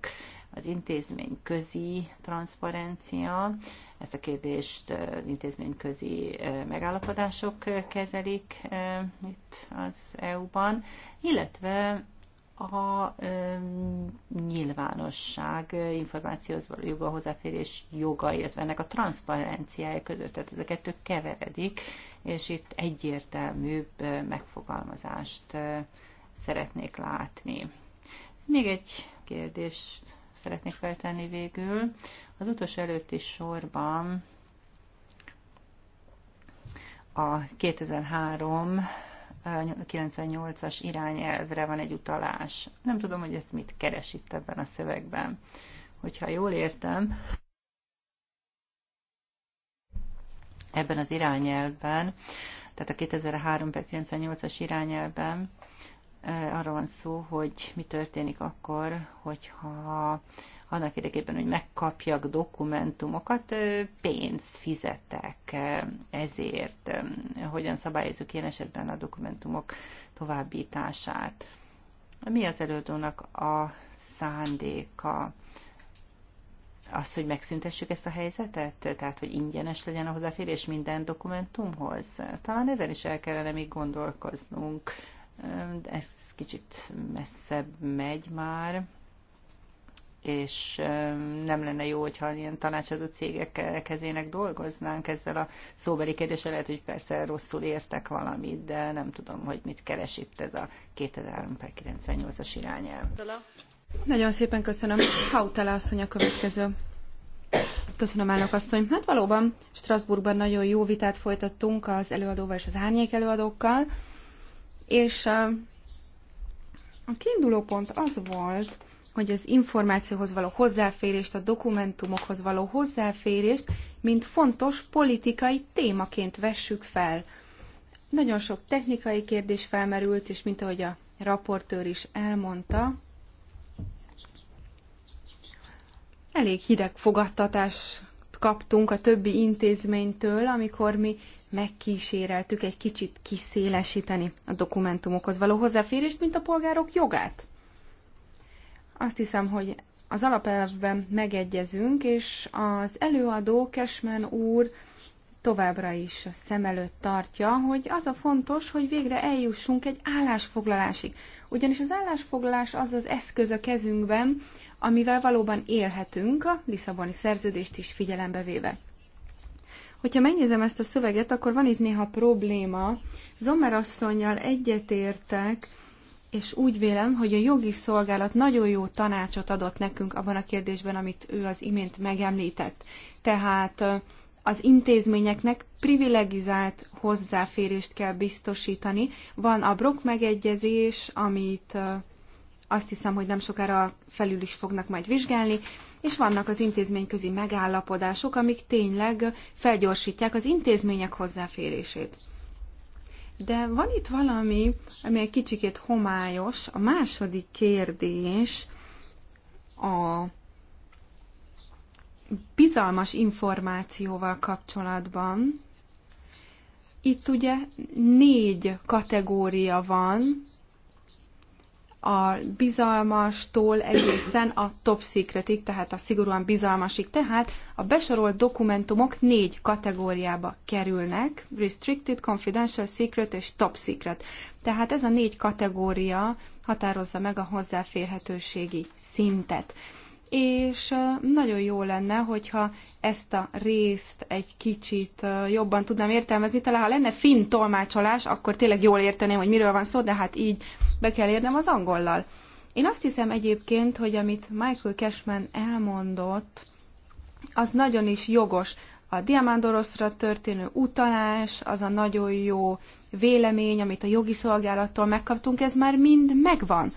Az intézmény közi transzparencia, ezt a kérdést intézményközi megállapodások kezelik itt az EU-ban, illetve a ö, nyilvánosság eh, információhoz való joga, hozzáférés joga, illetve ennek a transzparenciája között. Tehát ez a kettő keveredik, és itt egyértelműbb eh, megfogalmazást eh, szeretnék látni. Még egy kérdést szeretnék feltenni végül. Az utolsó előtti sorban a 2003 98-as irányelvre van egy utalás. Nem tudom, hogy ezt mit keres itt ebben a szövegben. Hogyha jól értem, ebben az irányelvben, tehát a 2003 98-as irányelvben arról van szó, hogy mi történik akkor, hogyha annak érdekében, hogy megkapjak dokumentumokat, pénzt fizetek ezért. Hogyan szabályozunk ilyen esetben a dokumentumok továbbítását? Mi az előadónak a szándéka? Az, hogy megszüntessük ezt a helyzetet? Tehát, hogy ingyenes legyen a hozzáférés minden dokumentumhoz? Talán ezen is el kellene még gondolkoznunk ez kicsit messzebb megy már, és nem lenne jó, hogyha ilyen tanácsadó cégek kezének dolgoznánk ezzel a szóbeli kérdéssel. Lehet, hogy persze rosszul értek valamit, de nem tudom, hogy mit keres itt ez a 2398 as irányel. Nagyon szépen köszönöm. Hautala asszony a következő. Köszönöm, elnök asszony. Hát valóban Strasbourgban nagyon jó vitát folytattunk az előadóval és az árnyék előadókkal és a kiinduló pont az volt, hogy az információhoz való hozzáférést, a dokumentumokhoz való hozzáférést, mint fontos politikai témaként vessük fel. Nagyon sok technikai kérdés felmerült, és mint ahogy a raportőr is elmondta, elég hideg fogadtatást kaptunk a többi intézménytől, amikor mi megkíséreltük egy kicsit kiszélesíteni a dokumentumokhoz való hozzáférést, mint a polgárok jogát. Azt hiszem, hogy az alapelvben megegyezünk, és az előadó Kesmen úr továbbra is a szem előtt tartja, hogy az a fontos, hogy végre eljussunk egy állásfoglalásig. Ugyanis az állásfoglalás az az eszköz a kezünkben, amivel valóban élhetünk a Lisszaboni szerződést is figyelembe véve. Hogyha megnézem ezt a szöveget, akkor van itt néha probléma. Zomer asszonynal egyetértek, és úgy vélem, hogy a jogi szolgálat nagyon jó tanácsot adott nekünk abban a kérdésben, amit ő az imént megemlített. Tehát az intézményeknek privilegizált hozzáférést kell biztosítani. Van a brok megegyezés, amit azt hiszem, hogy nem sokára felül is fognak majd vizsgálni, és vannak az intézményközi megállapodások, amik tényleg felgyorsítják az intézmények hozzáférését. De van itt valami, ami egy kicsikét homályos. A második kérdés a bizalmas információval kapcsolatban. Itt ugye négy kategória van, a bizalmastól egészen a top secretig, tehát a szigorúan bizalmasig. Tehát a besorolt dokumentumok négy kategóriába kerülnek, restricted, confidential, secret és top secret. Tehát ez a négy kategória határozza meg a hozzáférhetőségi szintet és nagyon jó lenne, hogyha ezt a részt egy kicsit jobban tudnám értelmezni. Talán ha lenne finn tolmácsolás, akkor tényleg jól érteném, hogy miről van szó, de hát így be kell érnem az angollal. Én azt hiszem egyébként, hogy amit Michael Cashman elmondott, az nagyon is jogos. A Diamandoroszra történő utalás, az a nagyon jó vélemény, amit a jogi szolgálattól megkaptunk, ez már mind megvan.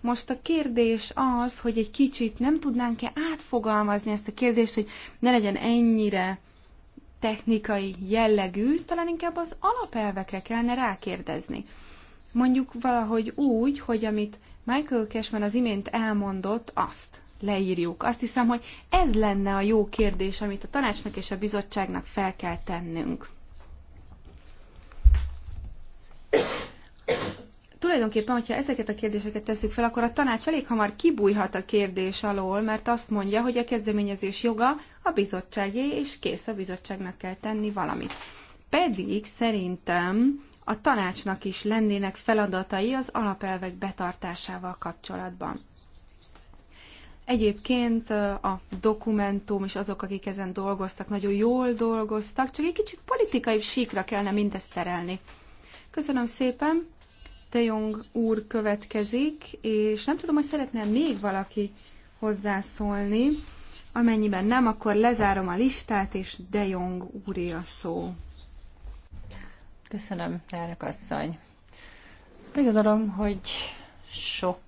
Most a kérdés az, hogy egy kicsit nem tudnánk-e átfogalmazni ezt a kérdést, hogy ne legyen ennyire technikai jellegű, talán inkább az alapelvekre kellene rákérdezni. Mondjuk valahogy úgy, hogy amit Michael Cashman az imént elmondott, azt leírjuk. Azt hiszem, hogy ez lenne a jó kérdés, amit a tanácsnak és a bizottságnak fel kell tennünk. Tulajdonképpen, hogyha ezeket a kérdéseket tesszük fel, akkor a tanács elég hamar kibújhat a kérdés alól, mert azt mondja, hogy a kezdeményezés joga a bizottságé, és kész, a bizottságnak kell tenni valamit. Pedig szerintem a tanácsnak is lennének feladatai az alapelvek betartásával kapcsolatban. Egyébként a dokumentum és azok, akik ezen dolgoztak, nagyon jól dolgoztak, csak egy kicsit politikai síkra kellene mindezt terelni. Köszönöm szépen! Tejong úr következik, és nem tudom, hogy szeretne még valaki hozzászólni. Amennyiben nem, akkor lezárom a listát, és De Jong úré a szó. Köszönöm, elnök asszony. Megadom, hogy sok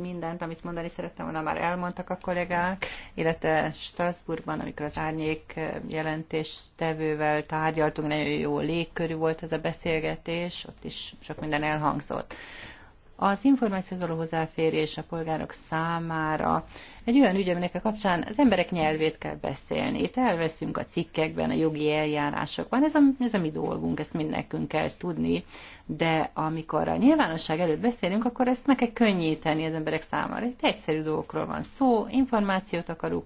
mindent, amit mondani szerettem volna, már elmondtak a kollégák, illetve Strasbourgban, amikor az árnyék jelentéstevővel tárgyaltunk, nagyon jó légkörű volt ez a beszélgetés, ott is sok minden elhangzott az információhoz való hozzáférés a polgárok számára egy olyan ügy, aminek a kapcsán az emberek nyelvét kell beszélni. Itt elveszünk a cikkekben, a jogi eljárásokban. Ez a, ez a mi dolgunk, ezt mindenkünk kell tudni, de amikor a nyilvánosság előtt beszélünk, akkor ezt meg kell könnyíteni az emberek számára. Itt egyszerű dolgokról van szó, információt akarunk,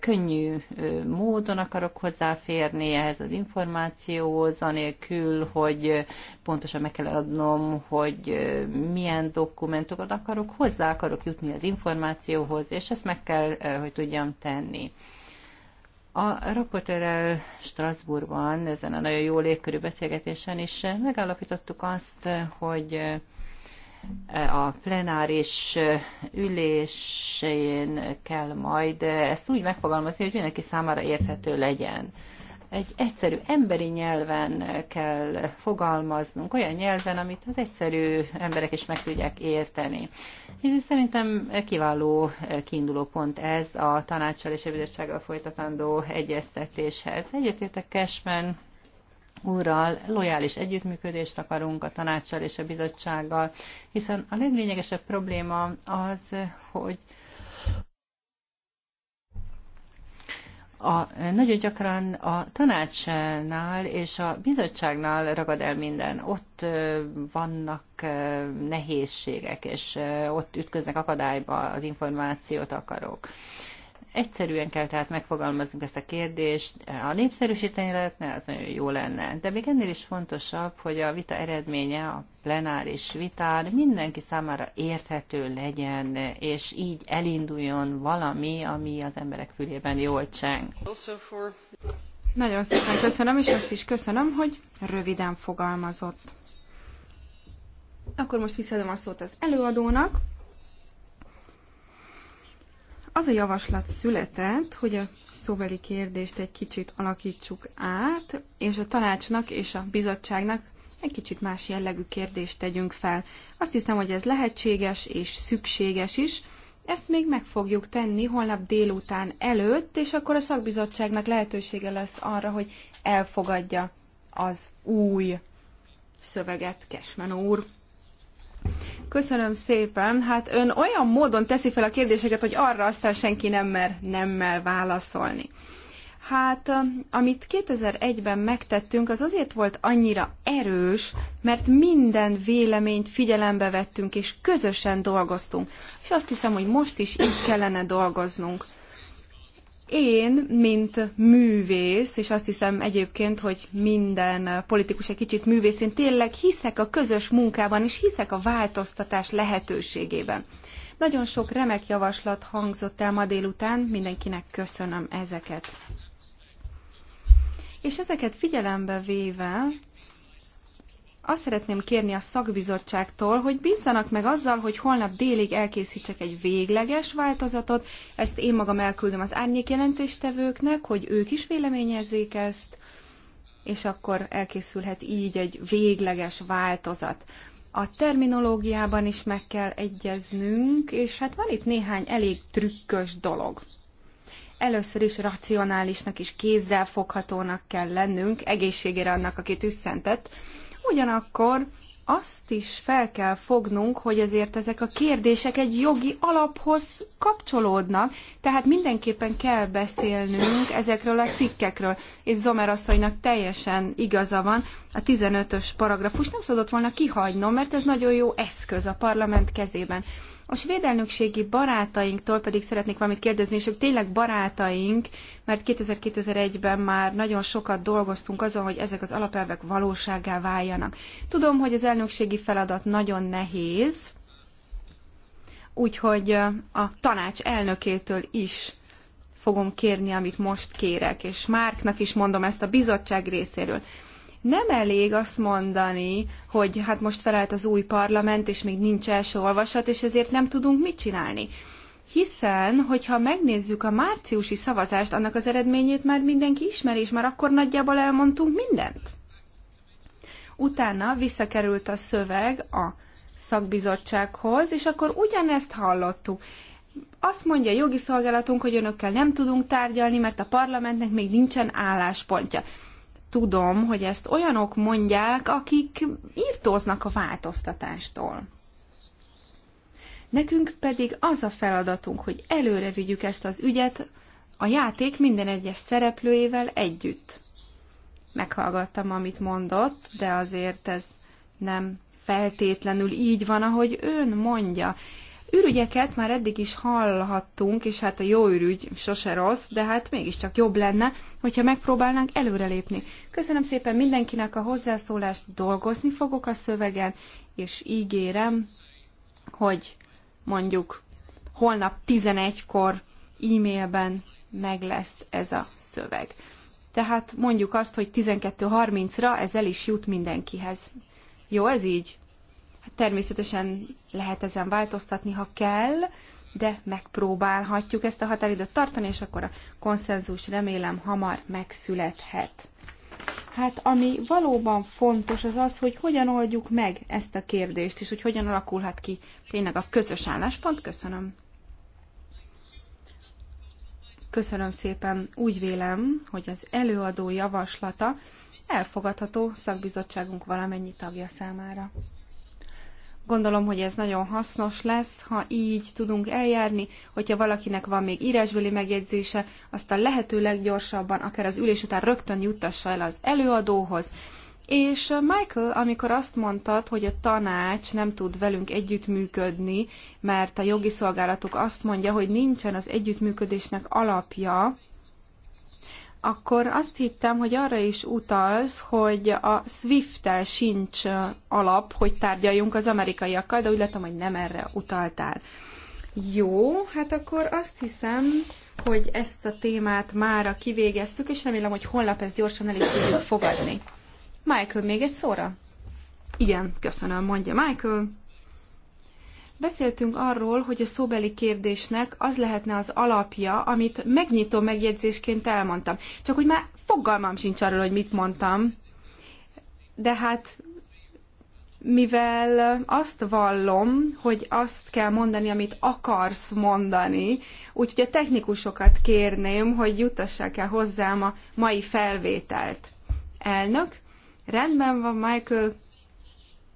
könnyű módon akarok hozzáférni ehhez az információhoz, anélkül, hogy pontosan meg kell adnom, hogy milyen dokumentokat akarok, hozzá akarok jutni az információhoz, és ezt meg kell, hogy tudjam tenni. A raportőrrel Strasbourgban, ezen a nagyon jó légkörű beszélgetésen is megállapítottuk azt, hogy a plenáris ülésén kell majd ezt úgy megfogalmazni, hogy mindenki számára érthető legyen. Egy egyszerű emberi nyelven kell fogalmaznunk, olyan nyelven, amit az egyszerű emberek is meg tudják érteni. És szerintem kiváló kiinduló pont ez a tanácssal és a bizottsággal folytatandó egyeztetéshez. Egyetértek Kesmen, úrral lojális együttműködést akarunk a tanácssal és a bizottsággal, hiszen a leglényegesebb probléma az, hogy a, nagyon gyakran a tanácsnál és a bizottságnál ragad el minden. Ott vannak nehézségek, és ott ütköznek akadályba az információt akarok. Egyszerűen kell tehát megfogalmaznunk ezt a kérdést. A népszerűsíteni lehetne, az nagyon jó lenne. De még ennél is fontosabb, hogy a vita eredménye a plenáris vitán mindenki számára érthető legyen, és így elinduljon valami, ami az emberek fülében jól cseng. Nagyon szépen köszönöm, és azt is köszönöm, hogy röviden fogalmazott. Akkor most visszadom a szót az előadónak. Az a javaslat született, hogy a szóbeli kérdést egy kicsit alakítsuk át, és a tanácsnak és a bizottságnak egy kicsit más jellegű kérdést tegyünk fel. Azt hiszem, hogy ez lehetséges és szükséges is. Ezt még meg fogjuk tenni holnap délután előtt, és akkor a szakbizottságnak lehetősége lesz arra, hogy elfogadja az új szöveget, Kesmen úr. Köszönöm szépen. Hát ön olyan módon teszi fel a kérdéseket, hogy arra aztán senki nem mer nemmel válaszolni. Hát, amit 2001-ben megtettünk, az azért volt annyira erős, mert minden véleményt figyelembe vettünk, és közösen dolgoztunk. És azt hiszem, hogy most is így kellene dolgoznunk. Én, mint művész, és azt hiszem egyébként, hogy minden politikus egy kicsit művész, én tényleg hiszek a közös munkában, és hiszek a változtatás lehetőségében. Nagyon sok remek javaslat hangzott el ma délután, mindenkinek köszönöm ezeket. És ezeket figyelembe véve azt szeretném kérni a szakbizottságtól, hogy bízzanak meg azzal, hogy holnap délig elkészítsek egy végleges változatot, ezt én magam elküldöm az árnyék jelentéstevőknek, hogy ők is véleményezzék ezt, és akkor elkészülhet így egy végleges változat. A terminológiában is meg kell egyeznünk, és hát van itt néhány elég trükkös dolog először is racionálisnak és kézzelfoghatónak kell lennünk, egészségére annak, aki tüsszentett. Ugyanakkor azt is fel kell fognunk, hogy ezért ezek a kérdések egy jogi alaphoz kapcsolódnak, tehát mindenképpen kell beszélnünk ezekről a cikkekről, és Zomer asszonynak teljesen igaza van, a 15-ös paragrafus nem szabadott volna kihagynom, mert ez nagyon jó eszköz a parlament kezében. A svéd elnökségi barátainktól pedig szeretnék valamit kérdezni, és ők tényleg barátaink, mert 2001 ben már nagyon sokat dolgoztunk azon, hogy ezek az alapelvek valóságá váljanak. Tudom, hogy az elnökségi feladat nagyon nehéz, úgyhogy a tanács elnökétől is fogom kérni, amit most kérek, és Márknak is mondom ezt a bizottság részéről nem elég azt mondani, hogy hát most felállt az új parlament, és még nincs első olvasat, és ezért nem tudunk mit csinálni. Hiszen, hogyha megnézzük a márciusi szavazást, annak az eredményét már mindenki ismeri, és már akkor nagyjából elmondtunk mindent. Utána visszakerült a szöveg a szakbizottsághoz, és akkor ugyanezt hallottuk. Azt mondja a jogi szolgálatunk, hogy önökkel nem tudunk tárgyalni, mert a parlamentnek még nincsen álláspontja tudom, hogy ezt olyanok mondják, akik írtóznak a változtatástól. Nekünk pedig az a feladatunk, hogy előre vigyük ezt az ügyet a játék minden egyes szereplőjével együtt. Meghallgattam, amit mondott, de azért ez nem feltétlenül így van, ahogy ön mondja. Ürügyeket már eddig is hallhattunk, és hát a jó ürügy sose rossz, de hát mégiscsak jobb lenne, hogyha megpróbálnánk előrelépni. Köszönöm szépen mindenkinek a hozzászólást, dolgozni fogok a szövegen, és ígérem, hogy mondjuk holnap 11-kor e-mailben meg lesz ez a szöveg. Tehát mondjuk azt, hogy 12.30-ra ez el is jut mindenkihez. Jó ez így? Természetesen lehet ezen változtatni, ha kell, de megpróbálhatjuk ezt a határidőt tartani, és akkor a konszenzus remélem hamar megszülethet. Hát ami valóban fontos az az, hogy hogyan oldjuk meg ezt a kérdést, és hogy hogyan alakulhat ki tényleg a közös álláspont. Köszönöm. Köszönöm szépen. Úgy vélem, hogy az előadó javaslata elfogadható szakbizottságunk valamennyi tagja számára. Gondolom, hogy ez nagyon hasznos lesz, ha így tudunk eljárni, hogyha valakinek van még írásbeli megjegyzése, azt a lehető leggyorsabban, akár az ülés után rögtön juttassa el az előadóhoz. És uh, Michael, amikor azt mondtad, hogy a tanács nem tud velünk együttműködni, mert a jogi szolgálatok azt mondja, hogy nincsen az együttműködésnek alapja, akkor azt hittem, hogy arra is utalsz, hogy a SWIFT-tel sincs alap, hogy tárgyaljunk az amerikaiakkal, de úgy látom, hogy nem erre utaltál. Jó, hát akkor azt hiszem, hogy ezt a témát mára kivégeztük, és remélem, hogy holnap ezt gyorsan el is tudjuk fogadni. Michael, még egy szóra? Igen, köszönöm, mondja Michael. Beszéltünk arról, hogy a szóbeli kérdésnek az lehetne az alapja, amit megnyitó megjegyzésként elmondtam. Csak hogy már fogalmam sincs arról, hogy mit mondtam. De hát mivel azt vallom, hogy azt kell mondani, amit akarsz mondani, úgyhogy a technikusokat kérném, hogy jutassák el hozzám a mai felvételt. Elnök, rendben van, Michael,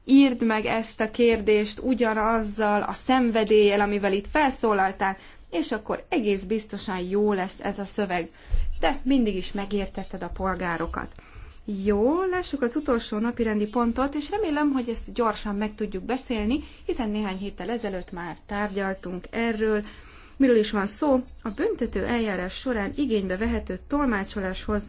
írd meg ezt a kérdést ugyanazzal a szenvedéllyel, amivel itt felszólaltál, és akkor egész biztosan jó lesz ez a szöveg. De mindig is megértetted a polgárokat. Jó, lássuk az utolsó napirendi pontot, és remélem, hogy ezt gyorsan meg tudjuk beszélni, hiszen néhány héttel ezelőtt már tárgyaltunk erről. Miről is van szó? A büntető eljárás során igénybe vehető tolmácsoláshoz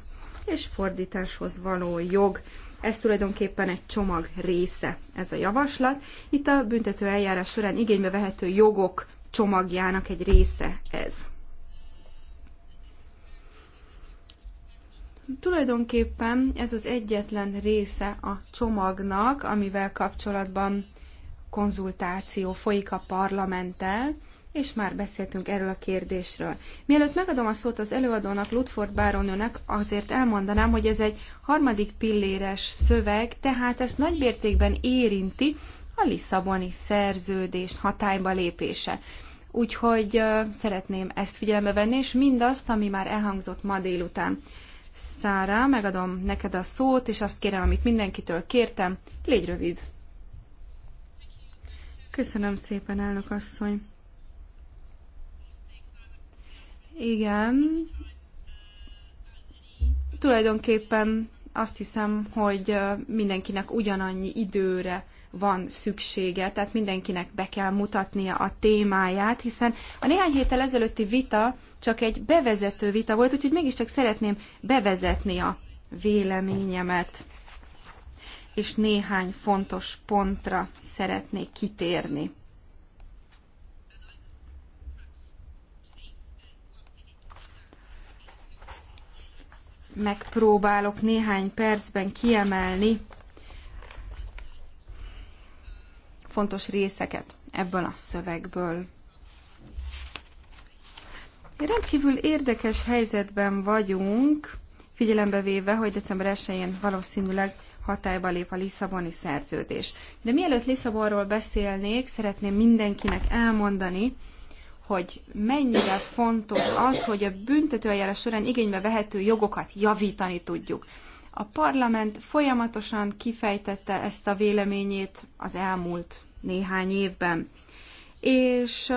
és fordításhoz való jog. Ez tulajdonképpen egy csomag része, ez a javaslat. Itt a büntető eljárás során igénybe vehető jogok csomagjának egy része ez. Tulajdonképpen ez az egyetlen része a csomagnak, amivel kapcsolatban konzultáció folyik a parlamenttel, és már beszéltünk erről a kérdésről. Mielőtt megadom a szót az előadónak, Ludford Báronőnek, azért elmondanám, hogy ez egy harmadik pilléres szöveg, tehát ezt nagymértékben érinti a Lisszaboni szerződés hatályba lépése. Úgyhogy uh, szeretném ezt figyelembe venni, és mindazt, ami már elhangzott ma délután. Szára, megadom neked a szót, és azt kérem, amit mindenkitől kértem, légy rövid. Köszönöm szépen, elnök asszony. Igen. Tulajdonképpen azt hiszem, hogy mindenkinek ugyanannyi időre van szüksége, tehát mindenkinek be kell mutatnia a témáját, hiszen a néhány héttel ezelőtti vita csak egy bevezető vita volt, úgyhogy mégiscsak szeretném bevezetni a véleményemet, és néhány fontos pontra szeretnék kitérni. megpróbálok néhány percben kiemelni fontos részeket ebből a szövegből. Rendkívül érdekes helyzetben vagyunk, figyelembe véve, hogy december 1-én valószínűleg hatályba lép a Lisszaboni szerződés. De mielőtt Lisszabonról beszélnék, szeretném mindenkinek elmondani, hogy mennyire fontos az, hogy a büntetőeljárás során igénybe vehető jogokat javítani tudjuk. A parlament folyamatosan kifejtette ezt a véleményét az elmúlt néhány évben. És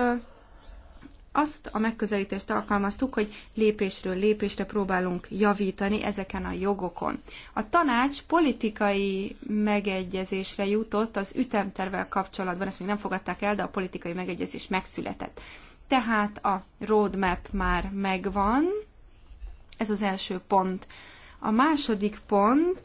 azt a megközelítést alkalmaztuk, hogy lépésről lépésre próbálunk javítani ezeken a jogokon. A tanács politikai megegyezésre jutott az ütemtervel kapcsolatban, ezt még nem fogadták el, de a politikai megegyezés megszületett. Tehát a roadmap már megvan, ez az első pont. A második pont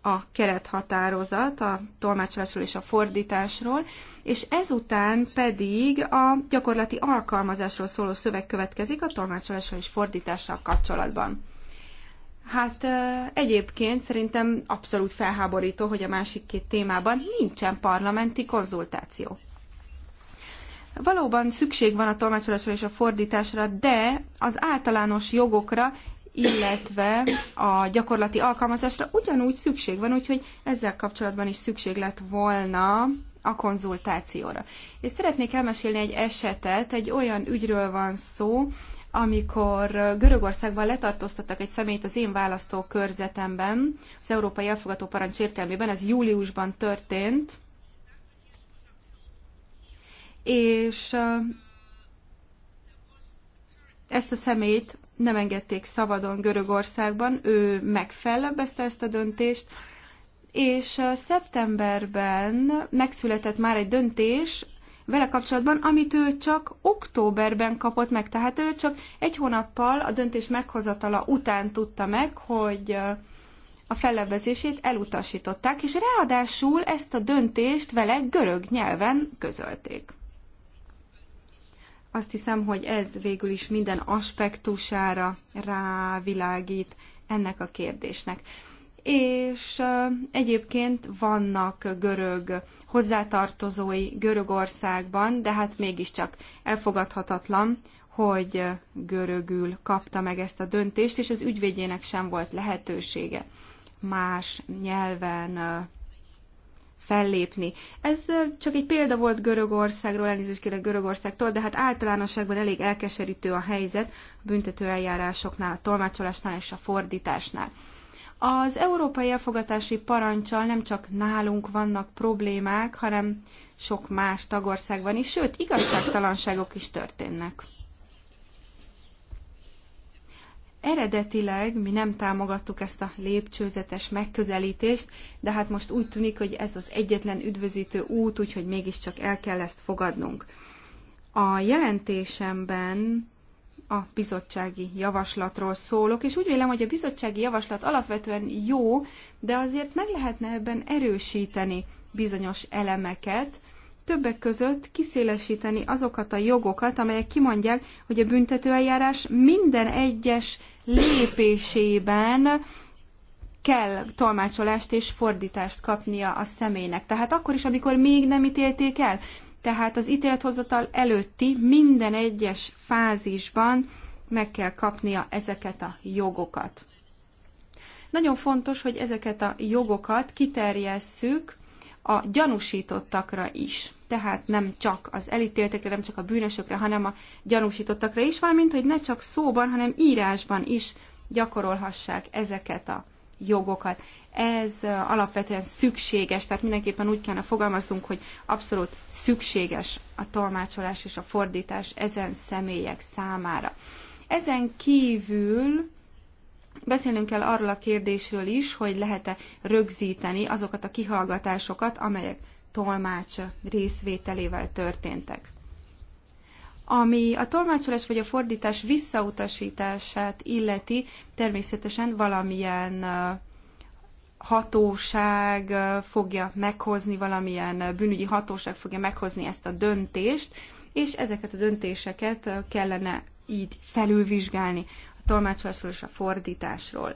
a kerethatározat a tolmácsolásról és a fordításról, és ezután pedig a gyakorlati alkalmazásról szóló szöveg következik a tolmácsolással és fordítással kapcsolatban. Hát egyébként szerintem abszolút felháborító, hogy a másik két témában nincsen parlamenti konzultáció. Valóban szükség van a tolmácsolásra és a fordításra, de az általános jogokra, illetve a gyakorlati alkalmazásra ugyanúgy szükség van, úgyhogy ezzel kapcsolatban is szükség lett volna a konzultációra. És szeretnék elmesélni egy esetet, egy olyan ügyről van szó, amikor Görögországban letartóztattak egy szemét az én választókörzetemben, az Európai Elfogató Parancs értelmében, ez júliusban történt, és ezt a szemét nem engedték szabadon Görögországban, ő megfellebbezte ezt a döntést, és szeptemberben megszületett már egy döntés vele kapcsolatban, amit ő csak októberben kapott meg. Tehát ő csak egy hónappal a döntés meghozatala után tudta meg, hogy a fellebbezését elutasították, és ráadásul ezt a döntést vele görög nyelven közölték. Azt hiszem, hogy ez végül is minden aspektusára rávilágít ennek a kérdésnek. És egyébként vannak görög hozzátartozói Görögországban, de hát mégiscsak elfogadhatatlan, hogy görögül kapta meg ezt a döntést, és az ügyvédjének sem volt lehetősége más nyelven fellépni. Ez csak egy példa volt Görögországról, elnézést kérek Görögországtól, de hát általánosságban elég elkeserítő a helyzet a eljárásoknál, a tolmácsolásnál és a fordításnál. Az európai elfogatási parancsal nem csak nálunk vannak problémák, hanem sok más tagországban is, sőt, igazságtalanságok is történnek. Eredetileg mi nem támogattuk ezt a lépcsőzetes megközelítést, de hát most úgy tűnik, hogy ez az egyetlen üdvözítő út, úgyhogy mégiscsak el kell ezt fogadnunk. A jelentésemben a bizottsági javaslatról szólok, és úgy vélem, hogy a bizottsági javaslat alapvetően jó, de azért meg lehetne ebben erősíteni bizonyos elemeket, többek között kiszélesíteni azokat a jogokat, amelyek kimondják, hogy a büntetőeljárás minden egyes lépésében kell tolmácsolást és fordítást kapnia a személynek. Tehát akkor is, amikor még nem ítélték el, tehát az ítélethozatal előtti minden egyes fázisban meg kell kapnia ezeket a jogokat. Nagyon fontos, hogy ezeket a jogokat kiterjesszük a gyanúsítottakra is. Tehát nem csak az elítéltekre, nem csak a bűnösökre, hanem a gyanúsítottakra is, valamint, hogy ne csak szóban, hanem írásban is gyakorolhassák ezeket a jogokat. Ez alapvetően szükséges, tehát mindenképpen úgy kellene fogalmaznunk, hogy abszolút szükséges a tolmácsolás és a fordítás ezen személyek számára. Ezen kívül Beszélnünk kell arról a kérdésről is, hogy lehet-e rögzíteni azokat a kihallgatásokat, amelyek tolmács részvételével történtek. Ami a tolmácsolás vagy a fordítás visszautasítását illeti, természetesen valamilyen hatóság fogja meghozni, valamilyen bűnügyi hatóság fogja meghozni ezt a döntést, és ezeket a döntéseket kellene így felülvizsgálni tolmácsolásról és a fordításról.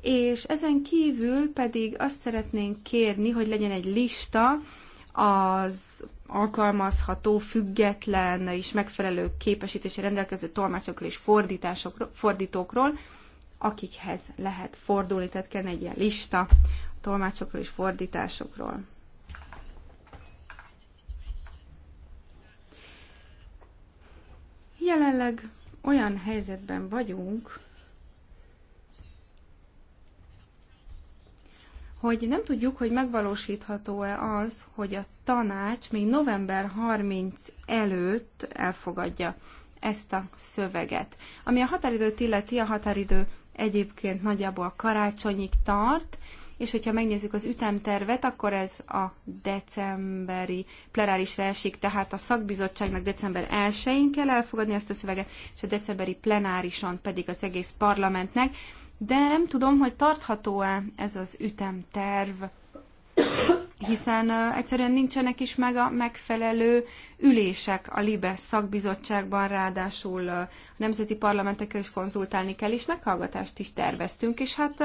És ezen kívül pedig azt szeretnénk kérni, hogy legyen egy lista az alkalmazható, független és megfelelő képesítésre rendelkező tolmácsokról és fordítókról, akikhez lehet fordulni, tehát kell egy ilyen lista a tolmácsokról és fordításokról. Jelenleg olyan helyzetben vagyunk, hogy nem tudjuk, hogy megvalósítható-e az, hogy a tanács még november 30 előtt elfogadja ezt a szöveget. Ami a határidőt illeti, a határidő egyébként nagyjából karácsonyig tart, és hogyha megnézzük az ütemtervet, akkor ez a decemberi plenáris versik, tehát a szakbizottságnak december 1-én kell elfogadni ezt a szöveget, és a decemberi plenárison pedig az egész parlamentnek, de nem tudom, hogy tartható-e ez az ütemterv, hiszen egyszerűen nincsenek is meg a megfelelő ülések a LIBE szakbizottságban, ráadásul a nemzeti parlamentekkel is konzultálni kell, és meghallgatást is terveztünk, és hát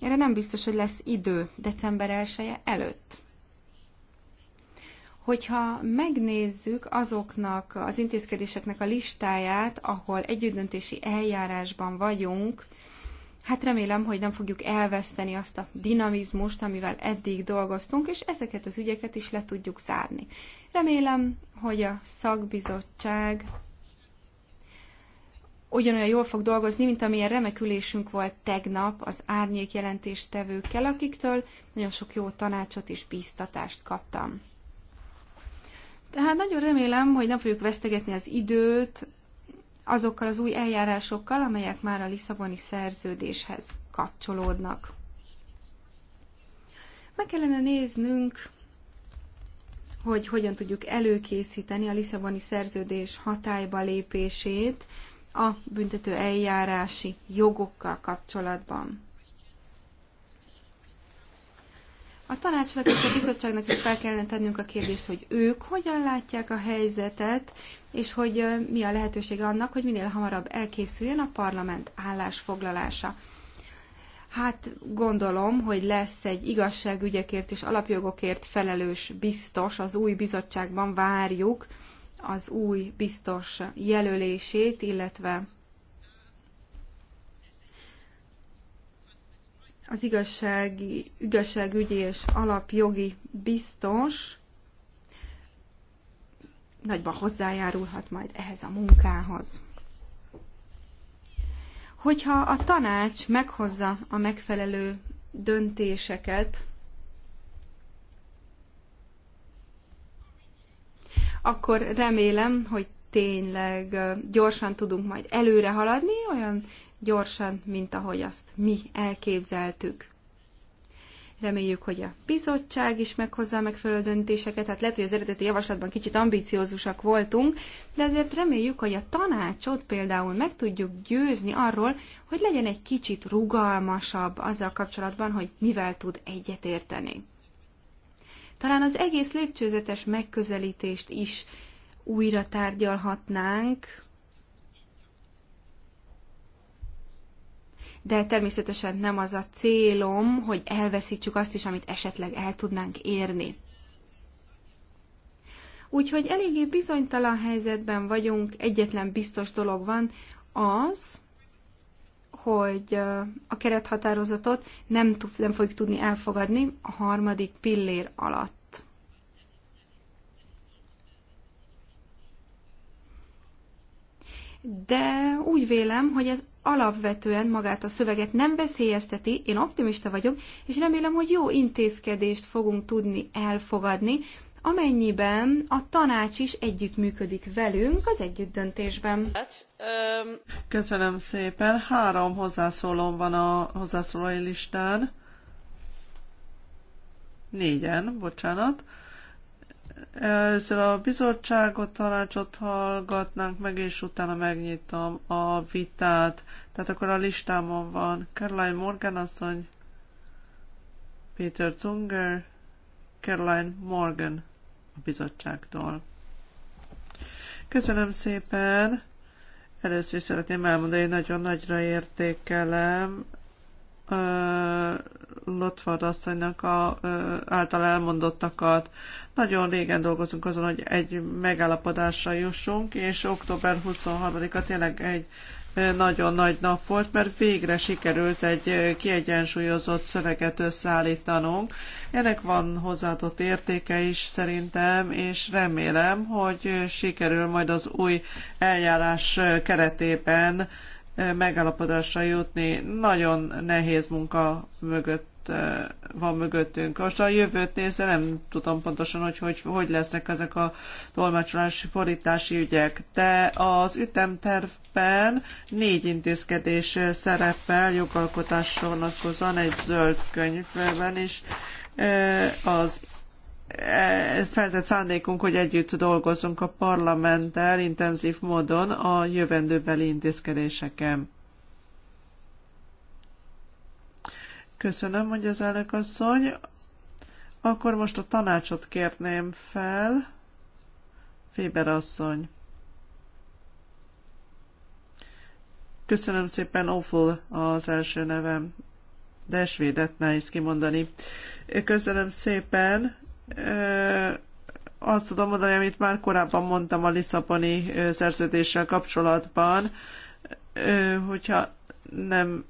erre nem biztos, hogy lesz idő december 1 előtt. Hogyha megnézzük azoknak az intézkedéseknek a listáját, ahol együttdöntési eljárásban vagyunk, hát remélem, hogy nem fogjuk elveszteni azt a dinamizmust, amivel eddig dolgoztunk, és ezeket az ügyeket is le tudjuk zárni. Remélem, hogy a szakbizottság ugyanolyan jól fog dolgozni, mint amilyen remekülésünk volt tegnap az árnyék jelentéstevőkkel, akiktől nagyon sok jó tanácsot és bíztatást kaptam. Tehát nagyon remélem, hogy nem fogjuk vesztegetni az időt azokkal az új eljárásokkal, amelyek már a Lisszaboni szerződéshez kapcsolódnak. Meg kellene néznünk, hogy hogyan tudjuk előkészíteni a Lisszaboni szerződés hatályba lépését, a büntető eljárási jogokkal kapcsolatban. A tanácsnak és a bizottságnak is fel kellene tennünk a kérdést, hogy ők hogyan látják a helyzetet, és hogy mi a lehetőség annak, hogy minél hamarabb elkészüljön a parlament állásfoglalása. Hát gondolom, hogy lesz egy igazságügyekért és alapjogokért felelős biztos az új bizottságban, várjuk az új biztos jelölését, illetve az igazsági, igazságügyi és alapjogi biztos nagyban hozzájárulhat majd ehhez a munkához. Hogyha a tanács meghozza a megfelelő döntéseket, akkor remélem, hogy tényleg gyorsan tudunk majd előre haladni, olyan gyorsan, mint ahogy azt mi elképzeltük. Reméljük, hogy a bizottság is meghozza a megfelelő döntéseket, hát lehet, hogy az eredeti javaslatban kicsit ambiciózusak voltunk, de azért reméljük, hogy a tanácsot például meg tudjuk győzni arról, hogy legyen egy kicsit rugalmasabb azzal kapcsolatban, hogy mivel tud egyetérteni talán az egész lépcsőzetes megközelítést is újra tárgyalhatnánk, de természetesen nem az a célom, hogy elveszítsük azt is, amit esetleg el tudnánk érni. Úgyhogy eléggé bizonytalan helyzetben vagyunk, egyetlen biztos dolog van, az, hogy a kerethatározatot nem, nem fogjuk tudni elfogadni a harmadik pillér alatt. De úgy vélem, hogy ez alapvetően magát a szöveget nem veszélyezteti, én optimista vagyok, és remélem, hogy jó intézkedést fogunk tudni elfogadni, amennyiben a tanács is együttműködik velünk az együttdöntésben. Köszönöm szépen. Három hozzászólom van a hozzászólói listán. Négyen, bocsánat. Először a bizottságot, tanácsot hallgatnánk meg, és utána megnyitom a vitát. Tehát akkor a listámon van Caroline Morgan asszony, Peter Zunger, Caroline Morgan a bizottságtól. Köszönöm szépen! Először is szeretném elmondani, hogy nagyon nagyra értékelem Lotvard asszonynak a, ö, által elmondottakat. Nagyon régen dolgozunk azon, hogy egy megállapodásra jussunk, és október 23-a tényleg egy nagyon nagy nap volt, mert végre sikerült egy kiegyensúlyozott szöveget összeállítanunk. Ennek van hozzáadott értéke is szerintem, és remélem, hogy sikerül majd az új eljárás keretében megállapodásra jutni. Nagyon nehéz munka mögött van mögöttünk. Most a jövőt nézve nem tudom pontosan, hogy hogy, hogy lesznek ezek a tolmácsolási fordítási ügyek, de az ütemtervben négy intézkedés szerepel jogalkotásra vonatkozóan egy zöld könyvben is az e, feltett szándékunk, hogy együtt dolgozzunk a parlamenttel intenzív módon a jövendőbeli intézkedéseken. Köszönöm, mondja az elnök asszony. Akkor most a tanácsot kérném fel. Féber asszony. Köszönöm szépen, Awful az első nevem. De svédet nehéz kimondani. Köszönöm szépen. Azt tudom mondani, amit már korábban mondtam a Lisszaboni szerződéssel kapcsolatban, hogyha nem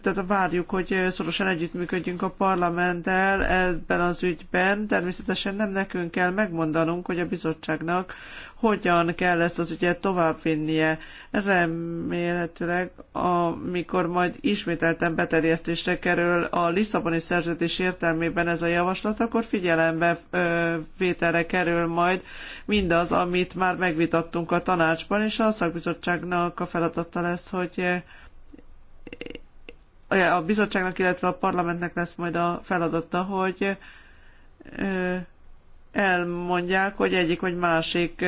tehát várjuk, hogy szorosan együttműködjünk a parlamenttel ebben az ügyben. Természetesen nem nekünk kell megmondanunk, hogy a bizottságnak hogyan kell ezt az ügyet továbbvinnie. Remélhetőleg, amikor majd ismételten beterjesztésre kerül a Lisszaboni szerződés értelmében ez a javaslat, akkor figyelembe ö, vételre kerül majd mindaz, amit már megvitattunk a tanácsban, és a szakbizottságnak a feladata lesz, hogy a bizottságnak, illetve a parlamentnek lesz majd a feladata, hogy elmondják, hogy egyik vagy másik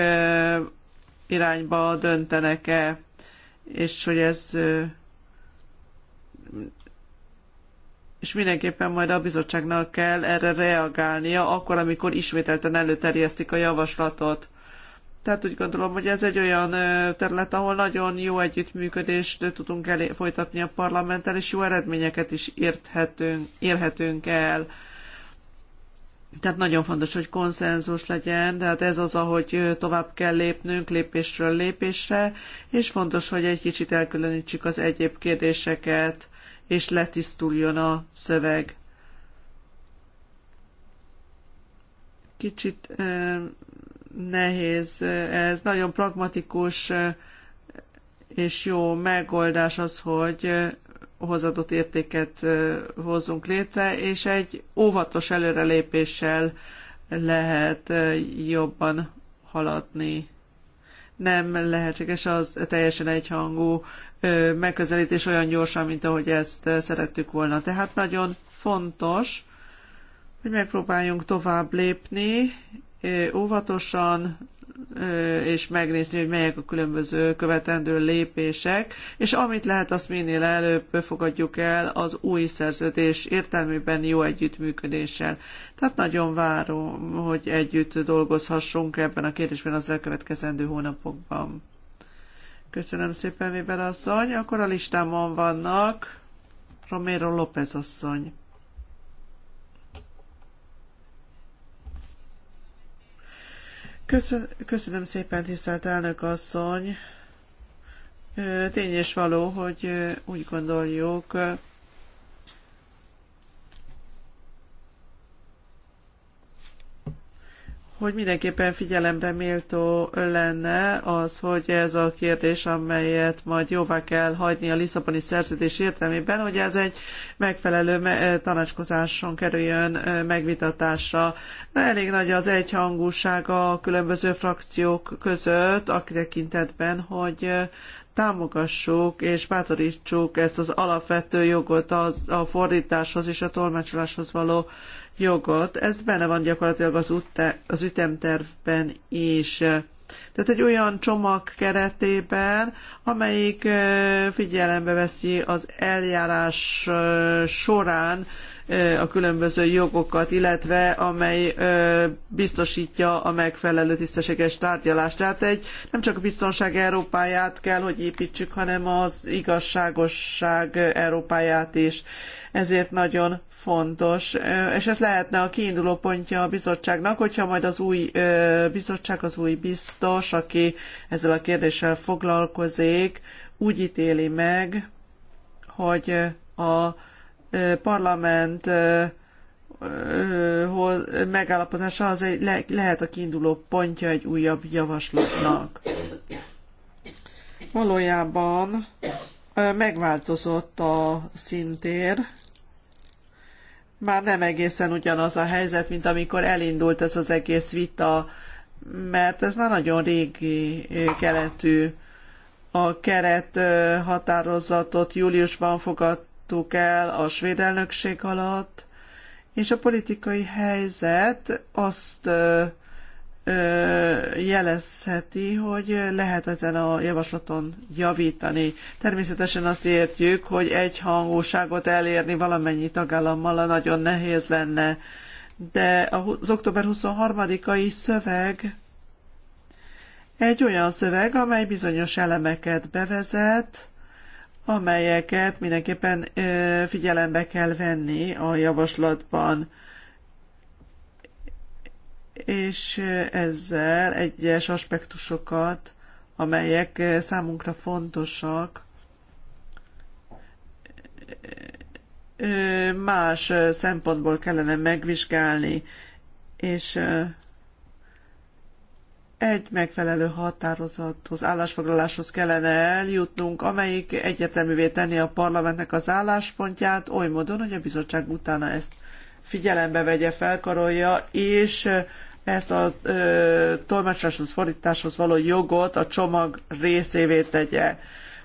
irányba döntenek-e, és hogy ez és mindenképpen majd a bizottságnak kell erre reagálnia, akkor, amikor ismételten előterjesztik a javaslatot. Tehát úgy gondolom, hogy ez egy olyan terület, ahol nagyon jó együttműködést tudunk elé, folytatni a parlamenttel, és jó eredményeket is érthetünk, érhetünk el. Tehát nagyon fontos, hogy konszenzus legyen, tehát ez az, ahogy tovább kell lépnünk lépésről lépésre, és fontos, hogy egy kicsit elkülönítsük az egyéb kérdéseket, és letisztuljon a szöveg. Kicsit nehéz, ez nagyon pragmatikus és jó megoldás az, hogy hozadott értéket hozzunk létre, és egy óvatos előrelépéssel lehet jobban haladni. Nem lehetséges az teljesen egyhangú megközelítés olyan gyorsan, mint ahogy ezt szerettük volna. Tehát nagyon fontos, hogy megpróbáljunk tovább lépni, óvatosan, és megnézni, hogy melyek a különböző követendő lépések, és amit lehet, azt minél előbb fogadjuk el az új szerződés értelmében jó együttműködéssel. Tehát nagyon várom, hogy együtt dolgozhassunk ebben a kérdésben az elkövetkezendő hónapokban. Köszönöm szépen, Weber asszony. Akkor a listámon vannak Romero López asszony. Köszön, köszönöm szépen, tisztelt elnök asszony. Tény és való, hogy úgy gondoljuk, hogy mindenképpen figyelemre méltó lenne az, hogy ez a kérdés, amelyet majd jóvá kell hagyni a Lisszaboni szerződés értelmében, hogy ez egy megfelelő eh, tanácskozáson kerüljön eh, megvitatásra. Elég nagy az egyhangúság a különböző frakciók között, a tekintetben, hogy eh, támogassuk és bátorítsuk ezt az alapvető jogot az, a fordításhoz és a tolmácsoláshoz való jogot. Ez benne van gyakorlatilag az, ute, az ütemtervben is. Tehát egy olyan csomag keretében, amelyik figyelembe veszi az eljárás során a különböző jogokat, illetve amely biztosítja a megfelelő tisztességes tárgyalást. Tehát egy nem csak a biztonság Európáját kell, hogy építsük, hanem az igazságosság Európáját is. Ezért nagyon fontos, és ez lehetne a kiinduló pontja a bizottságnak, hogyha majd az új bizottság, az új biztos, aki ezzel a kérdéssel foglalkozik, úgy ítéli meg, hogy a parlament megállapodása az egy, le, lehet a kiinduló pontja egy újabb javaslatnak. Valójában megváltozott a szintér, már nem egészen ugyanaz a helyzet, mint amikor elindult ez az egész vita, mert ez már nagyon régi keletű. A keret határozatot júliusban fogad, fogadtuk el a svéd elnökség alatt, és a politikai helyzet azt ö, ö, jelezheti, hogy lehet ezen a javaslaton javítani. Természetesen azt értjük, hogy egyhangúságot elérni valamennyi tagállammal nagyon nehéz lenne, de az október 23-ai szöveg egy olyan szöveg, amely bizonyos elemeket bevezet, amelyeket mindenképpen figyelembe kell venni a javaslatban. És ezzel egyes aspektusokat, amelyek számunkra fontosak, más szempontból kellene megvizsgálni, és egy megfelelő határozathoz, állásfoglaláshoz kellene eljutnunk, amelyik egyeteművé tenni a parlamentnek az álláspontját, oly módon, hogy a bizottság utána ezt figyelembe vegye, felkarolja, és ezt a ö, tolmácsáshoz, fordításhoz való jogot a csomag részévé tegye.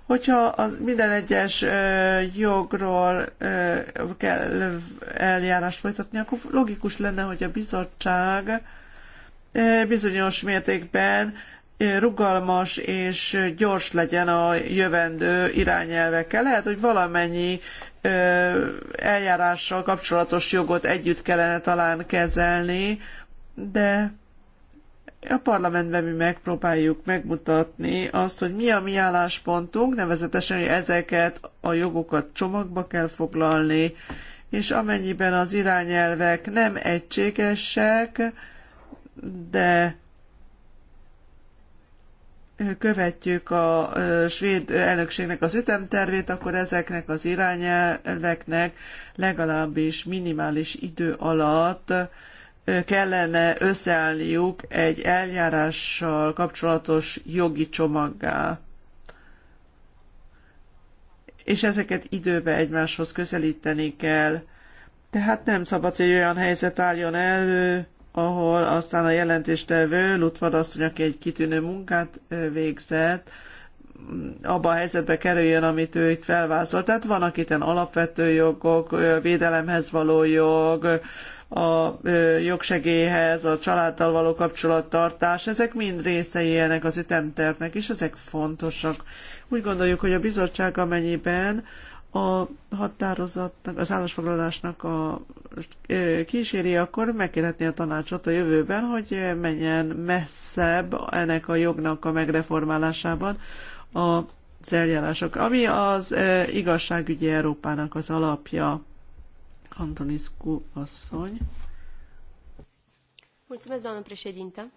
Hogyha az minden egyes ö, jogról ö, kell eljárást folytatni, akkor logikus lenne, hogy a bizottság bizonyos mértékben rugalmas és gyors legyen a jövendő irányelvekkel. Lehet, hogy valamennyi eljárással kapcsolatos jogot együtt kellene talán kezelni, de a parlamentben mi megpróbáljuk megmutatni azt, hogy mi a mi álláspontunk, nevezetesen, hogy ezeket a jogokat csomagba kell foglalni, és amennyiben az irányelvek nem egységesek, de követjük a svéd elnökségnek az ütemtervét, akkor ezeknek az irányelveknek legalábbis minimális idő alatt kellene összeállniuk egy eljárással kapcsolatos jogi csomaggá. És ezeket időbe egymáshoz közelíteni kell. Tehát nem szabad, hogy olyan helyzet álljon elő, ahol aztán a jelentéstevő, Lutvad asszony, aki egy kitűnő munkát végzett, mm, abba a helyzetbe kerüljön, amit ő itt felvázolt. Tehát van, akit alapvető jogok, védelemhez való jog, a jogsegélyhez, a családdal való kapcsolattartás, ezek mind részei ennek az ütemtervnek, és ezek fontosak. Úgy gondoljuk, hogy a bizottság amennyiben a határozatnak, az állásfoglalásnak a kíséri, akkor megkérhetné a tanácsot a jövőben, hogy menjen messzebb ennek a jognak a megreformálásában a eljárások, ami az igazságügyi Európának az alapja. Antoniscu asszony. Mulțumesc, doamnă președintă.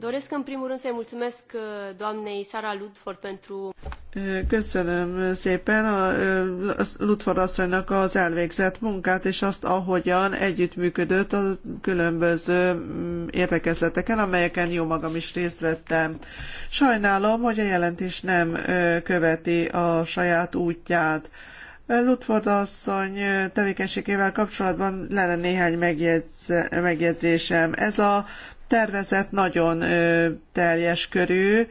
Doresc în primul rând să-i mulțumesc uh, doamnei Sara Ludford pentru... Köszönöm szépen a Ludford asszonynak az elvégzett munkát, és azt, ahogyan együttműködött a különböző mm, értekezleteken, amelyeken jó magam is részt vettem. Sajnálom, hogy a jelentés nem követi a saját útját. Ludford asszony tevékenységével kapcsolatban lenne néhány megjegyzésem. Ez a tervezet nagyon teljes körű,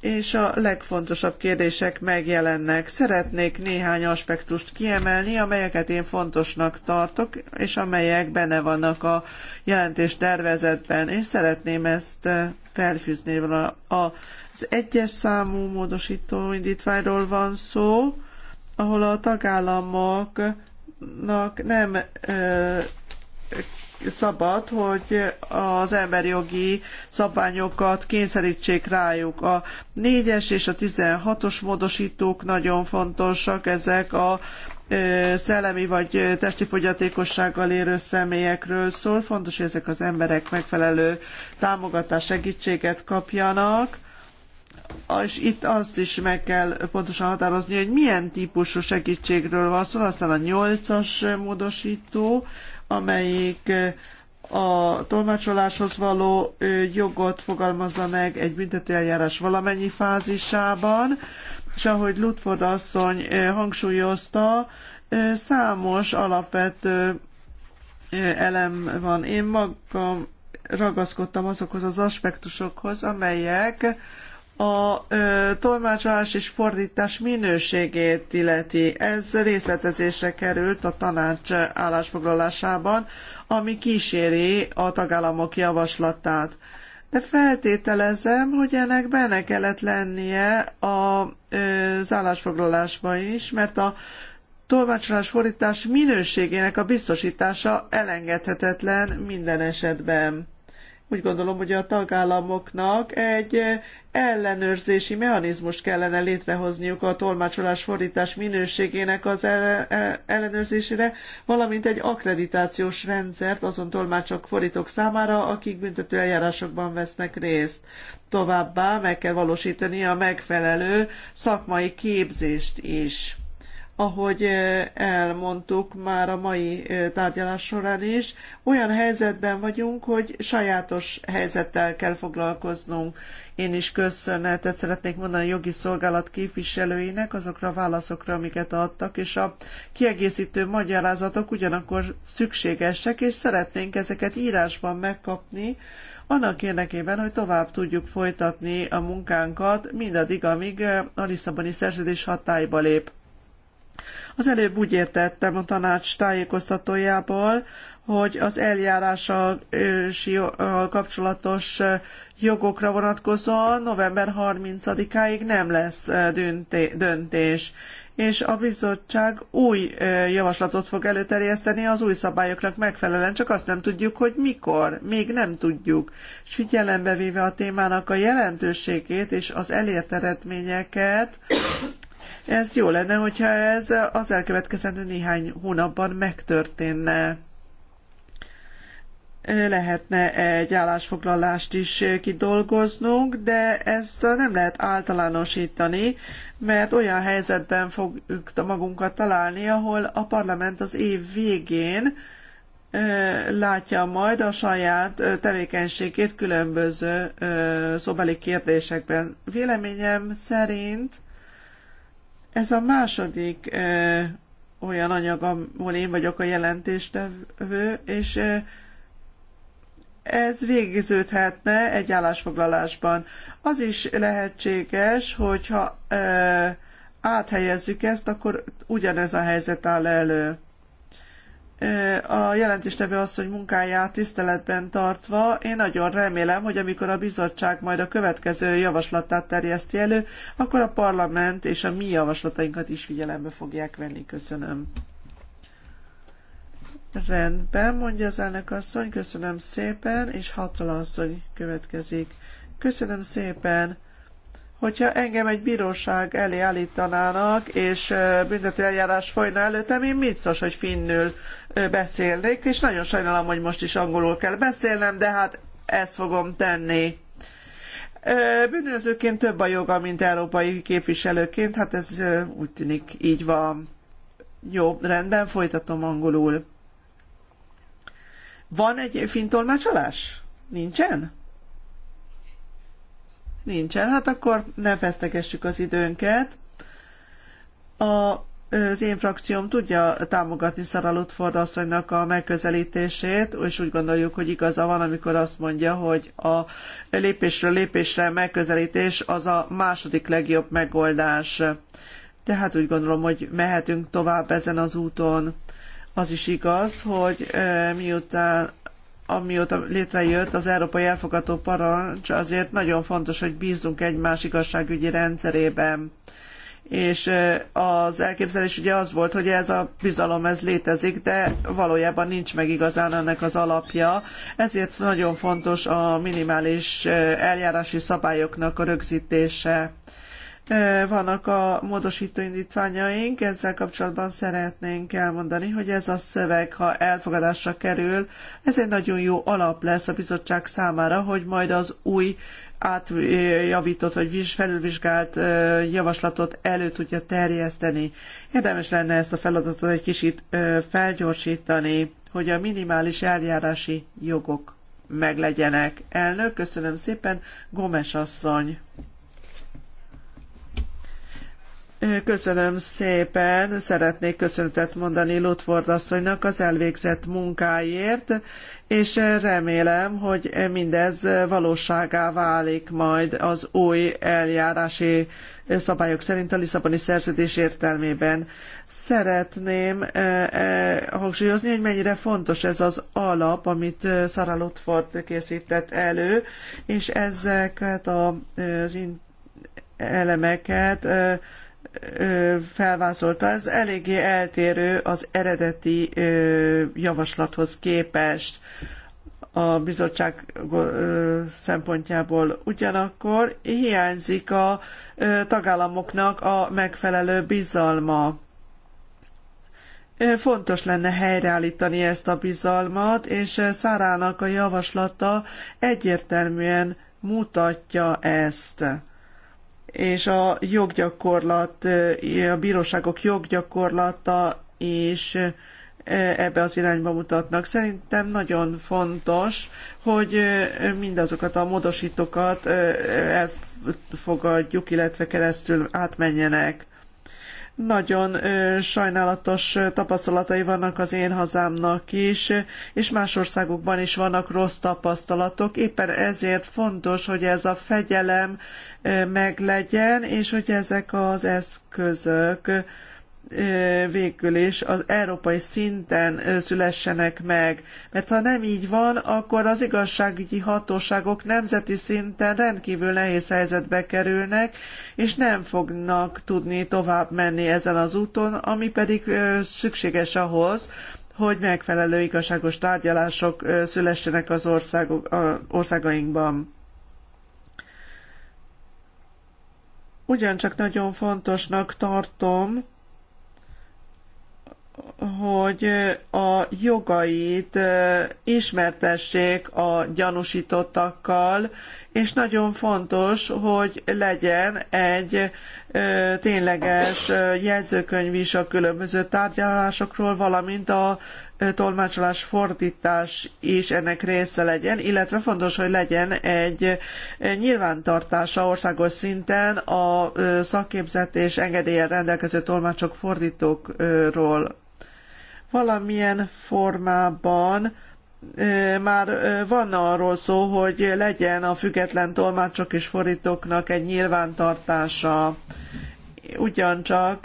és a legfontosabb kérdések megjelennek. Szeretnék néhány aspektust kiemelni, amelyeket én fontosnak tartok, és amelyek benne vannak a jelentés tervezetben, és szeretném ezt felfűzni. Az egyes számú módosító indítványról van szó, ahol a tagállamoknak nem szabad, hogy az emberi jogi szabványokat kényszerítsék rájuk. A 4-es és a 16-os módosítók nagyon fontosak, ezek a szellemi vagy testi fogyatékossággal érő személyekről szól. Fontos, hogy ezek az emberek megfelelő támogatást, segítséget kapjanak és itt azt is meg kell pontosan határozni, hogy milyen típusú segítségről van szó, aztán a nyolcas módosító, amelyik a tolmácsoláshoz való jogot fogalmazza meg egy büntetőeljárás valamennyi fázisában, és ahogy Lutford asszony hangsúlyozta, számos alapvető elem van. Én magam ragaszkodtam azokhoz az aspektusokhoz, amelyek a ö, tolmácsolás és fordítás minőségét illeti. Ez részletezésre került a tanács állásfoglalásában, ami kíséri a tagállamok javaslatát. De feltételezem, hogy ennek benne kellett lennie a, az állásfoglalásban is, mert a tolmácsolás fordítás minőségének a biztosítása elengedhetetlen minden esetben. Úgy gondolom, hogy a tagállamoknak egy eh, ellenőrzési mechanizmust kellene létrehozniuk a tolmácsolás fordítás minőségének az ellenőrzésére, valamint egy akkreditációs rendszert azon tolmácsok fordítók számára, akik büntető eljárásokban vesznek részt. Továbbá meg kell valósítani a megfelelő szakmai képzést is ahogy elmondtuk már a mai tárgyalás során is, olyan helyzetben vagyunk, hogy sajátos helyzettel kell foglalkoznunk. Én is köszönetet szeretnék mondani a jogi szolgálat képviselőinek azokra a válaszokra, amiket adtak, és a kiegészítő magyarázatok ugyanakkor szükségesek, és szeretnénk ezeket írásban megkapni, annak érdekében, hogy tovább tudjuk folytatni a munkánkat, mindaddig, amíg a Lisszaboni szerződés hatályba lép. Az előbb úgy értettem a tanács tájékoztatójából, hogy az eljárással kapcsolatos jogokra vonatkozóan november 30-áig nem lesz döntés, és a bizottság új javaslatot fog előterjeszteni az új szabályoknak megfelelően, csak azt nem tudjuk, hogy mikor, még nem tudjuk. És figyelembe véve a témának a jelentőségét és az elért eredményeket, ez jó lenne, hogyha ez az elkövetkezendő néhány hónapban megtörténne lehetne egy állásfoglalást is kidolgoznunk, de ezt nem lehet általánosítani, mert olyan helyzetben fogjuk magunkat találni, ahol a parlament az év végén látja majd a saját tevékenységét különböző szobeli kérdésekben. Véleményem szerint ez a második ö, olyan anyag, ahol én vagyok a jelentéstevő, és ö, ez végződhetne egy állásfoglalásban. Az is lehetséges, hogyha ö, áthelyezzük ezt, akkor ugyanez a helyzet áll elő a jelentéstevő asszony munkáját tiszteletben tartva, én nagyon remélem, hogy amikor a bizottság majd a következő javaslatát terjeszti elő, akkor a parlament és a mi javaslatainkat is figyelembe fogják venni. Köszönöm. Rendben, mondja az elnök asszony, köszönöm szépen, és hatala asszony következik. Köszönöm szépen. Hogyha engem egy bíróság elé állítanának, és eljárás folyna előttem, én biztos, hogy finnül beszélnék, és nagyon sajnálom, hogy most is angolul kell beszélnem, de hát ezt fogom tenni. Bűnözőként több a joga, mint európai képviselőként, hát ez úgy tűnik így van. Jó, rendben, folytatom angolul. Van egy fintolmácsolás? Nincsen? Nincsen. Hát akkor ne vesztegessük az időnket. A az én frakcióm tudja támogatni Szara Lutford asszonynak a megközelítését, és úgy gondoljuk, hogy igaza van, amikor azt mondja, hogy a lépésről lépésre megközelítés az a második legjobb megoldás. Tehát úgy gondolom, hogy mehetünk tovább ezen az úton. Az is igaz, hogy eh, miután amióta létrejött az Európai Elfogató Parancs, azért nagyon fontos, hogy bízzunk egymás igazságügyi rendszerében. És az elképzelés ugye az volt, hogy ez a bizalom ez létezik, de valójában nincs meg igazán ennek az alapja. Ezért nagyon fontos a minimális eljárási szabályoknak a rögzítése E, vannak a módosító indítványaink, ezzel kapcsolatban szeretnénk elmondani, hogy ez a szöveg, ha elfogadásra kerül, ez egy nagyon jó alap lesz a bizottság számára, hogy majd az új átjavított vagy felülvizsgált e, javaslatot elő tudja terjeszteni. Érdemes lenne ezt a feladatot egy kicsit e, felgyorsítani, hogy a minimális eljárási jogok meglegyenek. Elnök, köszönöm szépen, Gomes asszony. Köszönöm szépen, szeretnék köszöntet mondani Lutford asszonynak az elvégzett munkáért, és remélem, hogy mindez valóságá válik majd az új eljárási szabályok szerint a Lisszaboni szerződés értelmében. Szeretném eh, eh, hangsúlyozni, hogy mennyire fontos ez az alap, amit eh, Sara Lutford készített elő, és ezeket az elemeket felvázolta, ez eléggé eltérő az eredeti javaslathoz képest a bizottság szempontjából. Ugyanakkor hiányzik a tagállamoknak a megfelelő bizalma. Fontos lenne helyreállítani ezt a bizalmat, és Szárának a javaslata egyértelműen mutatja ezt és a joggyakorlat, eh, a bíróságok joggyakorlata is eh, ebbe az irányba mutatnak. Szerintem nagyon fontos, hogy eh, mindazokat a módosítókat elfogadjuk, illetve keresztül átmenjenek. Nagyon sajnálatos tapasztalatai vannak az én hazámnak is, és más országokban is vannak rossz tapasztalatok. Éppen ezért fontos, hogy ez a fegyelem meglegyen, és hogy ezek az eszközök végül is az európai szinten szülessenek meg. Mert ha nem így van, akkor az igazságügyi hatóságok nemzeti szinten rendkívül nehéz helyzetbe kerülnek, és nem fognak tudni tovább menni ezen az úton, ami pedig szükséges ahhoz, hogy megfelelő igazságos tárgyalások szülessenek az országok, országainkban. Ugyancsak nagyon fontosnak tartom, hogy a jogait ismertessék a gyanúsítottakkal, és nagyon fontos, hogy legyen egy tényleges jegyzőkönyv is a különböző tárgyalásokról, valamint a tolmácsolás fordítás is ennek része legyen, illetve fontos, hogy legyen egy nyilvántartása országos szinten a szakképzett és engedélyen rendelkező tolmácsok fordítókról valamilyen formában már van arról szó, hogy legyen a független tolmácsok és fordítóknak egy nyilvántartása ugyancsak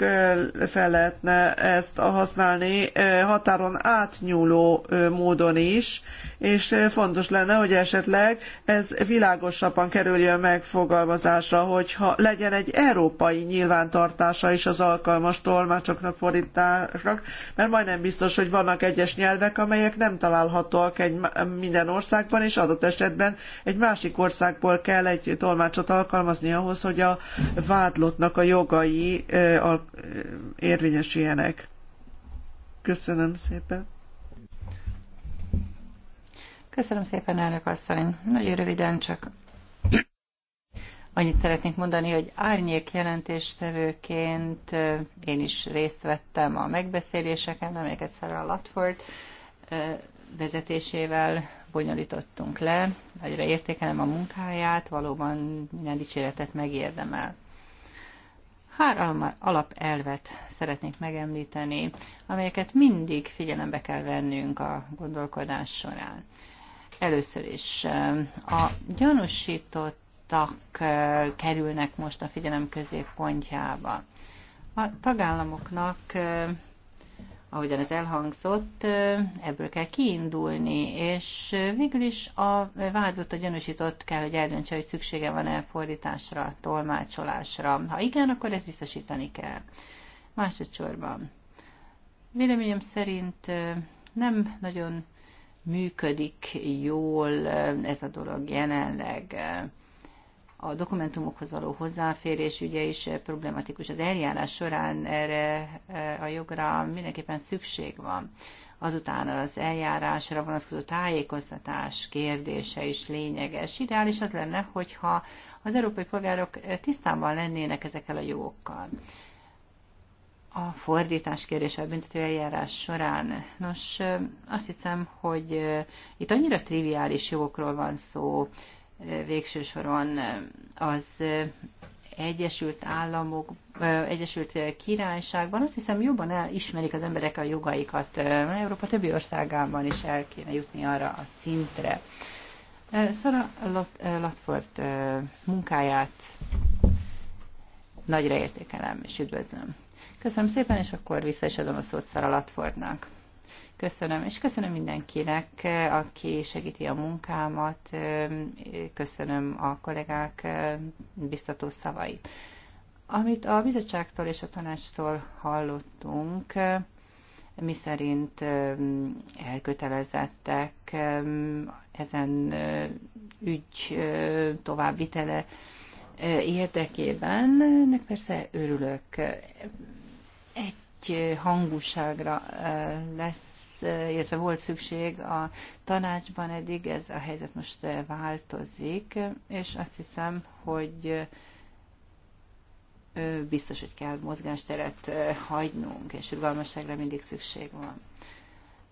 fel lehetne ezt használni határon átnyúló módon is, és fontos lenne, hogy esetleg ez világosabban kerüljön megfogalmazásra, hogyha legyen egy európai nyilvántartása is az alkalmas tolmácsoknak, fordításnak, mert majdnem biztos, hogy vannak egyes nyelvek, amelyek nem találhatóak egy minden országban, és adott esetben egy másik országból kell egy tolmácsot alkalmazni ahhoz, hogy a vádlottnak a jogai jogai érvényesüljenek. Köszönöm szépen. Köszönöm szépen, elnök asszony. Nagyon röviden csak annyit szeretnék mondani, hogy árnyék jelentéstevőként én is részt vettem a megbeszéléseken, amelyeket Sarah Latford vezetésével bonyolítottunk le. Nagyra értékelem a munkáját, valóban minden dicséretet megérdemel pár alapelvet szeretnék megemlíteni, amelyeket mindig figyelembe kell vennünk a gondolkodás során. Először is a gyanúsítottak kerülnek most a figyelem középpontjába. A tagállamoknak ahogyan ez elhangzott, ebből kell kiindulni, és végül is a vádlott, a gyanúsított kell, hogy eldöntse, hogy szüksége van-e fordításra, tolmácsolásra. Ha igen, akkor ezt biztosítani kell. Másodszorban. Véleményem szerint nem nagyon működik jól ez a dolog jelenleg a dokumentumokhoz való hozzáférés ügye is eh, problematikus. Az eljárás során erre eh, a jogra mindenképpen szükség van. Azután az eljárásra vonatkozó tájékoztatás kérdése is lényeges. Ideális az lenne, hogyha az európai polgárok eh, tisztában lennének ezekkel a jogokkal. A fordítás kérdése a eljárás során. Nos, azt hiszem, hogy itt annyira triviális jogokról van szó, végső soron az Egyesült Államok, Egyesült Királyságban, azt hiszem jobban elismerik az emberek a jogaikat. Európa többi országában is el kéne jutni arra a szintre. Szara Latford munkáját nagyra értékelem és üdvözlöm. Köszönöm szépen, és akkor vissza is adom a szót Szara Latfordnak. Köszönöm, és köszönöm mindenkinek, aki segíti a munkámat, köszönöm a kollégák biztató szavait. Amit a bizottságtól és a tanácstól hallottunk, mi szerint um, elkötelezettek um, ezen uh, ügy uh, továbbvitele uh, érdekében, ennek persze örülök. Egy hangúságra lesz illetve volt szükség a tanácsban eddig, ez a helyzet most eh, változik, és azt hiszem, hogy eh, biztos, hogy kell mozgásteret eh, hagynunk, és rugalmasságra mindig szükség van.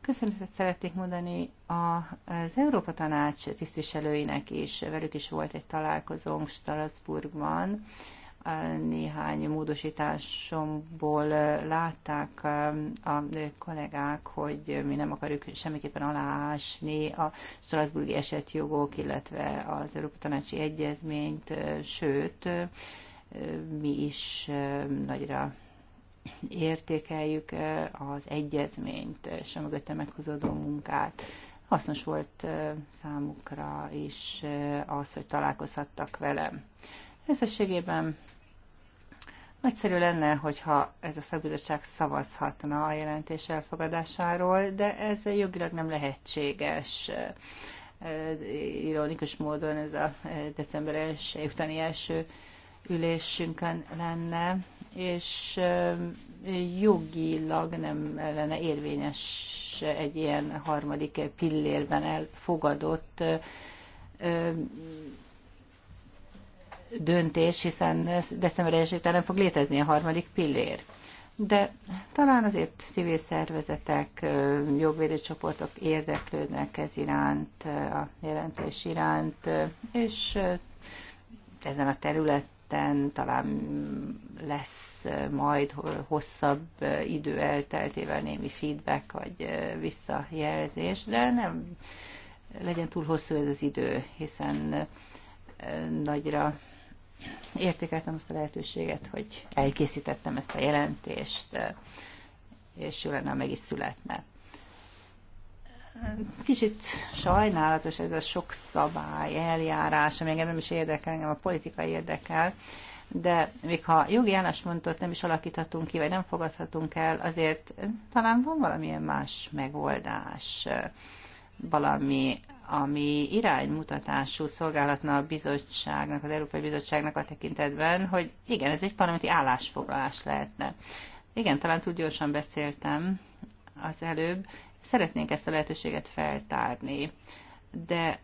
Köszönetet szeretnék mondani az Európa Tanács tisztviselőinek is, velük is volt egy találkozónk Strasbourgban, néhány módosításomból látták a kollégák, hogy mi nem akarjuk semmiképpen aláásni a Strasburgi esetjogok, illetve az Európa Tanácsi Egyezményt, sőt, mi is nagyra értékeljük az egyezményt és a mögötte meghúzódó munkát. Hasznos volt számukra is az, hogy találkozhattak velem. Összességében nagyszerű lenne, hogyha ez a szakbizottság szavazhatna a jelentés elfogadásáról, de ez jogilag nem lehetséges ironikus módon ez a december első, utáni első ülésünkön lenne, és jogilag nem lenne érvényes egy ilyen harmadik pillérben elfogadott döntés, hiszen december 1 után nem fog létezni a harmadik pillér. De talán azért civil szervezetek, jogvédő csoportok érdeklődnek ez iránt, a jelentés iránt, és ezen a területen talán lesz majd hosszabb idő elteltével némi feedback vagy visszajelzés, de nem legyen túl hosszú ez az idő, hiszen nagyra értékeltem azt a lehetőséget, hogy elkészítettem ezt a jelentést, és jó lenne, meg is születne. Kicsit sajnálatos ez a sok szabály, eljárás, ami engem nem is érdekel, engem a politika érdekel, de még ha jogi álláspontot nem is alakíthatunk ki, vagy nem fogadhatunk el, azért talán van valamilyen más megoldás, valami ami iránymutatású szolgálatna a bizottságnak, az Európai Bizottságnak a tekintetben, hogy igen, ez egy parlamenti állásfoglalás lehetne. Igen, talán túl gyorsan beszéltem az előbb. Szeretnénk ezt a lehetőséget feltárni, de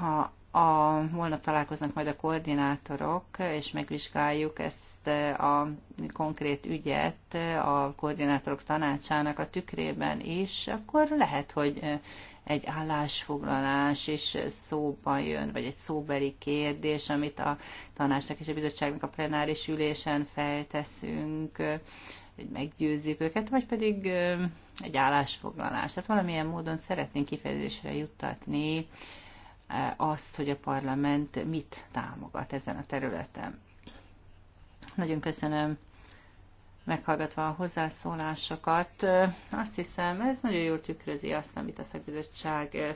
ha a, holnap találkoznak majd a koordinátorok, és megvizsgáljuk ezt a konkrét ügyet a koordinátorok tanácsának a tükrében is, akkor lehet, hogy egy állásfoglalás is szóban jön, vagy egy szóbeli kérdés, amit a tanácsnak és a bizottságnak a plenáris ülésen felteszünk, hogy meggyőzzük őket, vagy pedig egy állásfoglalás. Tehát valamilyen módon szeretnénk kifejezésre juttatni azt, hogy a parlament mit támogat ezen a területen. Nagyon köszönöm meghallgatva a hozzászólásokat. Azt hiszem, ez nagyon jól tükrözi azt, amit a szakbizottság